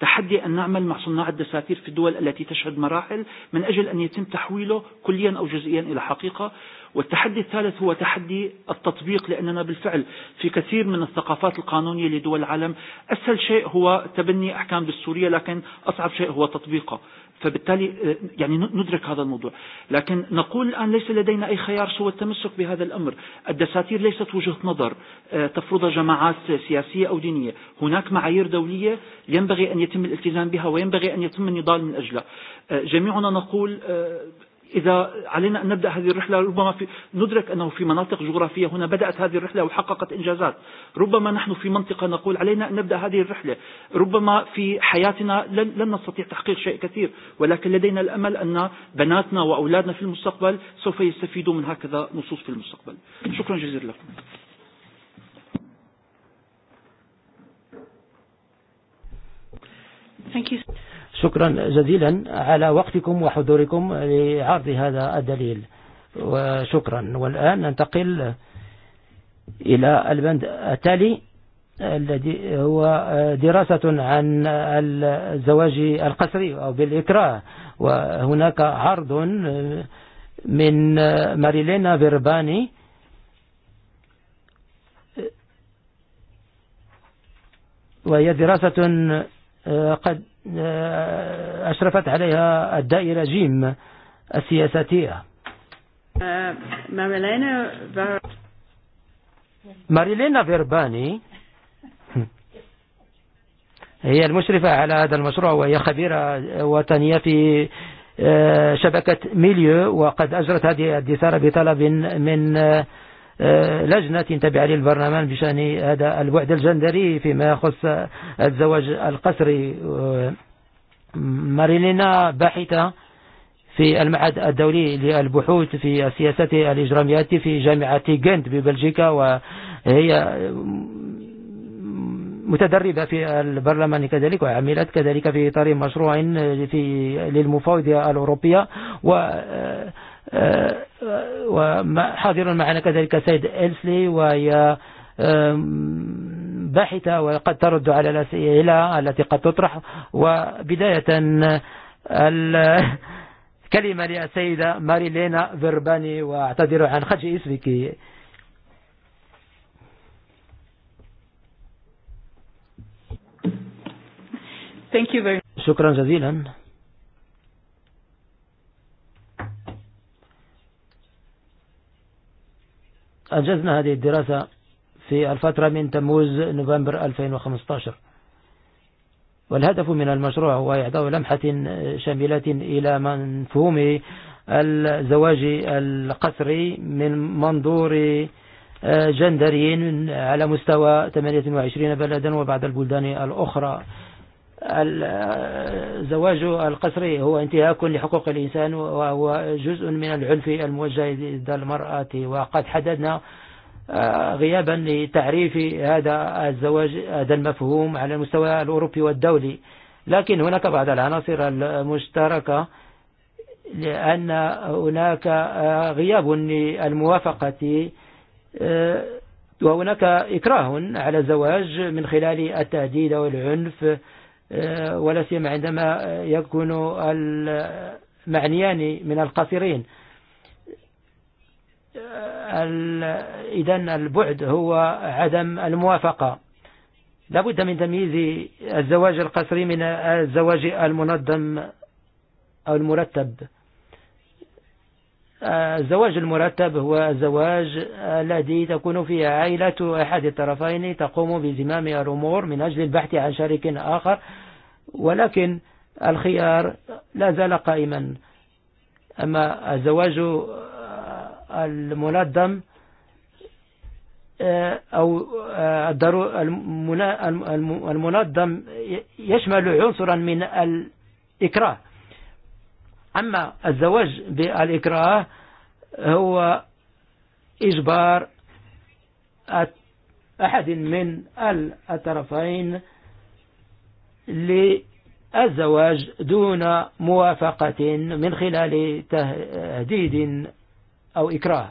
تحدي أن نعمل مع صناع الدساتير في الدول التي تشهد مراحل من أجل أن يتم تحويله كليا أو جزئيا إلى حقيقة والتحدي الثالث هو تحدي التطبيق لأننا بالفعل في كثير من الثقافات القانونية لدول العالم أسهل شيء هو تبني أحكام دستورية لكن أصعب شيء هو تطبيقه فبالتالي يعني ندرك هذا الموضوع لكن نقول الآن ليس لدينا أي خيار سوى التمسك بهذا الأمر الدساتير ليست وجهة نظر تفرض جماعات سياسية أو دينية هناك معايير دولية ينبغي أن يتم الالتزام بها وينبغي أن يتم النضال من أجلها جميعنا نقول إذا علينا أن نبدأ هذه الرحلة ربما في ندرك أنه في مناطق جغرافية هنا بدأت هذه الرحلة وحققت إنجازات ربما نحن في منطقة نقول علينا أن نبدأ هذه الرحلة ربما في حياتنا لن, لن نستطيع تحقيق شيء كثير ولكن لدينا الأمل أن بناتنا وأولادنا في المستقبل سوف يستفيدوا من هكذا نصوص في المستقبل شكرا جزيلا لكم Thank you. شكرا جزيلا على وقتكم وحضوركم لعرض هذا الدليل وشكرا والآن ننتقل إلى البند التالي الذي هو دراسة عن الزواج القسري أو بالإكراه وهناك عرض من ماريلينا فيرباني وهي دراسة قد أشرفت عليها الدائرة جيم السياساتية ماريلينا فيرباني هي المشرفة على هذا المشروع وهي خبيرة وطنية في شبكة ميليو وقد أجرت هذه الدثارة بطلب من لجنة تابعة للبرلمان بشأن هذا الوعد الجندري فيما يخص الزواج القسري مارينينا باحثة في المعهد الدولي للبحوث في السياسة الإجراميات في جامعة جنت ببلجيكا وهي متدربة في البرلمان كذلك وعملت كذلك في إطار مشروع في للمفاوضة الأوروبية و وحاضر معنا كذلك سيد إلسلي وهي باحثة وقد ترد على الأسئلة التي قد تطرح وبداية الكلمة للسيدة ماريلينا فيرباني واعتذر عن خدش اسمك Thank you very much. شكرا جزيلا أنجزنا هذه الدراسة في الفترة من تموز نوفمبر 2015 والهدف من المشروع هو إعطاء لمحة شاملة إلى مفهوم الزواج القسري من منظور جندري على مستوى 28 بلدا وبعض البلدان الأخرى الزواج القسري هو انتهاك لحقوق الإنسان وهو جزء من العنف الموجه ضد المرأة وقد حددنا غيابا لتعريف هذا الزواج هذا المفهوم على المستوى الأوروبي والدولي لكن هناك بعض العناصر المشتركة لأن هناك غياب للموافقة وهناك إكراه على الزواج من خلال التهديد والعنف ولا سيما عندما يكون المعنيان من القصيرين إذا البعد هو عدم الموافقة لا بد من تمييز الزواج القصري من الزواج المنظم أو المرتب الزواج المرتب هو الزواج الذي تكون فيه عائلة أحد الطرفين تقوم بزمام الأمور من أجل البحث عن شريك آخر ولكن الخيار لا زال قائما أما الزواج المنظم أو المنظم يشمل عنصرا من الإكراه أما الزواج بالإكراه هو إجبار أحد من الطرفين للزواج دون موافقة من خلال تهديد أو إكراه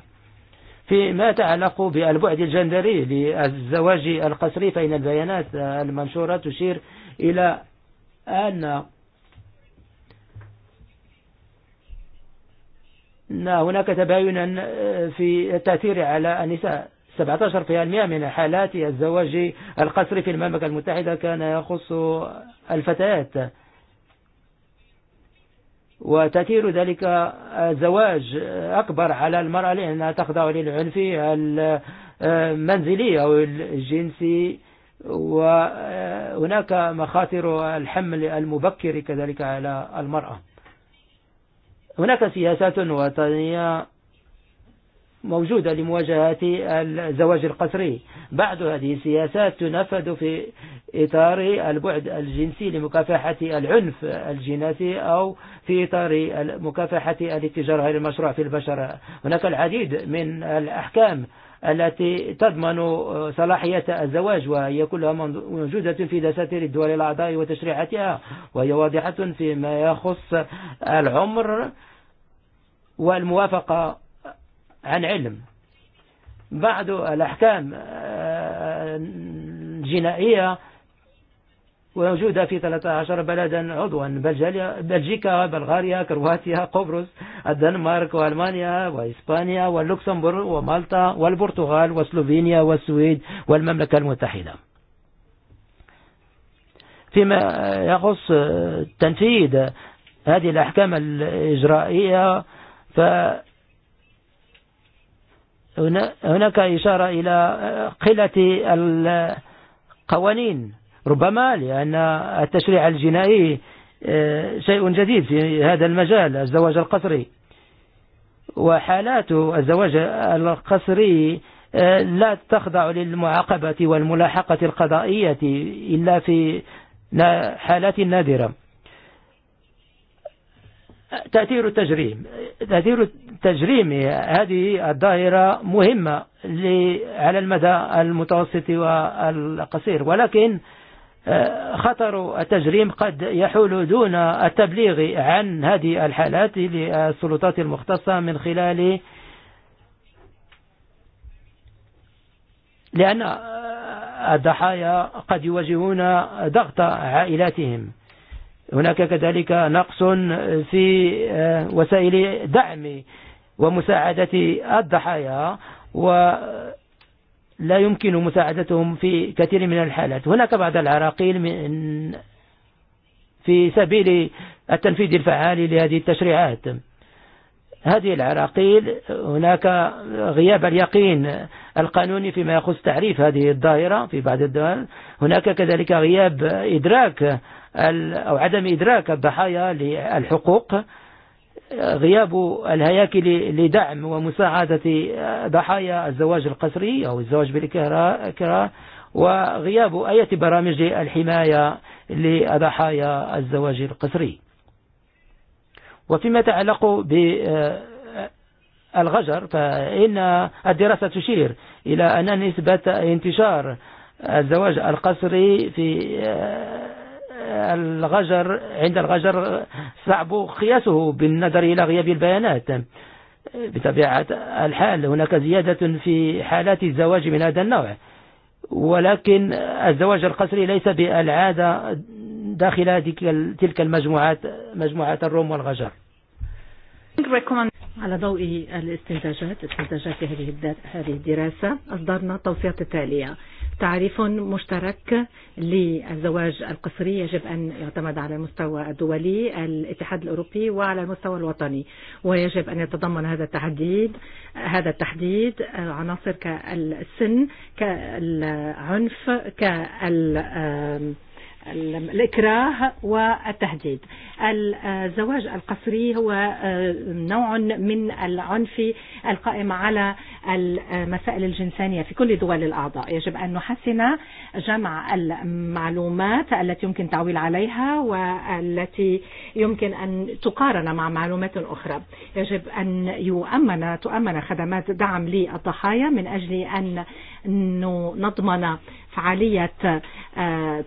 فيما يتعلق بالبعد الجندري للزواج القسري فإن البيانات المنشورة تشير إلى أن هناك تباين في التأثير على النساء 17% من حالات الزواج القسري في المملكة المتحدة كان يخص الفتيات وتأثير ذلك الزواج أكبر على المرأة لأنها تخضع للعنف المنزلي أو الجنسي وهناك مخاطر الحمل المبكر كذلك على المرأة هناك سياسات وطنية موجودة لمواجهة الزواج القسري بعض هذه السياسات تنفذ في إطار البعد الجنسي لمكافحة العنف الجنسي أو في إطار مكافحة الاتجار غير المشروع في البشر هناك العديد من الأحكام التي تضمن صلاحية الزواج وهي كلها موجودة في دساتير الدول الأعضاء وتشريعاتها وهي واضحة فيما يخص العمر والموافقة عن علم بعض الأحكام الجنائية موجودة في 13 بلدا عضوا بلجيكا بلغاريا كرواتيا قبرص الدنمارك وألمانيا وإسبانيا واللوكسمبورغ ومالطا والبرتغال وسلوفينيا والسويد والمملكة المتحدة فيما يخص تنفيذ هذه الأحكام الإجرائية ف هناك إشارة إلى قلة القوانين ربما لأن التشريع الجنائي شيء جديد في هذا المجال الزواج القصري وحالات الزواج القصري لا تخضع للمعاقبة والملاحقة القضائية إلا في حالات نادرة تأثير التجريم تأثير التجريم هذه الظاهرة مهمة على المدى المتوسط والقصير ولكن خطر التجريم قد يحول دون التبليغ عن هذه الحالات للسلطات المختصة من خلال لأن الضحايا قد يواجهون ضغط عائلاتهم هناك كذلك نقص في وسائل دعم ومساعدة الضحايا ولا يمكن مساعدتهم في كثير من الحالات هناك بعض العراقيل من في سبيل التنفيذ الفعال لهذه التشريعات هذه العراقيل هناك غياب اليقين القانوني فيما يخص تعريف هذه الظاهرة في بعض الدول هناك كذلك غياب إدراك أو عدم إدراك الضحايا للحقوق غياب الهياكل لدعم ومساعدة ضحايا الزواج القسري أو الزواج بالكراء وغياب أي برامج الحماية لضحايا الزواج القسري وفيما يتعلق بالغجر فإن الدراسة تشير إلى أن نسبة انتشار الزواج القسري في الغجر عند الغجر صعب قياسه بالنظر إلى غياب البيانات بطبيعة الحال هناك زيادة في حالات الزواج من هذا النوع ولكن الزواج القسري ليس بالعادة داخل تلك المجموعات مجموعات الروم والغجر على ضوء الاستنتاجات استنتاجات هذه الدراسة أصدرنا التوصيات التالية تعريف مشترك للزواج القصري يجب أن يعتمد على المستوى الدولي الاتحاد الأوروبي وعلى المستوى الوطني ويجب أن يتضمن هذا التحديد هذا التحديد عناصر كالسن كالعنف كال الإكراه والتهديد الزواج القسري هو نوع من العنف القائم على المسائل الجنسانية في كل دول الأعضاء يجب أن نحسن جمع المعلومات التي يمكن تعويل عليها والتي يمكن أن تقارن مع معلومات أخرى يجب أن يؤمن تؤمن خدمات دعم للضحايا من أجل أن نضمن فعالية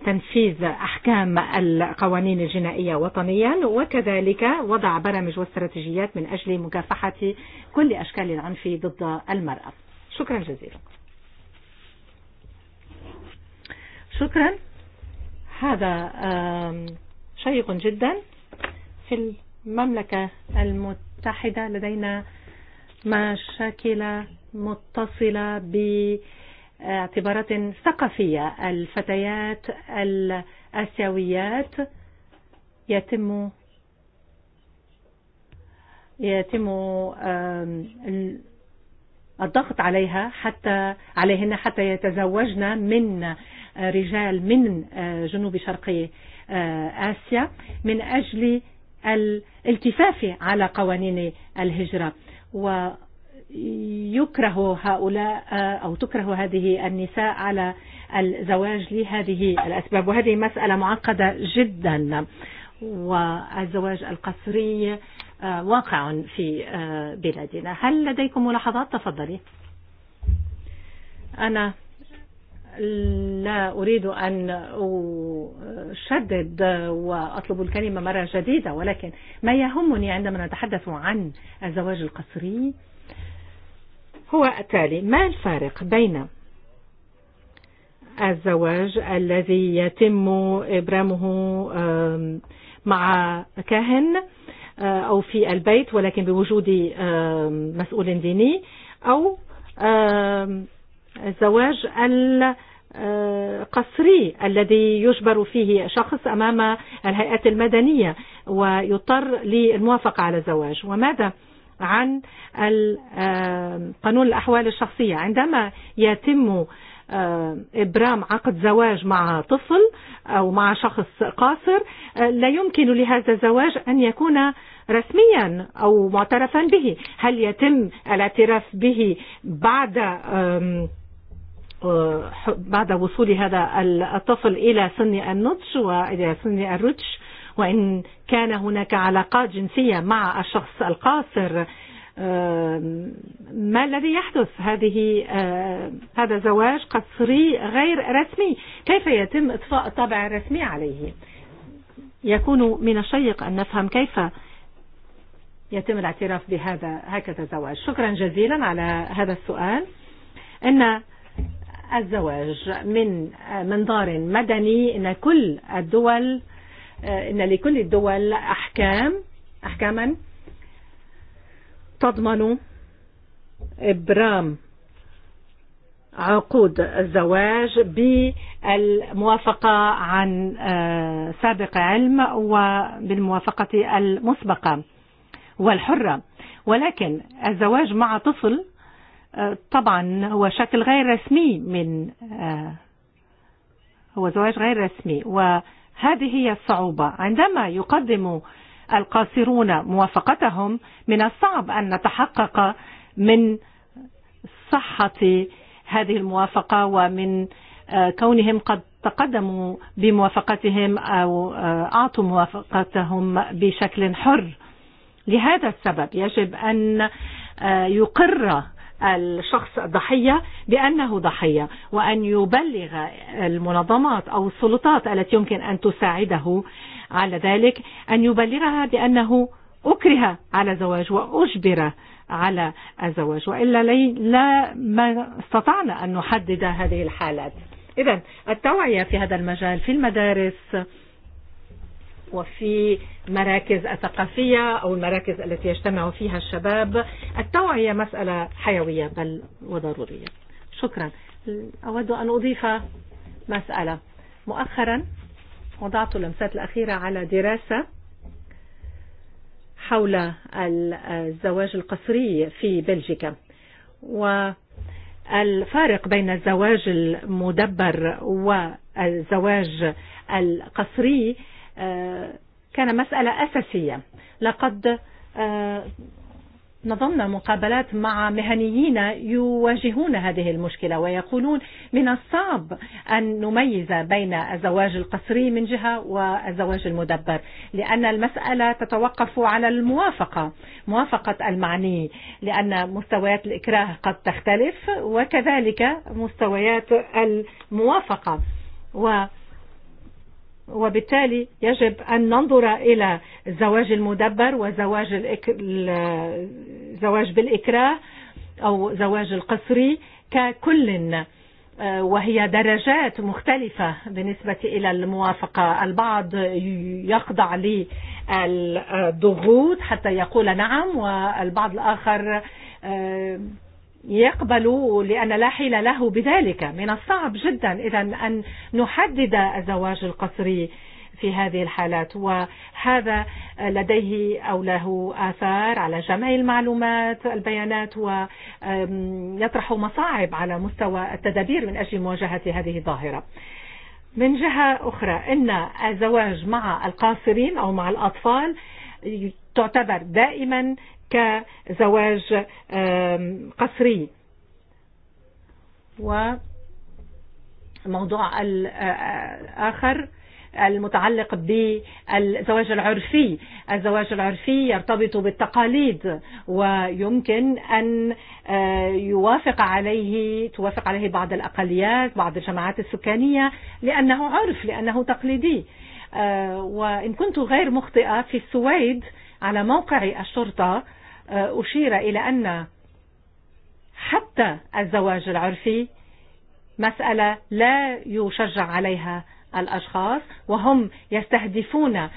تنفيذ أحكام القوانين الجنائية وطنيا وكذلك وضع برامج واستراتيجيات من أجل مكافحة كل أشكال العنف ضد المرأة شكرا جزيلا شكرا هذا شيق جدا في المملكة المتحدة لدينا مشاكل متصلة بالمرأة اعتبارات ثقافية الفتيات الآسيويات يتم يتم الضغط عليها حتى عليهن حتى يتزوجن من رجال من جنوب شرقي آسيا من أجل الالتفاف على قوانين الهجرة و يكره هؤلاء أو تكره هذه النساء على الزواج لهذه الأسباب وهذه مسألة معقدة جدا والزواج القصري واقع في بلادنا هل لديكم ملاحظات تفضلي أنا لا أريد أن أشدد وأطلب الكلمة مرة جديدة ولكن ما يهمني عندما نتحدث عن الزواج القصري هو التالي ما الفارق بين الزواج الذي يتم إبرامه مع كاهن أو في البيت ولكن بوجود مسؤول ديني أو الزواج القصري الذي يجبر فيه شخص أمام الهيئات المدنية ويضطر للموافقة على الزواج وماذا عن قانون الأحوال الشخصية عندما يتم إبرام عقد زواج مع طفل أو مع شخص قاصر لا يمكن لهذا الزواج أن يكون رسميا أو معترفا به هل يتم الاعتراف به بعد بعد وصول هذا الطفل إلى سن النضج وإلى سن الرتش وإن كان هناك علاقات جنسية مع الشخص القاصر ما الذي يحدث هذه هذا زواج قصري غير رسمي كيف يتم إطفاء الطابع الرسمي عليه يكون من الشيق أن نفهم كيف يتم الاعتراف بهذا هكذا زواج شكرا جزيلا على هذا السؤال أن الزواج من منظار مدني أن كل الدول إن لكل الدول أحكام أحكاما تضمن إبرام عقود الزواج بالموافقة عن سابق علم وبالموافقة المسبقة والحرة ولكن الزواج مع طفل طبعا هو شكل غير رسمي من هو زواج غير رسمي و هذه هي الصعوبة عندما يقدم القاصرون موافقتهم من الصعب أن نتحقق من صحة هذه الموافقة ومن كونهم قد تقدموا بموافقتهم أو أعطوا موافقتهم بشكل حر لهذا السبب يجب أن يقر الشخص الضحية بأنه ضحية وأن يبلغ المنظمات أو السلطات التي يمكن أن تساعده على ذلك أن يبلغها بأنه أكره على زواج وأجبر على الزواج وإلا لي لا ما استطعنا أن نحدد هذه الحالات إذا التوعية في هذا المجال في المدارس وفي مراكز الثقافية أو المراكز التي يجتمع فيها الشباب التوعية مسألة حيوية بل وضرورية شكرا أود أن أضيف مسألة مؤخرا وضعت اللمسات الأخيرة على دراسة حول الزواج القصري في بلجيكا والفارق بين الزواج المدبر والزواج القسري كان مسألة أساسية لقد نظمنا مقابلات مع مهنيين يواجهون هذه المشكلة ويقولون من الصعب أن نميز بين الزواج القصري من جهة والزواج المدبر لأن المسألة تتوقف على الموافقة موافقة المعني لأن مستويات الإكراه قد تختلف وكذلك مستويات الموافقة و وبالتالي يجب أن ننظر إلى الزواج المدبر وزواج الإك... الزواج بالإكراه أو زواج القصري ككل وهي درجات مختلفة بالنسبة إلى الموافقة البعض يخضع للضغوط حتى يقول نعم والبعض الآخر يقبل لأن لا حيل له بذلك من الصعب جدا إذن أن نحدد الزواج القصري في هذه الحالات وهذا لديه أو له آثار على جمع المعلومات البيانات ويطرح مصاعب على مستوى التدابير من أجل مواجهة هذه الظاهرة من جهة أخرى إن الزواج مع القاصرين أو مع الأطفال تعتبر دائما كزواج قسري وموضوع الآخر المتعلق بالزواج العرفي الزواج العرفي يرتبط بالتقاليد ويمكن أن يوافق عليه توافق عليه بعض الأقليات بعض الجماعات السكانية لأنه عرف لأنه تقليدي وإن كنت غير مخطئة في السويد على موقع الشرطة أشير إلى أن حتى الزواج العرفي مسألة لا يشجع عليها الأشخاص وهم يستهدفون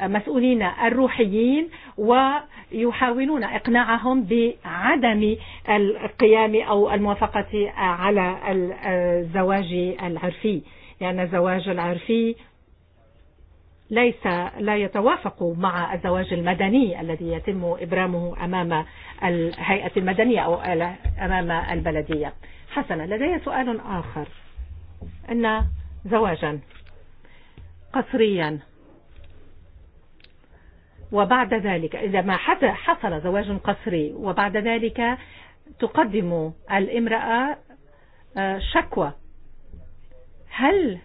المسؤولين الروحيين ويحاولون إقناعهم بعدم القيام أو الموافقة على الزواج العرفي لأن الزواج العرفي ليس لا يتوافق مع الزواج المدني الذي يتم إبرامه أمام الهيئة المدنية أو أمام البلدية حسنا لدي سؤال آخر أن زواجا قصريا وبعد ذلك إذا ما حصل زواج قصري وبعد ذلك تقدم الامرأة شكوى هل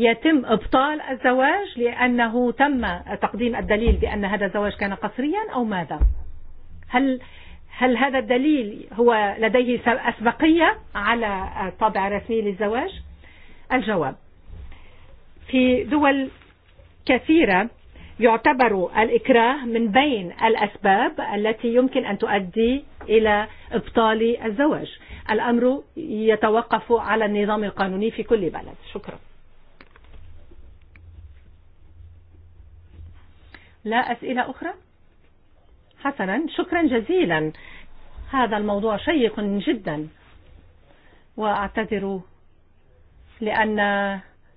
يتم ابطال الزواج لأنه تم تقديم الدليل بأن هذا الزواج كان قصريا أو ماذا هل هل هذا الدليل هو لديه أسبقية على طابع رسمي للزواج الجواب في دول كثيرة يعتبر الإكراه من بين الأسباب التي يمكن أن تؤدي إلى ابطال الزواج الأمر يتوقف على النظام القانوني في كل بلد شكرا لا أسئلة أخرى؟ حسنا شكرا جزيلا هذا الموضوع شيق جدا وأعتذر لأن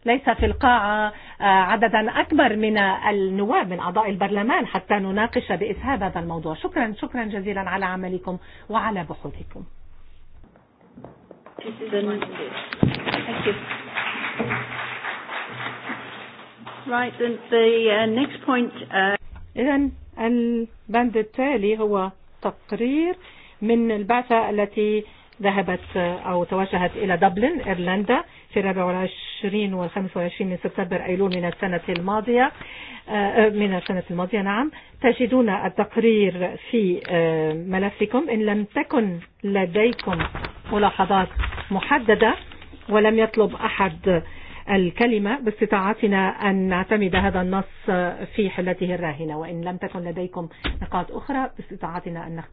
ليس في القاعة عددا أكبر من النواب من أعضاء البرلمان حتى نناقش بإسهاب هذا الموضوع شكرا شكرا جزيلا على عملكم وعلى بحوثكم Thank you. Right, then the uh, next point. إذن البند التالي هو تقرير من البعثة التي ذهبت أو توجهت إلى دبلن إيرلندا في الرابع والعشرين والخمس والعشرين من سبتمبر أيلول من السنة الماضية من السنة الماضية نعم تجدون التقرير في ملفكم إن لم تكن لديكم ملاحظات محددة ولم يطلب أحد الكلمة باستطاعتنا أن نعتمد هذا النص في حلته الراهنة وإن لم تكن لديكم نقاط أخرى باستطاعتنا أن نختار